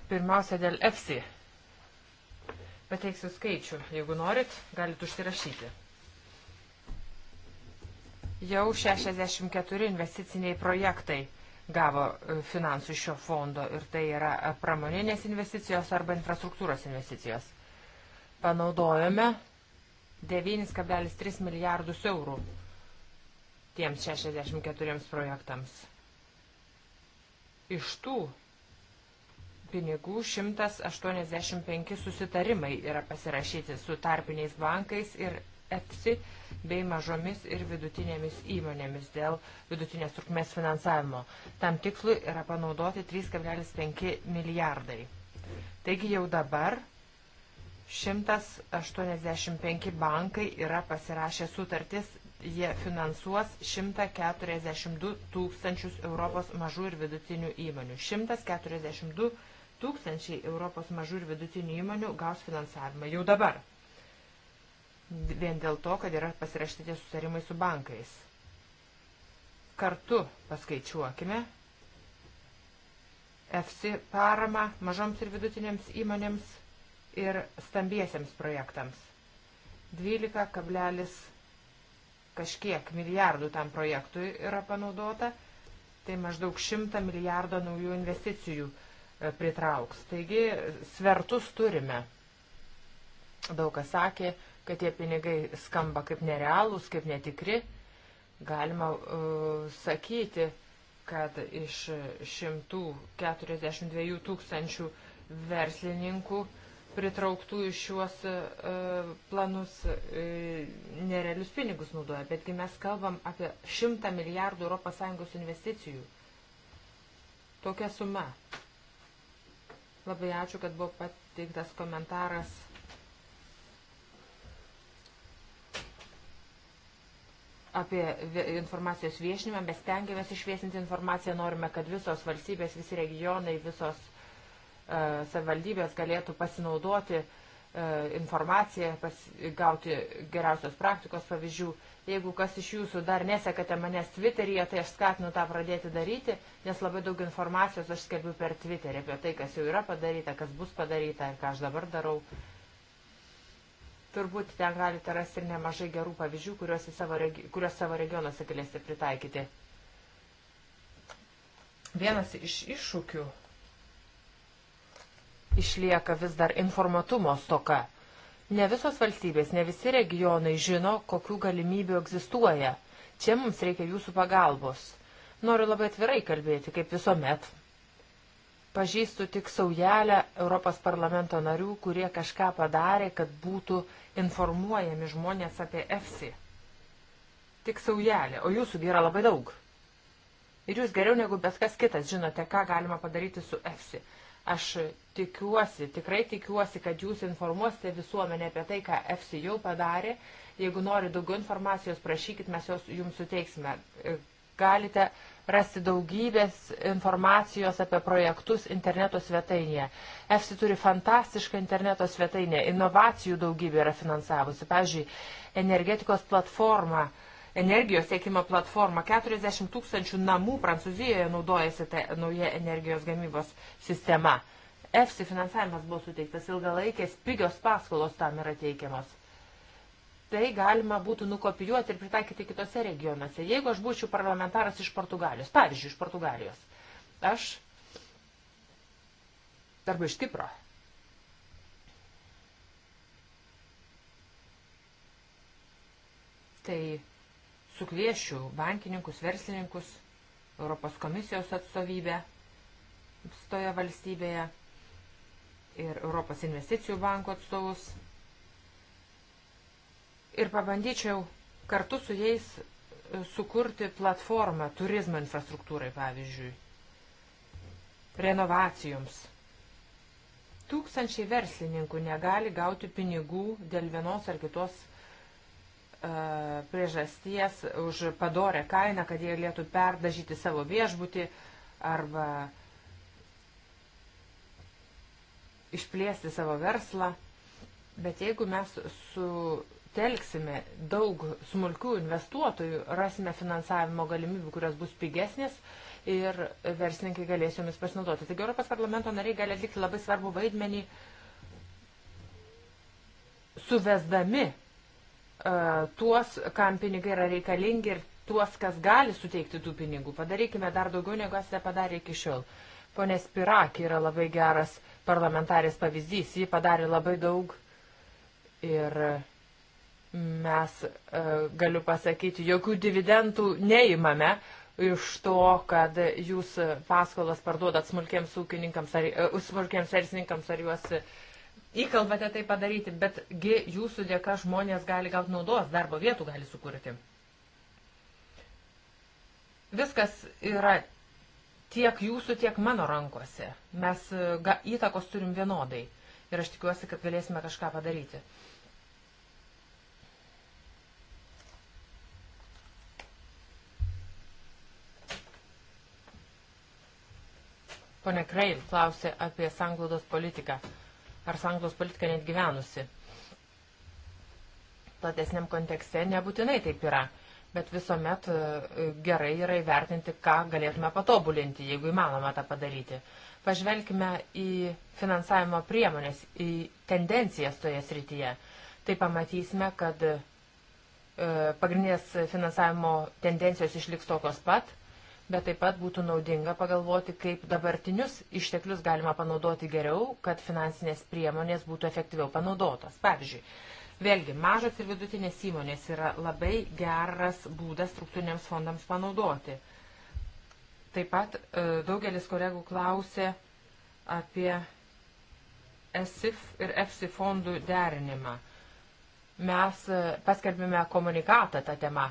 Pirmiausia, dėl EFSI. Pateiksiu skaičių. Jeigu norit, galit užsirašyti. Jau 64 investiciniai projektai gavo e, finansų iš šio fondo ir tai yra e, pramoninės investicijos arba infrastruktūros investicijos. Panaudojome 9,3 milijardus eurų tiems 64 projektams. Iš tų pinigų 185 susitarimai yra pasirašyti su tarpiniais bankais ir EPSI bei mažomis ir vidutinėmis įmonėmis dėl vidutinės trukmės finansavimo. Tam tikslui yra panaudoti 3,5 milijardai. Taigi jau dabar 185 bankai yra pasirašę sutartis jie finansuos 142 tūkstančius Europos mažų ir vidutinių įmonių. 142 tūkstančiai Europos mažų ir vidutinių įmonių gaus finansavimą jau dabar. Vien dėl to, kad yra pasirašyti tie sustarimai su bankais. Kartu paskaičiuokime FC paramą mažoms ir vidutinėms įmonėms ir stambiesiems projektams. 12,5 kažkiek milijardų tam projektui yra panaudota, tai maždaug 100 milijardo naujų investicijų e, pritrauks. Taigi svertus turime. Daug kas sakė, kad tie pinigai skamba kaip nerealūs, kaip netikri. Galima uh, sakyti, kad iš 142 tūkstančių verslininkų uh, pritrauktų iš šiuos e, planus e, nerealius pinigus naudoja, betgi mes kalbam apie 100 milijardų ES investicijų. Tokia suma. Labai ačiū, kad buvo pateiktas komentaras. apie informacijos viešinimą, mes tengiamės išviesinti informaciją, norime, kad visos valstybės, visi regionai, visos uh, E, savivaldybės galėtų pasinaudoti e, informaciją, pas, gauti geriausios praktikos pavyzdžių. Jeigu kas iš jūsų dar nesekate manęs Twitteryje, tai aš skatinu tą pradėti daryti, nes labai daug informacijos aš skelbiu per Twitterį apie tai, kas jau yra padaryta, kas bus padaryta ir ką aš dabar darau. Turbūt ten galite rasti ir nemažai gerų pavyzdžių, kuriuos savo, regi kuriuos savo regionuose galėsite pritaikyti. Vienas iš iššūkių išlieka vis dar informatumo stoka. Ne visos valstybės, ne visi regionai žino, kokių galimybių egzistuoja. Čia mums reikia jūsų pagalbos. Noriu labai atvirai kalbėti, kaip visuomet. Pažįstu tik saujelę Europos parlamento narių, kurie kažką padarė, kad būtų informuojami žmonės apie EFSI. Tik saujelė, o jūsų yra labai daug. Ir jūs geriau negu bet kas kitas žinote, ką galima padaryti su EFSI. Aš tikiuosi, tikrai tikiuosi, kad jūs informuosite visuomenę apie tai, ką EFSI jau padarė. Jeigu nori daugiau informacijos, prašykit, mes jos jums suteiksime. Galite rasti daugybės informacijos apie projektus interneto svetainėje. EFSI turi fantastišką interneto svetainę, inovacijų daugybė yra finansavusi. Pavyzdžiui, energetikos platforma uh, energijos tiekimo platformą. 40 tūkstančių namų Prancūzijoje naudojasi ta nauja energijos gamybos sistema. EFSI finansavimas buvo suteiktas ilgalaikės, pigios paskolos tam yra teikiamos. Tai galima būtų nukopijuoti ir pritaikyti kitose regionuose. Jeigu aš būčiau parlamentaras iš Portugalijos, pavyzdžiui, iš Portugalijos, aš arba iš Kipro, tai sukviešiu bankininkus, verslininkus, Europos komisijos atstovybę toje valstybėje ir Europos investicijų banko atstovus. Ir pabandyčiau kartu su jais e, sukurti platformą turizmo infrastruktūrai, pavyzdžiui, renovacijoms. Tūkstančiai verslininkų negali gauti pinigų dėl vienos ar kitos E, priežasties už padorę kainą, kad jie galėtų perdažyti savo viešbutį arba išplėsti savo verslą. Bet jeigu mes sutelksime daug smulkių investuotojų, rasime finansavimo galimybių, kurios bus pigesnės ir verslininkai galės jomis pasinaudoti. Taigi Europos parlamento nariai gali atlikti labai svarbų vaidmenį suvesdami E, tuos, kam pinigai yra reikalingi ir tuos, kas gali suteikti tų pinigų. Padarykime dar daugiau, negu esate padarę iki šiol. Pone Spirak yra labai geras parlamentarės pavyzdys, ji padarė labai daug ir mes, e, galiu pasakyti, jokių dividendų neimame iš to, kad jūs paskolas parduodat smulkiems ūkininkams ar e, smulkiems verslininkams ar juos įkalbate tai padaryti, betgi jūsų dėka žmonės gali gauti naudos, darbo vietų gali sukurti. Viskas yra tiek jūsų, tiek mano rankose. Mes e, ga, įtakos turim vienodai ir aš tikiuosi, kad galėsime kažką padaryti. Pone Kreil klausė apie sanglaudos politiką ar sanglos politika net gyvenusi. Platesniam kontekste nebūtinai taip yra, bet visuomet e, gerai yra įvertinti, ką galėtume patobulinti, jeigu įmanoma tą padaryti. Pažvelkime į finansavimo priemonės, į tendencijas toje srityje. Tai pamatysime, kad e, pagrindinės finansavimo tendencijos išliks tokios pat bet taip pat būtų naudinga pagalvoti, kaip dabartinius išteklius galima panaudoti geriau, kad finansinės priemonės būtų efektyviau panaudotos. Pavyzdžiui, vėlgi, mažas ir vidutinės įmonės yra labai geras būdas struktūriniams fondams panaudoti. Taip pat e, daugelis kolegų klausė apie ESIF ir EFSI fondų derinimą. Mes e, paskelbėme komunikatą tą temą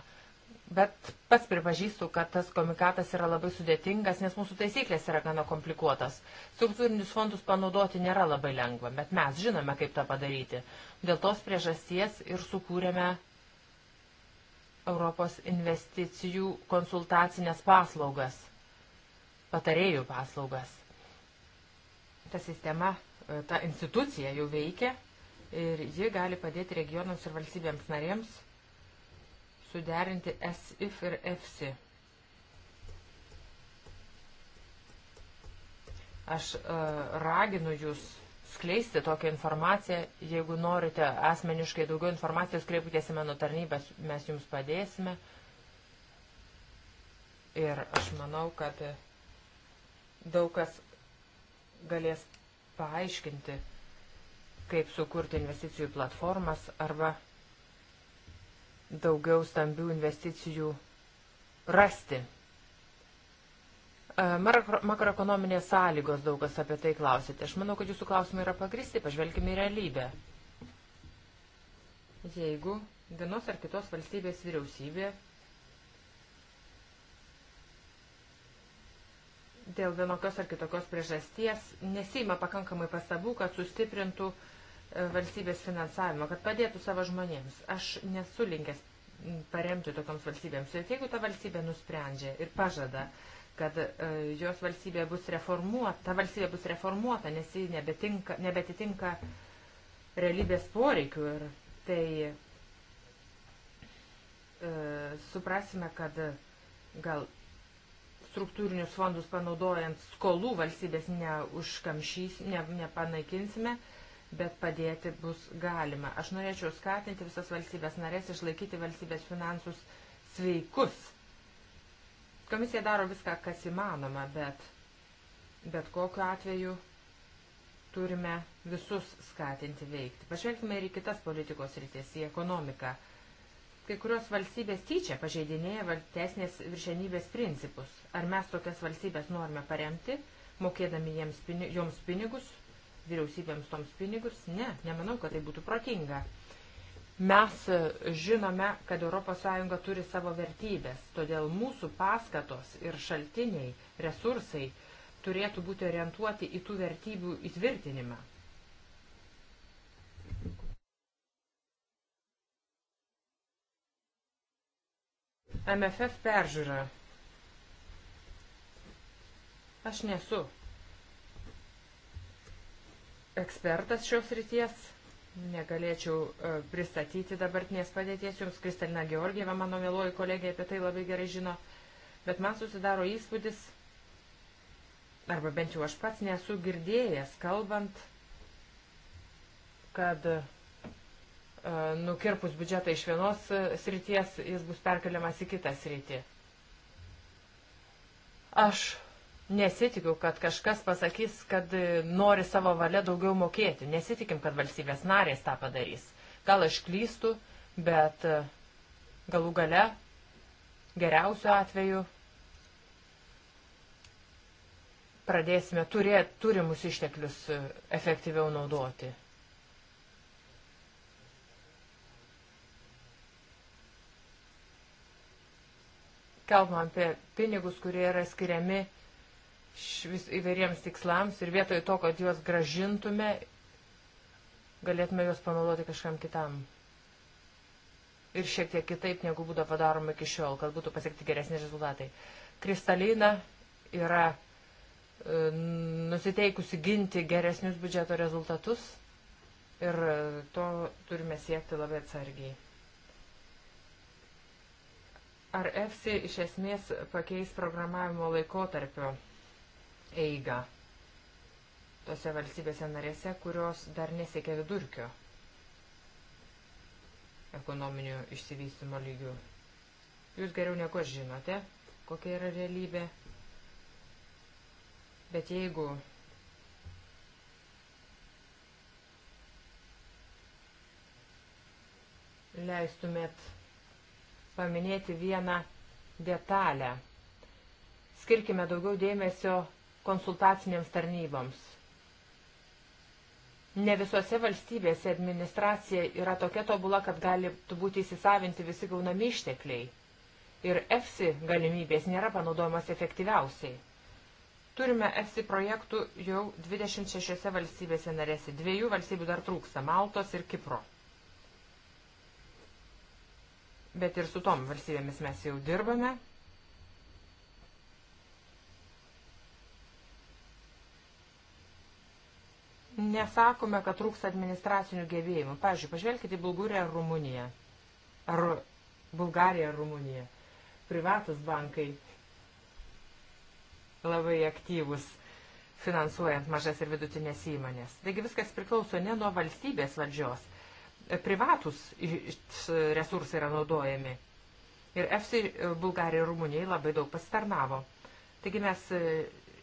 Bet pats pripažįstu, kad tas komikatas yra labai sudėtingas, nes mūsų taisyklės yra gana komplikuotas. Struktūrinius fondus panaudoti nėra labai lengva, bet mes žinome, kaip tą padaryti. Dėl tos priežasties ir sukūrėme Europos investicijų konsultacinės paslaugas, patarėjų paslaugas. Ta sistema, ta institucija jau veikia ir ji gali padėti regionams ir valstybėms narėms suderinti SIF ir EFSI. Aš uh, raginu jūs skleisti tokią informaciją. Jeigu norite asmeniškai daugiau informacijos, kreipkitės į mano tarnybas, mes jums padėsime. Ir aš manau, kad daug kas galės paaiškinti, kaip sukurti investicijų platformas arba daugiau stambių investicijų rasti. E, makroekonominės sąlygos daug kas apie tai klausėte. Aš manau, kad jūsų klausimai yra pagristi, pažvelkime į realybę. Jeigu vienos ar kitos valstybės vyriausybė dėl vienokios ar kitokios priežasties nesima pakankamai pastabų, kad sustiprintų uh, valstybės finansavimą, kad padėtų savo žmonėms. Aš nesu linkęs paremti tokioms valstybėms. Ir jeigu ta valstybė nusprendžia ir pažada, kad e, jos valstybė bus reformuota, ta valstybė bus reformuota, nes ji nebetinka, nebetitinka realybės poreikių ir tai e, suprasime, kad gal struktūrinius fondus panaudojant skolų valstybės neužkamšys, ne, nepanaikinsime, ne bet padėti bus galima. Aš norėčiau skatinti visas valstybės narės išlaikyti valstybės finansus sveikus. Komisija daro viską, kas įmanoma, bet, bet kokiu atveju turime visus skatinti veikti. Pažvelgime ir į kitas politikos rytis, į ekonomiką. Kai kurios valstybės tyčia pažeidinėja teisnės viršenybės principus. Ar mes tokias valstybės norime paremti, mokėdami jiems, joms pinigus, vyriausybėms toms pinigus? Ne, nemanau, kad tai būtų protinga. Mes e, žinome, kad ES turi savo vertybės, todėl mūsų paskatos ir šaltiniai, resursai turėtų būti orientuoti į tų vertybių įtvirtinimą. MFF peržiūra. Aš nesu ekspertas šios ryties. Negalėčiau e, pristatyti dabartinės padėties, jums Kristalina Georgieva, mano vėloji kolegija, apie tai labai gerai žino, bet man susidaro įspūdis, arba bent jau aš pats nesu girdėjęs, kalbant, kad e, nukirpus biudžetą iš vienos e, srities, jis bus perkeliamas į kitą sritį. Aš Nesitikiu, kad kažkas pasakys, kad e, nori savo valia daugiau mokėti. Nesitikim, kad valstybės narės tą padarys. Gal aš klystu, bet e, galų gale geriausiu atveju pradėsime turė, turimus išteklius e, efektyviau naudoti. Kalbam apie pinigus, kurie yra skiriami švis, įvairiems tikslams ir vietoj to, kad juos gražintume, galėtume juos panaudoti kažkam kitam. Ir šiek tiek kitaip, negu būdavo daroma iki šiol, kad būtų pasiekti geresni rezultatai. Kristalina yra e, nusiteikusi ginti geresnius biudžeto rezultatus ir e, to turime siekti labai atsargiai. Ar EFSI iš esmės pakeis programavimo laikotarpio eigą tose valstybėse narėse, kurios dar nesiekia vidurkio ekonominių išsivystimo lygių. Jūs geriau nieko žinote, kokia yra realybė. Bet jeigu leistumėt paminėti vieną detalę, skirkime daugiau dėmesio konsultacinėms tarnyboms. Ne visose valstybėse administracija yra tokia tobula, kad gali būti įsisavinti visi gaunami ištekliai. Ir EFSI galimybės nėra panaudojamas efektyviausiai. Turime EFSI projektų jau 26 valstybėse narėse. Dviejų valstybių dar trūksta - Maltos ir Kipro. Bet ir su tom valstybėmis mes jau dirbame nesakome, kad trūks administracinių gebėjimų. Pavyzdžiui, pažvelkite į Bulgariją ar Rumuniją. Ar Bulgariją ar Rumuniją. Privatus bankai labai aktyvus finansuojant mažas ir vidutinės įmonės. Taigi viskas priklauso ne nuo valstybės valdžios. Privatus resursai yra naudojami. Ir EFSI Bulgarijai ir Rumunijai labai daug pasitarnavo. Taigi mes e,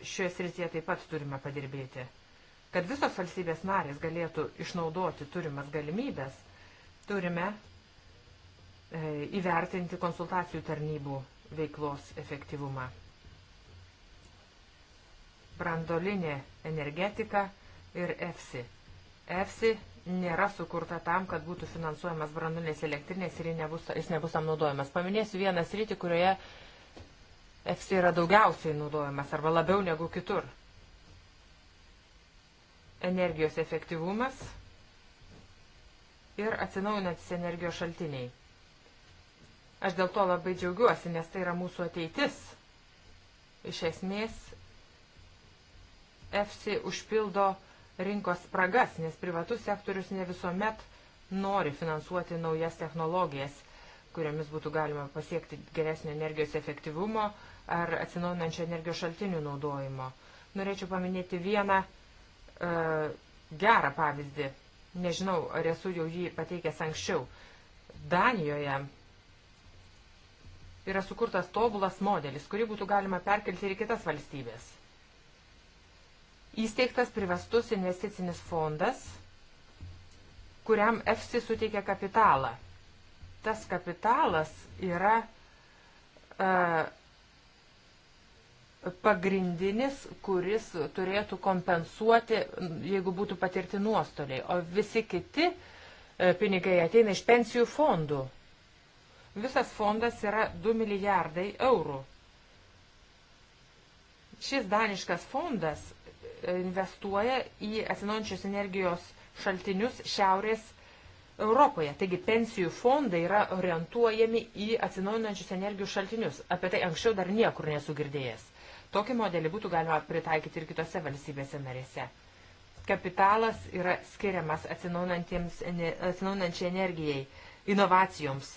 šioje srityje taip pat turime padirbėti. Kad visos valstybės narės galėtų išnaudoti turimas galimybės, turime e, įvertinti konsultacijų tarnybų veiklos efektyvumą. Brandolinė energetika ir EFSI. EFSI nėra sukurta tam, kad būtų finansuojamas brandulinės elektrinės ir nebus, jis nebus tam naudojamas. Paminėsiu vieną sritį, kurioje EFSI yra daugiausiai naudojamas arba labiau negu kitur energijos efektyvumas ir atsinaujinantis energijos šaltiniai. Aš dėl to labai džiaugiuosi, nes tai yra mūsų ateitis. Iš esmės, EFSI užpildo rinkos spragas, nes privatus sektorius ne visuomet nori finansuoti naujas technologijas, kuriomis būtų galima pasiekti geresnio energijos efektyvumo ar atsinaujinančio energijos šaltinių naudojimo. Norėčiau paminėti vieną E, gerą pavyzdį. Nežinau, ar esu jau jį pateikęs anksčiau. Danijoje yra sukurtas tobulas modelis, kurį būtų galima perkelti ir į kitas valstybės. Įsteigtas privestus investicinis fondas, kuriam EFSI suteikia kapitalą. Tas kapitalas yra uh, pagrindinis, kuris turėtų kompensuoti, jeigu būtų patirti nuostoliai, o visi kiti e, pinigai ateina iš pensijų fondų. Visas fondas yra 2 milijardai eurų. Šis daniškas fondas e, investuoja į atsinaujančios energijos šaltinius šiaurės Europoje. Taigi pensijų fondai yra orientuojami į atsinaujinančius energijų šaltinius. Apie tai anksčiau dar niekur nesu girdėjęs. Tokį modelį būtų galima pritaikyti ir kitose valstybėse narėse. Kapitalas yra skiriamas atsinaunančiai energijai, inovacijoms.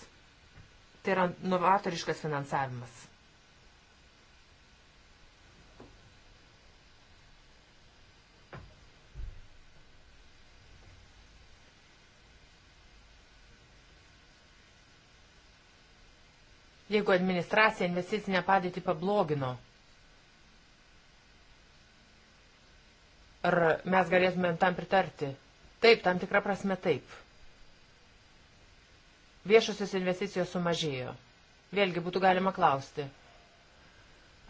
Tai yra novatoriškas finansavimas. Jeigu administracija investicinę padėtį pablogino, Ar mes galėtumėm tam pritarti? Taip, tam tikrą prasme taip. Viešosios investicijos sumažėjo. Vėlgi būtų galima klausti,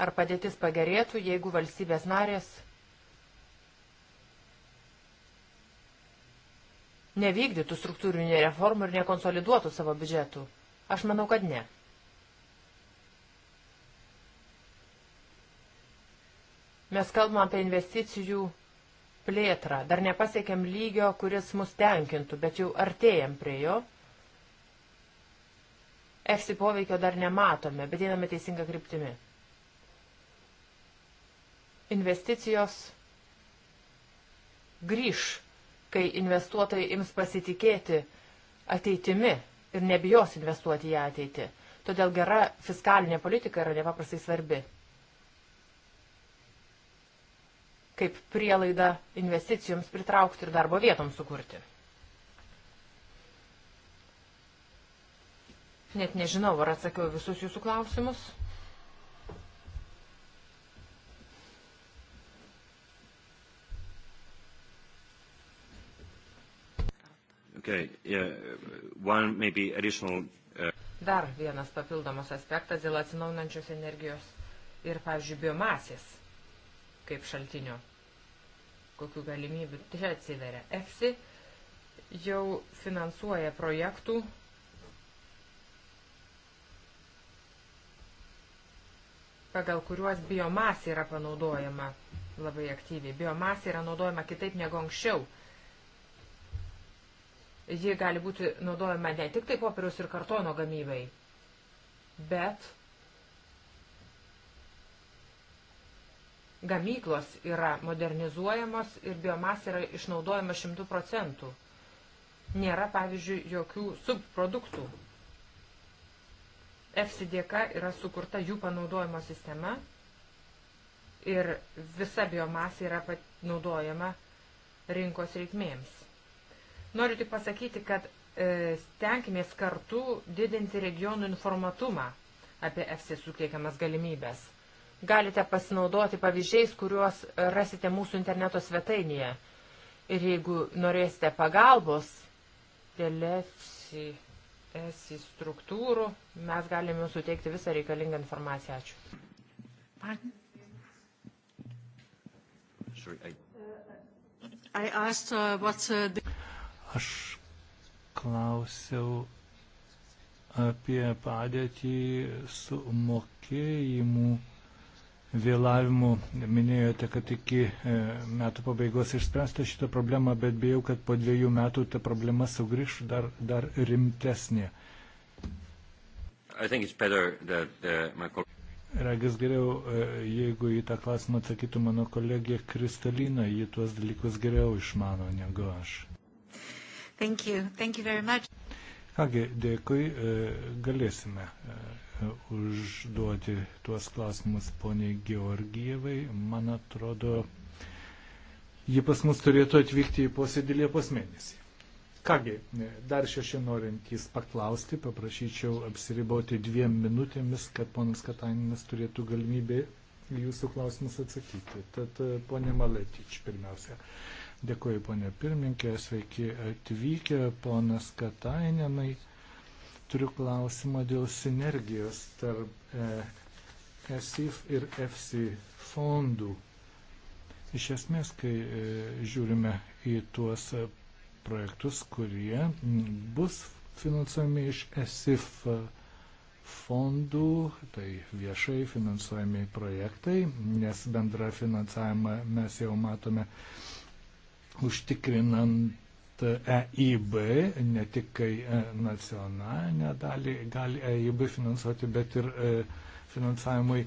ar padėtis pagerėtų, jeigu valstybės narės nevykdytų struktūrinių reformų ir nekonsoliduotų savo biudžetų. Aš manau, kad ne. Mes kalbam apie investicijų plėtrą. Dar nepasiekėm lygio, kuris mus tenkintų, bet jau artėjam prie jo. EFSI poveikio dar nematome, bet einame teisinga kryptimi. Investicijos grįž, kai investuotojai ims pasitikėti ateitimi ir nebijos investuoti į ateitį. Todėl gera fiskalinė politika yra nepaprastai svarbi. kaip prielaida investicijoms pritraukti ir darbo vietoms sukurti. Net nežinau, ar atsakiau visus jūsų klausimus. Okay, yeah, one maybe additional uh, Dar vienas papildomas aspektas dėl atsinaunančios energijos ir, pavyzdžiui, biomasės kaip šaltinio, kokiu galimybių čia tai atsiveria. EFSI jau finansuoja projektų pagal kuriuos biomasė yra panaudojama labai aktyviai. Biomasė yra naudojama kitaip negu anksčiau. Ji gali būti naudojama ne tik tai popieriaus ir kartono gamybai, bet gamyklos yra modernizuojamos ir biomas yra išnaudojama šimtų procentų. Nėra, pavyzdžiui, jokių subproduktų. FCDK yra sukurta jų panaudojimo sistema ir visa biomasė yra naudojama rinkos reikmėms. Noriu tik pasakyti, kad e, stenkimės kartu didinti regionų informatumą apie FC suteikiamas galimybės galite pasinaudoti pavyzdžiais, kuriuos rasite mūsų interneto svetainėje. Ir jeigu norėsite pagalbos dėl FCS struktūrų, mes galime jums suteikti visą reikalingą informaciją. Ačiū. Pardon? Sorry, I... I asked, uh, what's, uh, the... Aš klausiau apie padėtį su mokėjimu vėlavimų. Minėjote, kad iki e, metų pabaigos išspręsta šitą problemą, bet bijau, kad po dviejų metų ta problema sugrįž dar, dar rimtesnė. Uh, my... Regis geriau, e, jeigu į tą klausimą atsakytų mano kolegė Kristalina, ji tuos dalykus geriau išmano negu aš. Thank you. Thank you very much. Kągi, dėkui, e, galėsime e, užduoti tuos klausimus poniai Georgijevai. Man atrodo, ji pas mus turėtų atvykti į posėdį Liepos mėnesį. Kągi, e, dar šeši norintys paklausti, paprašyčiau apsiriboti dviem minutėmis, kad ponas Kataninas turėtų galimybę jūsų klausimus atsakyti. Tad ponė Maletič pirmiausia. Dėkuoju, ponė pirmininkė, sveiki atvykę, ponas Katainenai. Turiu klausimą dėl sinergijos tarp ESIF ir EFSI fondų. Iš esmės, kai e, žiūrime į tuos e, projektus, kurie bus finansuojami iš ESIF e, fondų, tai viešai finansuojami projektai, nes bendrą finansavimą mes jau matome 2014 užtikrinant EIB, ne tik kai e, nacionalinę dalį gali EIB finansuoti, bet ir e, finansavimui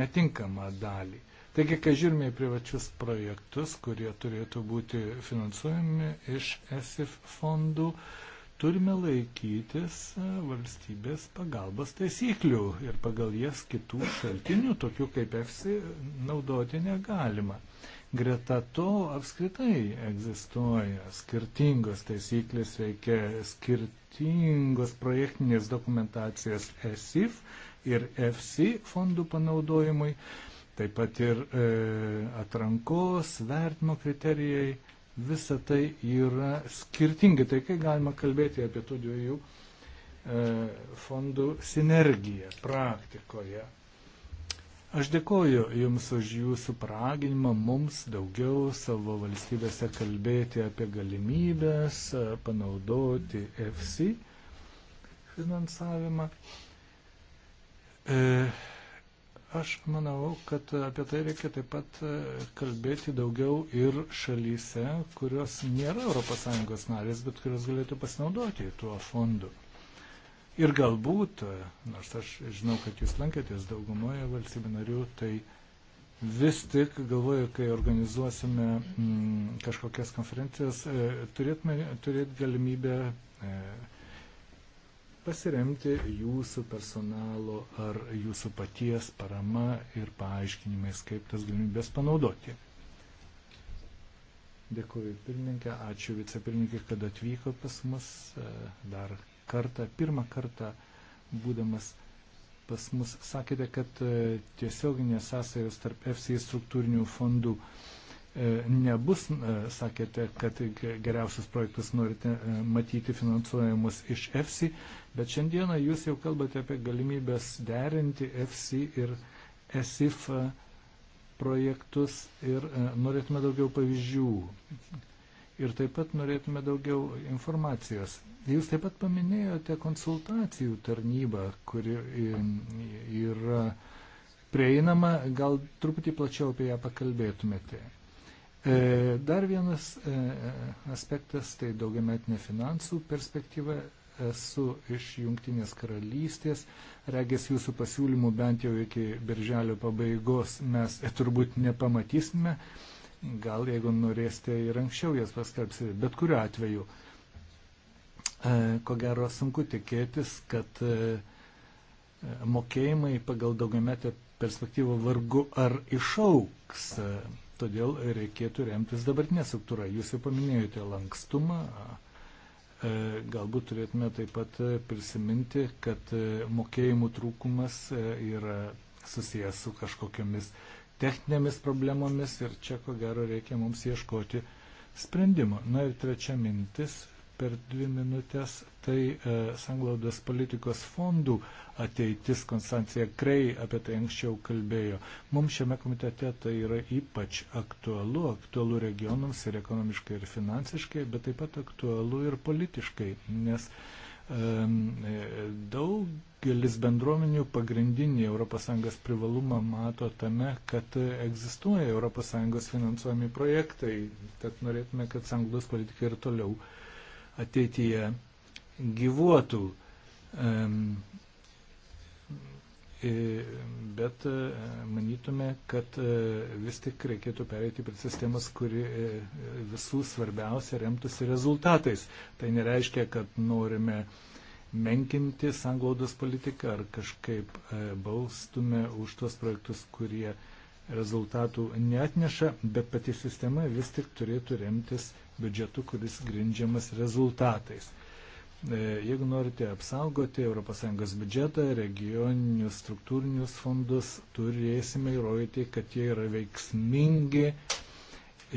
netinkamą dalį. Taigi, kai žiūrime į privačius projektus, kurie turėtų būti finansuojami iš ESIF fondų, turime laikytis e, valstybės pagalbos taisyklių ir pagal jas kitų šaltinių, tokių kaip EFSI, naudoti negalima. Greta to apskritai egzistuoja skirtingos taisyklės, reikia skirtingos projektinės dokumentacijos ESIF ir e FC fondų panaudojimui, taip pat ir e, atrankos, vertimo kriterijai, visa tai yra skirtingi, tai kai galima kalbėti apie tų dviejų e, fondų sinergiją praktikoje. Aš dėkoju Jums už Jūsų praginimą mums daugiau savo valstybėse kalbėti apie galimybės e, panaudoti FC finansavimą. E, Aš manau, kad apie tai reikia taip pat e, kalbėti daugiau ir šalyse, kurios nėra ES narės, bet kurios galėtų pasinaudoti tuo fondu. Ir galbūt, nors aš žinau, kad jūs lankėtės daugumoje valstybių narių, tai vis tik galvoju, kai organizuosime m, mm, kažkokias konferencijas, e, turėtume turėti galimybę e, pasiremti jūsų personalo ar jūsų paties parama ir paaiškinimais, kaip tas galimybės panaudoti. Dėkuoju pirmininkė, ačiū vicepirmininkė, kad atvyko pas mus. E, dar kartą, pirmą kartą būdamas pas mus sakėte, kad e, tiesioginės sąsajos tarp FCI struktūrinių fondų e, nebus, e, sakėte, kad geriausius projektus norite matyti finansuojamus iš EFSI, bet šiandieną jūs jau kalbate apie galimybės derinti EFSI ir ESIF projektus ir norėtume daugiau pavyzdžių, ir taip pat norėtume daugiau informacijos. Jūs taip pat paminėjote konsultacijų tarnybą, kuri yra prieinama, gal truputį plačiau apie ją pakalbėtumėte. E, dar vienas e, aspektas, tai daugiametinė finansų perspektyva. Esu iš Junktinės karalystės. Regės jūsų pasiūlymų bent jau iki birželio pabaigos mes turbūt nepamatysime. E, Gal jeigu norėsite ir anksčiau jas paskelbsite, bet kuriu atveju. E, ko gero sunku tikėtis, kad e, mokėjimai pagal daugiametę perspektyvą vargu ar išauks. E, todėl reikėtų remtis dabartinė struktūra. Jūs jau paminėjote lankstumą. Galbūt turėtume taip pat prisiminti, kad mokėjimų trūkumas yra susijęs su kažkokiamis techninėmis problemomis ir čia ko gero reikia mums ieškoti sprendimo. Na ir trečia mintis per dvi minutės, tai e, sanglaudos politikos fondų ateitis, Konstancija Krei apie tai anksčiau kalbėjo. Mums šiame komitete tai yra ypač aktualu, aktualu regionams ir ekonomiškai ir finansiškai, bet taip pat aktualu ir politiškai, nes e, daug daugelis bendruomenių pagrindinį ES privalumą mato tame, kad egzistuoja ES finansuojami projektai. Tad norėtume, kad sanglaudos politika ir toliau ateityje gyvuotų. Bet e, manytume, kad e, vis tik reikėtų pereiti prie sistemos, kuri e, visų svarbiausia remtųsi rezultatais. Tai nereiškia, kad norime uh, menkinti sanglaudos politiką ar kažkaip e, baustume už tuos projektus, kurie rezultatų neatneša, bet pati sistema vis tik turėtų remtis biudžetu, kuris grindžiamas rezultatais. E, jeigu norite apsaugoti ES biudžetą, regioninius struktūrinius fondus, turėsime įrodyti, kad jie yra veiksmingi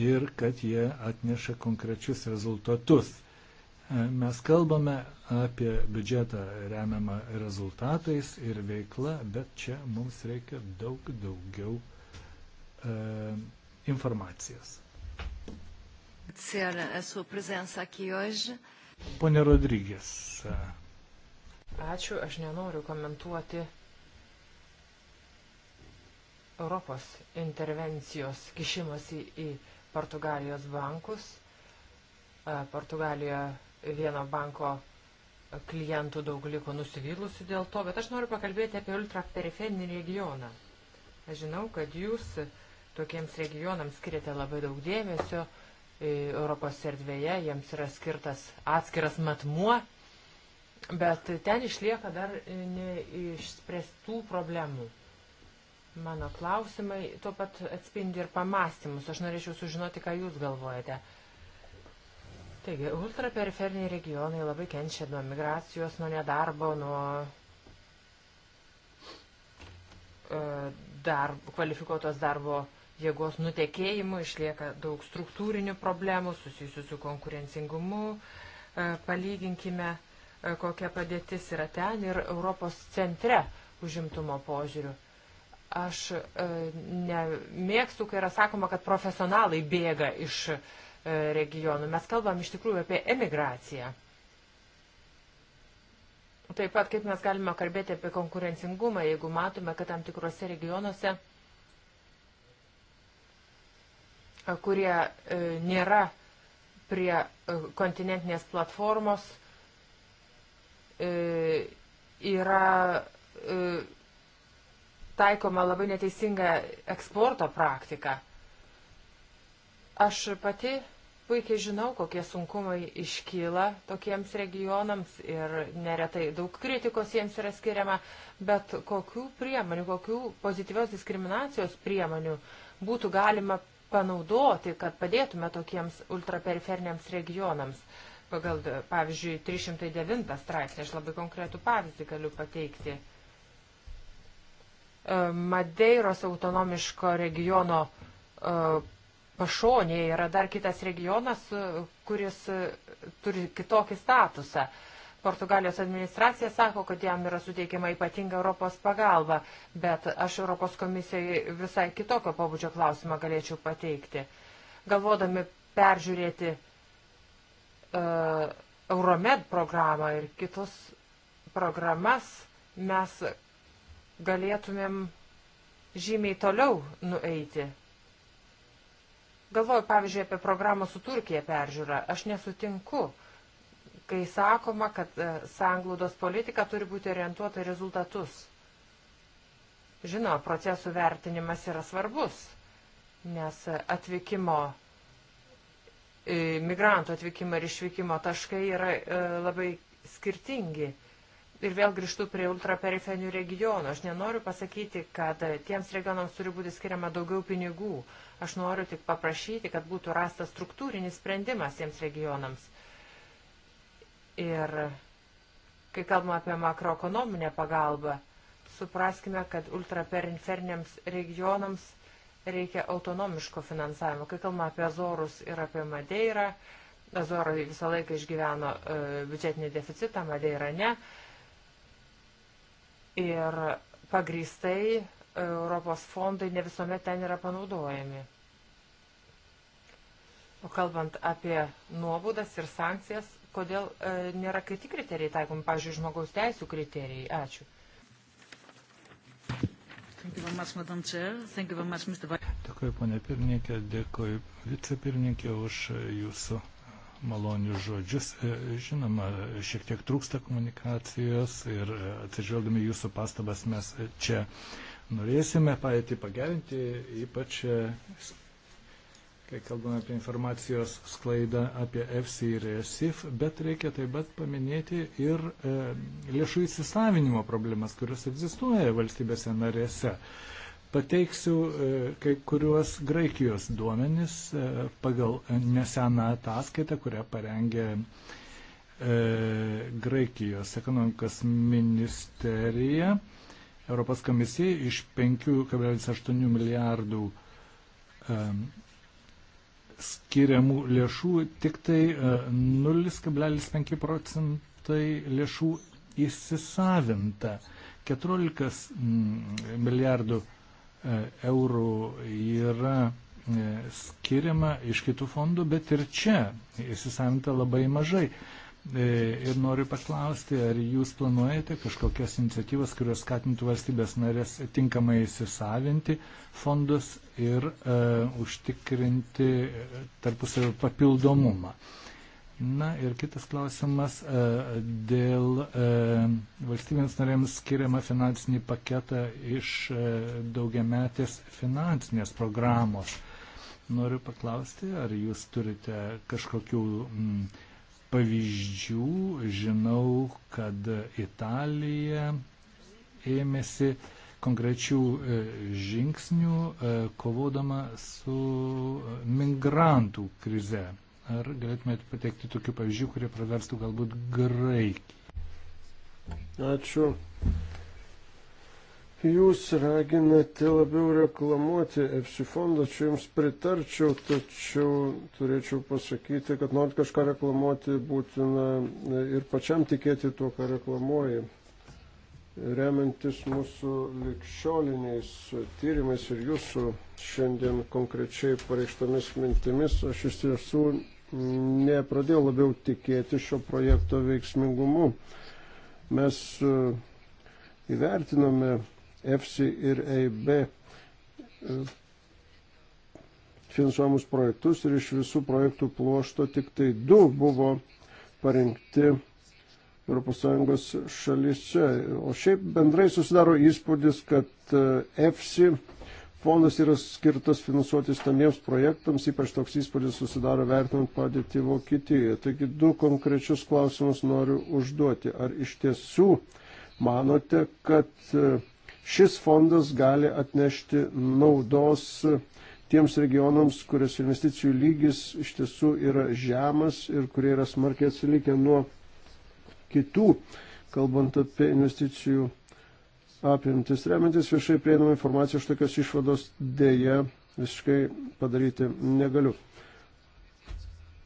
ir kad jie atneša konkrečius rezultatus. Mes kalbame apie biudžetą remiamą rezultatais ir veikla, bet čia mums reikia daug daugiau e, informacijos. Pone Rodrygės. E. Ačiū, aš nenoriu komentuoti Europos intervencijos kišimasi į Portugalijos bankus. E, Portugalijoje vieno banko klientų daug liko nusivylusių dėl to, bet aš noriu pakalbėti apie ultraperiferinį regioną. Aš žinau, kad jūs tokiems regionams skiriate labai daug dėmesio, e, Europos erdvėje jiems yra skirtas atskiras matmuo, bet ten išlieka dar neišspręstų problemų. Mano klausimai tuo pat atspindi ir pamastymus. Aš norėčiau sužinoti, ką jūs galvojate. Taigi, ultraperiferiniai regionai labai kenčia nuo migracijos, nuo nedarbo, nuo e, dar, kvalifikuotos darbo jėgos nutekėjimų, išlieka daug struktūrinių problemų susijusių su konkurencingumu. E, palyginkime, e, kokia padėtis yra ten ir Europos centre užimtumo požiūriu. Aš nemėgstu, kai yra sakoma, kad profesionalai bėga iš uh, regionų. Mes kalbam iš tikrųjų apie emigraciją. Taip pat, kaip mes galime kalbėti apie konkurencingumą, jeigu matome, kad tam tikrose regionuose, kurie e, nėra prie e, kontinentinės platformos, e, yra taikoma labai neteisinga eksporto praktika. Aš pati puikiai žinau, kokie sunkumai iškyla tokiems regionams ir neretai daug kritikos jiems yra skiriama, bet kokių priemonių, kokių pozityvios diskriminacijos priemonių būtų galima panaudoti, kad padėtume tokiems ultraperiferiniams regionams. Pagal, pavyzdžiui, 309 straipsnį aš labai konkretų pavyzdį galiu pateikti. E, Madeiros autonomiško regiono e, pašonėje yra dar kitas regionas, kuris turi kitokį statusą. Portugalijos administracija sako, kad jam yra suteikiama ypatinga Europos pagalba, bet aš Europos komisijai visai kitokio pabudžio klausimą galėčiau pateikti. Galvodami peržiūrėti uh, Euromed programą ir kitus programas, mes galėtumėm žymiai toliau nueiti. Galvoju, pavyzdžiui, apie programą su Turkija peržiūrą. Aš nesutinku, kai sakoma, kad e, sanglaudos politika turi būti orientuota į rezultatus. Žinoma, procesų vertinimas yra svarbus, nes atvykimo, e, migrantų atvykimo ir išvykimo taškai yra e, labai skirtingi ir vėl grįžtu prie ultraperiferinių regionų. Aš nenoriu pasakyti, kad tiems regionams turi būti skiriama daugiau pinigų. Aš noriu tik paprašyti, kad būtų rastas struktūrinis sprendimas tiems regionams. Ir kai kalbame apie makroekonominę pagalbą, supraskime, kad ultraperiferiniams regionams reikia autonomiško finansavimo. Kai kalbame apie Azorus ir apie Madeirą, Azorai visą laiką išgyveno e, biudžetinį deficitą, Madeira ne. E, ir pagrįstai e, Europos fondai ne visuomet ten yra panaudojami. O kalbant apie nuobudas ir sankcijas, kodėl e, nėra kiti kriterijai taikomi, pavyzdžiui, žmogaus teisų kriterijai? Ačiū. Dėkui, ponė pirmininkė, dėkui vicepirmininkė už jūsų malonius žodžius. E, žinoma, šiek tiek trūksta komunikacijos ir e, atsižvelgdami jūsų pastabas mes čia norėsime paėti pagerinti, ypač e, kai kalbame apie informacijos sklaidą apie FC ir ESIF, bet reikia taip pat paminėti ir e, lėšų įsisavinimo problemas, kurios egzistuoja valstybėse narėse. E, Pateiksiu e, kai kuriuos Graikijos duomenis e, pagal neseną ataskaitą, kurią parengė e, Graikijos ekonomikos ministerija. Europos komisija iš 5,8 milijardų skiriamų lėšų tik tai 0,5 procentai lėšų įsisavinta. 14 milijardų E, eurų yra e, skiriama iš kitų fondų, bet ir čia įsisavinta labai mažai. E, ir noriu paklausti, ar jūs planuojate kažkokias iniciatyvas, kurios skatintų valstybės narės tinkamai įsisavinti fondus ir e, užtikrinti tarpusavio papildomumą. E, Na ir kitas klausimas e, dėl e, valstybėms norėms skiriamą finansinį paketą iš e, daugiametės finansinės programos. Noriu paklausti, ar jūs turite kažkokių m, mm, pavyzdžių. Žinau, kad Italija ėmėsi konkrečių žingsnių kovodama su migrantų krize. Ar galėtumėte pateikti tokių pavyzdžių, kurie praverstų galbūt Graikiją? Ačiū. Jūs raginate labiau reklamuoti EFSI fondą, čia jums pritarčiau, tačiau turėčiau pasakyti, kad norint kažką reklamuoti, būtina ir pačiam tikėti tuo, ką reklamuoji. Remiantis mūsų likščioliniais tyrimais ir jūsų šiandien konkrečiai pareikštomis mintimis, aš iš tiesų nepradėjau labiau tikėti šio projekto veiksmingumu. Mes e, įvertinome EFSI ir EIB e, finansuojamus projektus ir iš visų projektų pluošto tik tai du buvo parinkti ES šalyse. O šiaip bendrai susidaro įspūdis, kad EFSI fondas yra skirtas finansuoti stambiems projektams, ypač toks įspūdis susidaro vertinant padėtį Vokietijoje. Taigi du konkrečius klausimus noriu užduoti. Ar iš tiesų manote, kad e, šis fondas gali atnešti naudos e, tiems regionams, kurios investicijų lygis iš tiesų yra žemas ir kurie yra smarkiai atsilikę nuo kitų, kalbant apie investicijų apimtis. Remintis viešai prieinamą informaciją, aš tokios išvados dėja visiškai padaryti negaliu.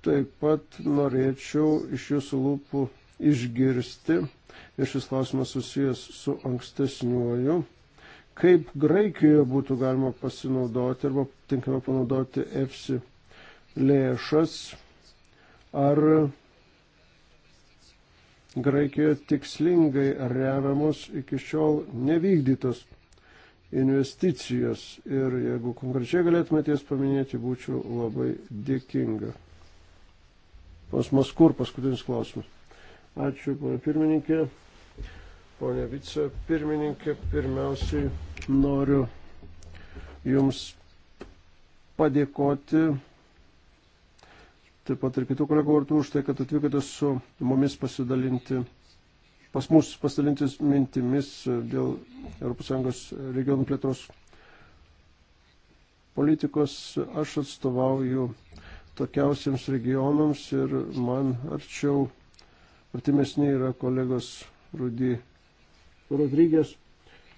Taip pat norėčiau iš jūsų lūpų išgirsti, ir šis klausimas susijęs su ankstesniuoju, kaip Graikijoje būtų galima pasinaudoti arba tinkamai panaudoti EFSI lėšas, ar Graikijoje tikslingai remiamos iki šiol nevykdytos investicijos. Ir jeigu konkrečiai galėtumėte jas paminėti, būčiau labai dėkinga. Pas Maskur paskutinis klausimas. Ačiū, ponė pirmininkė. Pone vice pirmininkė, pirmiausiai noriu Jums padėkoti taip pat ir kitų kolegų vartų už tai, kad atvykote su mumis pasidalinti, pas mus pasidalinti mintimis dėl ES regionų plėtros politikos. Aš atstovauju tokiausiams regionams ir man arčiau, artimesni yra kolegos Rudy Rodrygės,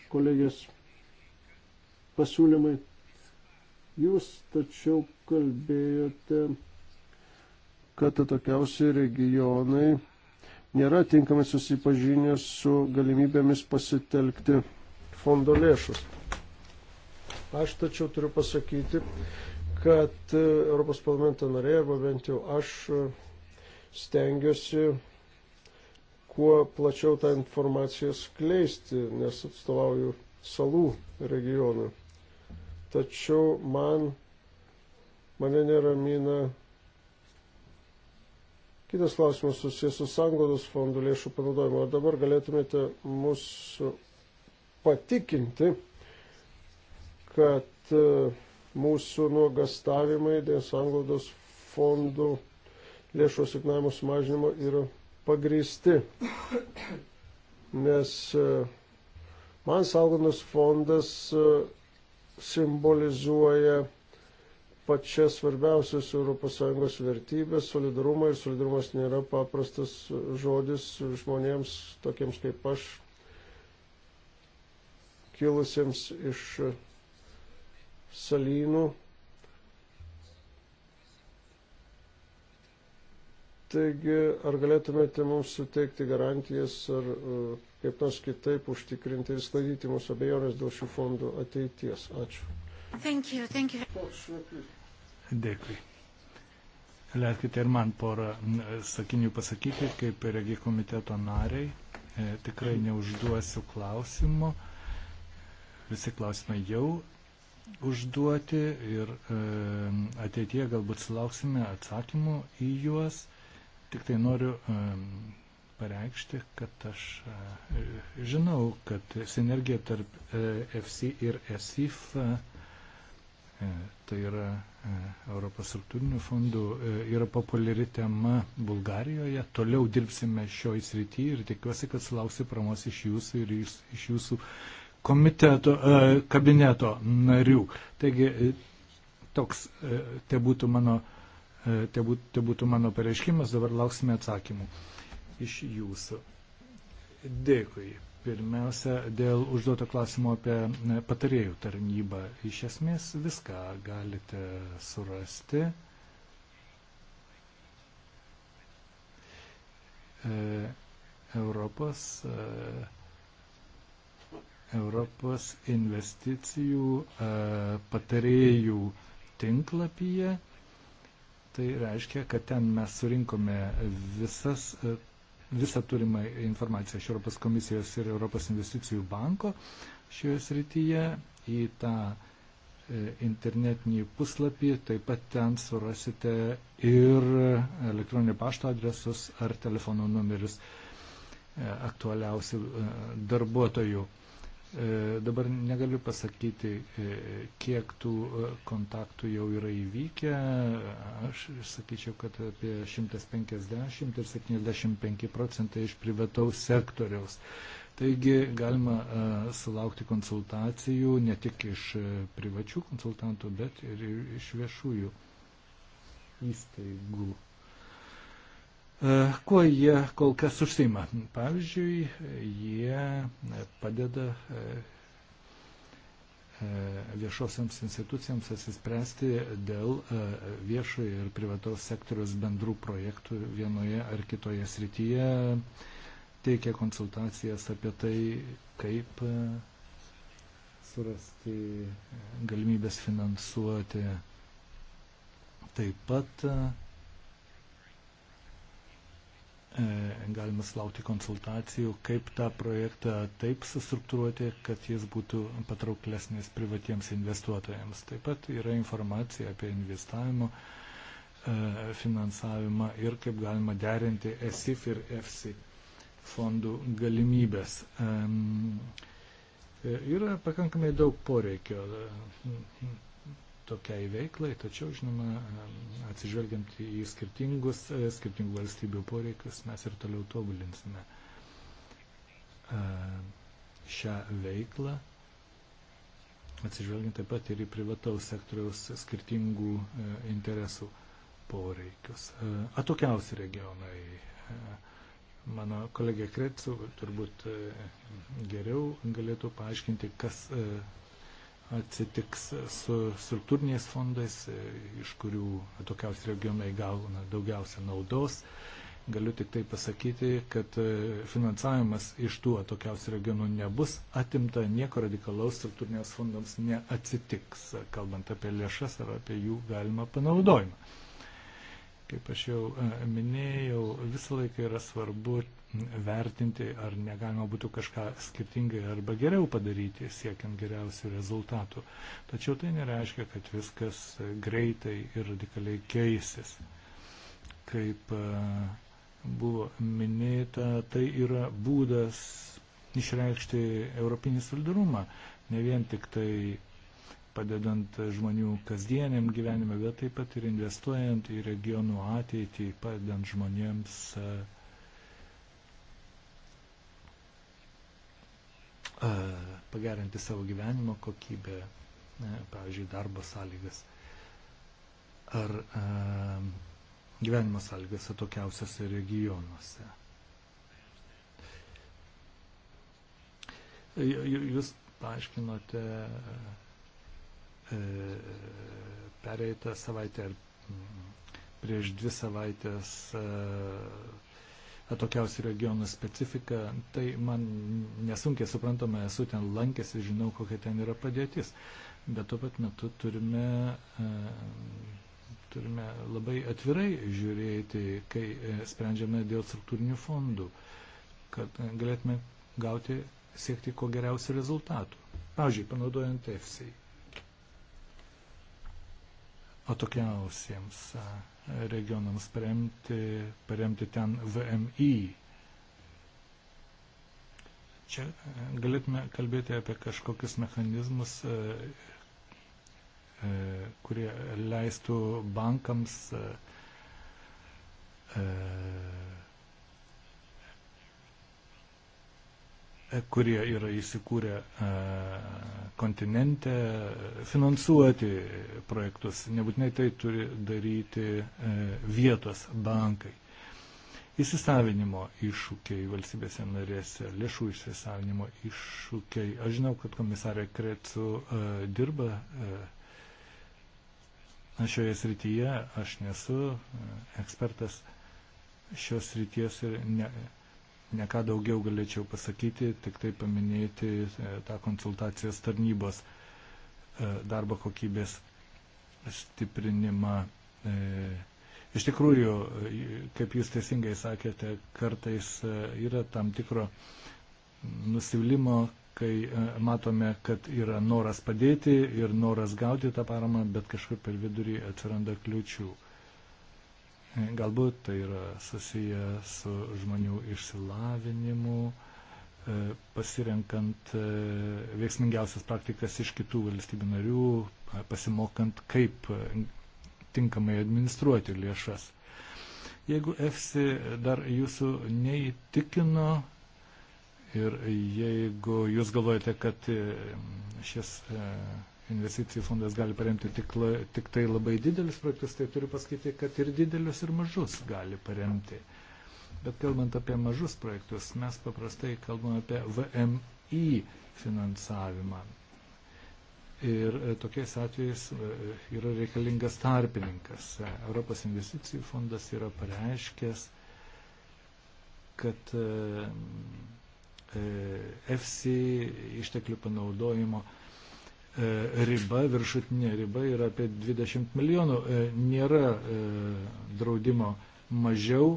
kolegės pasiūlymai. Jūs tačiau kalbėjote kad atokiausi regionai nėra tinkamai susipažinę su galimybėmis pasitelkti fondo lėšus. Aš tačiau turiu pasakyti, kad e, Europos parlamento narė, arba bent jau aš e, stengiuosi kuo plačiau tą informaciją skleisti, nes atstovauju salų regionui. Tačiau man, mane neramina Kitas klausimas susijęs su sangodos fondų lėšų panaudojimu. Ar dabar galėtumėte mus patikinti, kad e, mūsų nuogastavimai dėl sangodos fondų lėšų asignavimo sumažinimo yra pagristi? Nes e, man saugomis fondas e, simbolizuoja pačias svarbiausias ES vertybės, solidarumą ir solidarumas nėra paprastas žodis žmonėms, tokiems kaip aš, kilusiems iš salynų. Taigi, ar galėtumėte mums suteikti garantijas ar e, kaip nors kitaip užtikrinti ir sklaidyti mūsų abejonės dėl šių fondų ateities? Ačiū. Thank you, thank you. Dėkui. Leiskite ir man porą sakinių pasakyti, kaip regi komiteto nariai. E, tikrai neužduosiu klausimų. Visi klausimai jau užduoti ir e, ateitie galbūt sulauksime atsakymų į juos. Tik tai noriu e, pareikšti, kad aš e, žinau, kad sinergija tarp e, FC ir ESIF e, tai yra E, Europos struktūrinių fondų e, yra populiari tema Bulgarijoje. Toliau dirbsime šioj srity ir tikiuosi, kad sulauksiu pramos iš jūsų ir iš, iš jūsų komiteto, e, kabineto narių. Taigi, toks te būtų mano, te būtų, te būtų mano pareiškimas, dabar lauksime atsakymų iš jūsų. Dėkui. Pirmiausia, dėl užduoto klausimo apie patarėjų tarnybą. Iš esmės viską galite surasti. E, Europos, e, Europos investicijų e, patarėjų tinklapyje. Tai reiškia, kad ten mes surinkome visas visą turimą informaciją iš Europos komisijos ir Europos investicijų banko šioje srityje į tą e, internetinį puslapį, taip pat ten surasite ir elektroninio pašto adresus ar telefono numerius e, aktualiausių e, darbuotojų. E, dabar negaliu pasakyti, e, kiek tų e, kontaktų jau yra įvykę. Aš sakyčiau, kad apie 150 ir 75 procentai iš privataus sektoriaus. Taigi galima sulaukti konsultacijų ne tik iš privačių konsultantų, bet ir iš viešųjų įstaigų. E, kuo jie kol kas užsima? Pavyzdžiui, jie padeda e, e, viešosiams institucijams atsispręsti dėl viešojo ir privataus sektoriaus bendrų projektų vienoje ar kitoje srityje, teikia konsultacijas apie tai, kaip surasti galimybės finansuoti. Taip pat E, galima slauti konsultacijų, kaip tą projektą taip sustruktūruoti, kad jis būtų patrauklesnis privatiems investuotojams. Taip pat yra informacija apie investavimo e, finansavimą ir kaip galima derinti ESIF ir EFSI fondų galimybės. E, yra pakankamai daug poreikio tokiai veiklai, tačiau, žinoma, atsižvelgiant į skirtingus, e, skirtingų valstybių poreikius, mes ir toliau tobulinsime e, šią veiklą, atsižvelgiant taip pat ir į privataus sektoriaus skirtingų e, interesų poreikius. Atokiausi regionai. Mano kolegė Kretsu turbūt geriau galėtų paaiškinti, kas atsitiks su struktūriniais fondais, iš kurių atokiausi regionai gauna daugiausia naudos. Galiu tik tai pasakyti, kad e, finansavimas iš tų atokiausių regionų nebus atimta, nieko radikalaus struktūrinės fondams neatsitiks, kalbant apie lėšas ar apie jų galimą panaudojimą. Kaip aš jau e, minėjau, visą laiką yra svarbu vertinti, ar negalima būtų kažką skirtingai arba geriau padaryti, siekiant geriausių rezultatų. Tačiau tai nereiškia, kad viskas greitai ir radikaliai keisis. Kaip e, buvo minėta, tai yra būdas išreikšti europinį solidarumą, ne vien tik tai padedant žmonių kasdieniam gyvenime, bet taip pat ir investuojant į regionų ateitį, padedant žmonėms pagerinti savo gyvenimo kokybę, pavyzdžiui, darbo sąlygas ar gyvenimo sąlygas atokiausiose regionuose. Jūs paaiškinote E, pereitą savaitę ar mm, prieš dvi savaitės e, atokiausių regionų specifiką, tai man nesunkiai suprantama, esu ten lankėsi, žinau, kokia ten yra padėtis. Bet tuo pat metu turime, e, turime labai atvirai žiūrėti, kai sprendžiame dėl struktūrinių fondų, kad galėtume gauti, siekti ko geriausių rezultatų. Pavyzdžiui, panaudojant EFSI atokiausiems e, regionams paremti, paremti ten VMI. Čia e, galėtume kalbėti apie kažkokius mechanizmus, e, kurie leistų bankams kurie yra įsikūrę e, kontinente, finansuoti projektus. Nebūtinai tai turi daryti e, vietos bankai. Įsisavinimo iššūkiai valstybėse narėse, lėšų įsisavinimo iššūkiai. Aš žinau, kad komisarė Krecu e, dirba šioje srityje, aš nesu ekspertas šios srities ir ne, neką daugiau galėčiau pasakyti, tik tai paminėti e, tą konsultacijas tarnybos e, darbo kokybės stiprinimą. E, iš tikrųjų, kaip jūs teisingai sakėte, kartais yra tam tikro nusivylimo, kai matome, kad yra noras padėti ir noras gauti tą paramą, bet kažkur per vidurį atsiranda kliučių. Galbūt tai yra susiję su žmonių išsilavinimu, e, pasirenkant e, veiksmingiausias praktikas iš kitų valstybių narių, pasimokant, kaip e, tinkamai administruoti lėšas. Jeigu EFSI dar jūsų neįtikino ir jeigu jūs galvojate, kad šis investicijų fondas gali paremti tik, la, tik tai labai didelius projektus, tai turiu pasakyti, kad ir didelius, ir mažus gali paremti. Bet kalbant apie mažus projektus, mes paprastai kalbame apie VMI finansavimą. Ir e, tokiais atvejais e, e, yra reikalingas tarpininkas. Europos investicijų fondas yra pareiškęs, kad FC išteklių panaudojimo e, E, riba, viršutinė riba yra apie 20 milijonų. E, nėra e, draudimo mažiau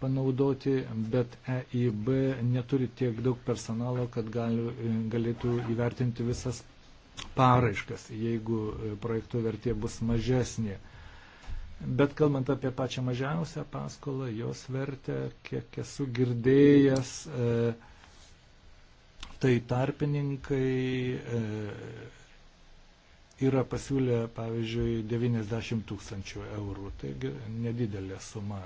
panaudoti, bet EIB neturi tiek daug personalo, kad gali, galėtų įvertinti visas paraiškas, jeigu projektų vertė bus mažesnė. Bet kalbant apie pačią mažiausią paskolą, jos vertę, kiek esu girdėjęs, tai tarpininkai yra pasiūlę, pavyzdžiui, 90 tūkstančių eurų. Taigi nedidelė suma.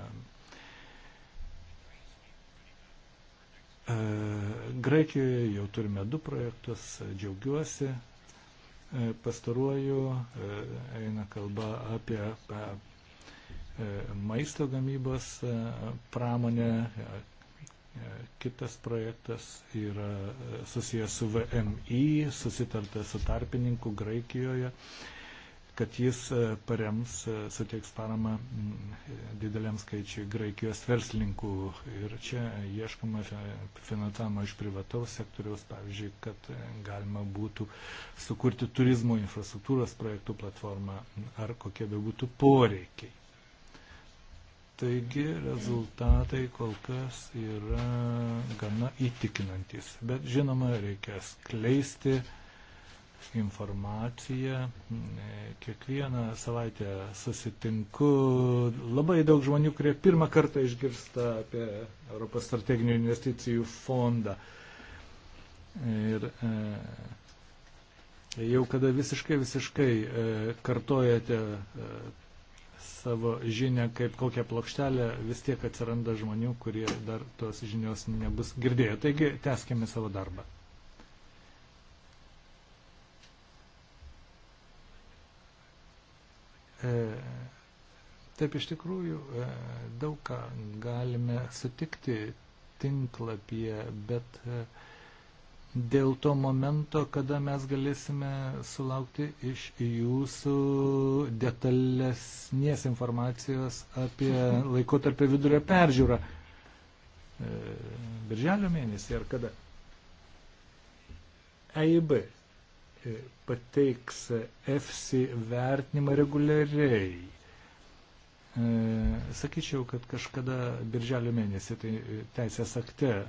E, Graikijoje jau turime du projektus, džiaugiuosi. E, pastaruoju e, eina kalba apie maisto gamybos pramonę, E, kitas projektas yra e, susijęs su VMI, susitarta su tarpininku Graikijoje, kad jis e, parems, suteiks paramą mm, dideliam skaičiui Graikijos verslininkų. Ir čia ieškoma finansavimo iš privataus sektoriaus, pavyzdžiui, kad galima būtų sukurti turizmo infrastruktūros projektų platformą ar kokie be būtų poreikiai. Taigi rezultatai kol kas yra gana įtikinantis. Bet žinoma, reikia skleisti informaciją. Kiekvieną savaitę susitinku labai daug žmonių, kurie pirmą kartą išgirsta apie Europos strateginių investicijų fondą. Ir e, jau kada visiškai, visiškai e, kartojate e, savo žinią kaip kokią plokštelę, vis tiek atsiranda žmonių, kurie dar tos žinios nebus girdėję. Taigi, teskime savo darbą. E, taip iš tikrųjų e, daug ką galime sutikti tinklapyje, bet e, dėl to momento, kada mes galėsime sulaukti iš jūsų detalesnės informacijos apie laikotarpio vidurio peržiūrą. E, birželio mėnesį ar kada? AIB e e, pateiks EFSI vertinimą reguliariai E, sakyčiau, kad kažkada birželio mėnesį tai teisės akte e,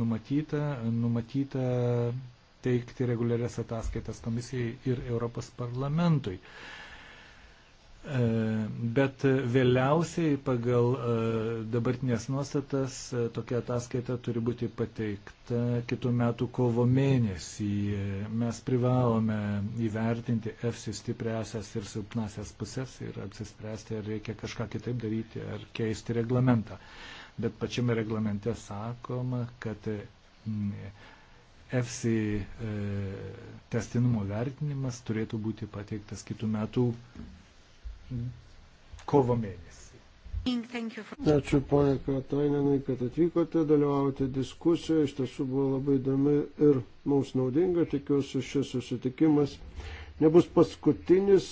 numatyta, numatyta teikti reguliarias ataskaitas komisijai ir Europos parlamentui. E, E, bet vėliausiai pagal e, dabartinės nuostatas e, tokia ataskaita turi būti pateikta kitų metų kovo mėnesį. Mes privalome įvertinti EFSI stipriasias ir silpnasias pusės ir apsispręsti, ar reikia kažką kitaip daryti, ar keisti reglamentą. Bet pačiame reglamente sakoma, kad EFSI mm, testinumo vertinimas turėtų būti pateiktas kitų metų kovo mėnesį. Ačiū ponė Katainenai, kad atvykote dalyvauti diskusijoje. Iš tiesų buvo labai įdomi ir mums naudinga. Tikiuosi, šis susitikimas nebus paskutinis.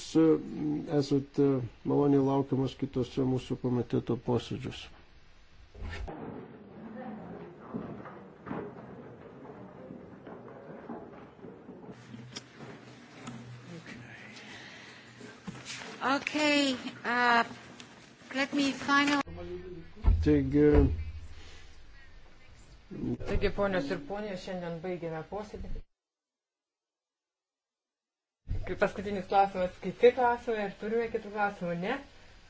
Esate maloniai laukiamas kitose mūsų komiteto posėdžiuose. Okay, uh, let me final... Taigi, Taigi, ponios ir ponios, šiandien baigėme posėdį. Kaip paskutinis klausimas, kiti klausimai, ar turime kitų klausimų? Ne.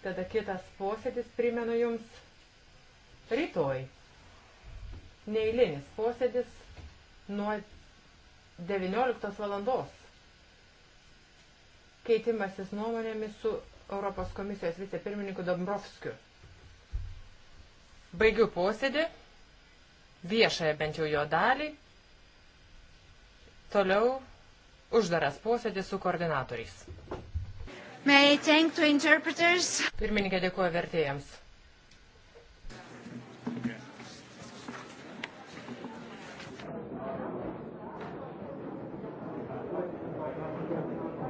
Tada kitas posėdis, primenu jums, rytoj. Neįlinis posėdis nuo 19 valandos keitimasis nuomonėmis su Europos komisijos vicepirmininku Dombrovskiu. Baigiu posėdį, viešąją bent jau jo dalį, toliau uždaras posėdis su koordinatoriais. Pirmininkė dėkuoja vertėjams.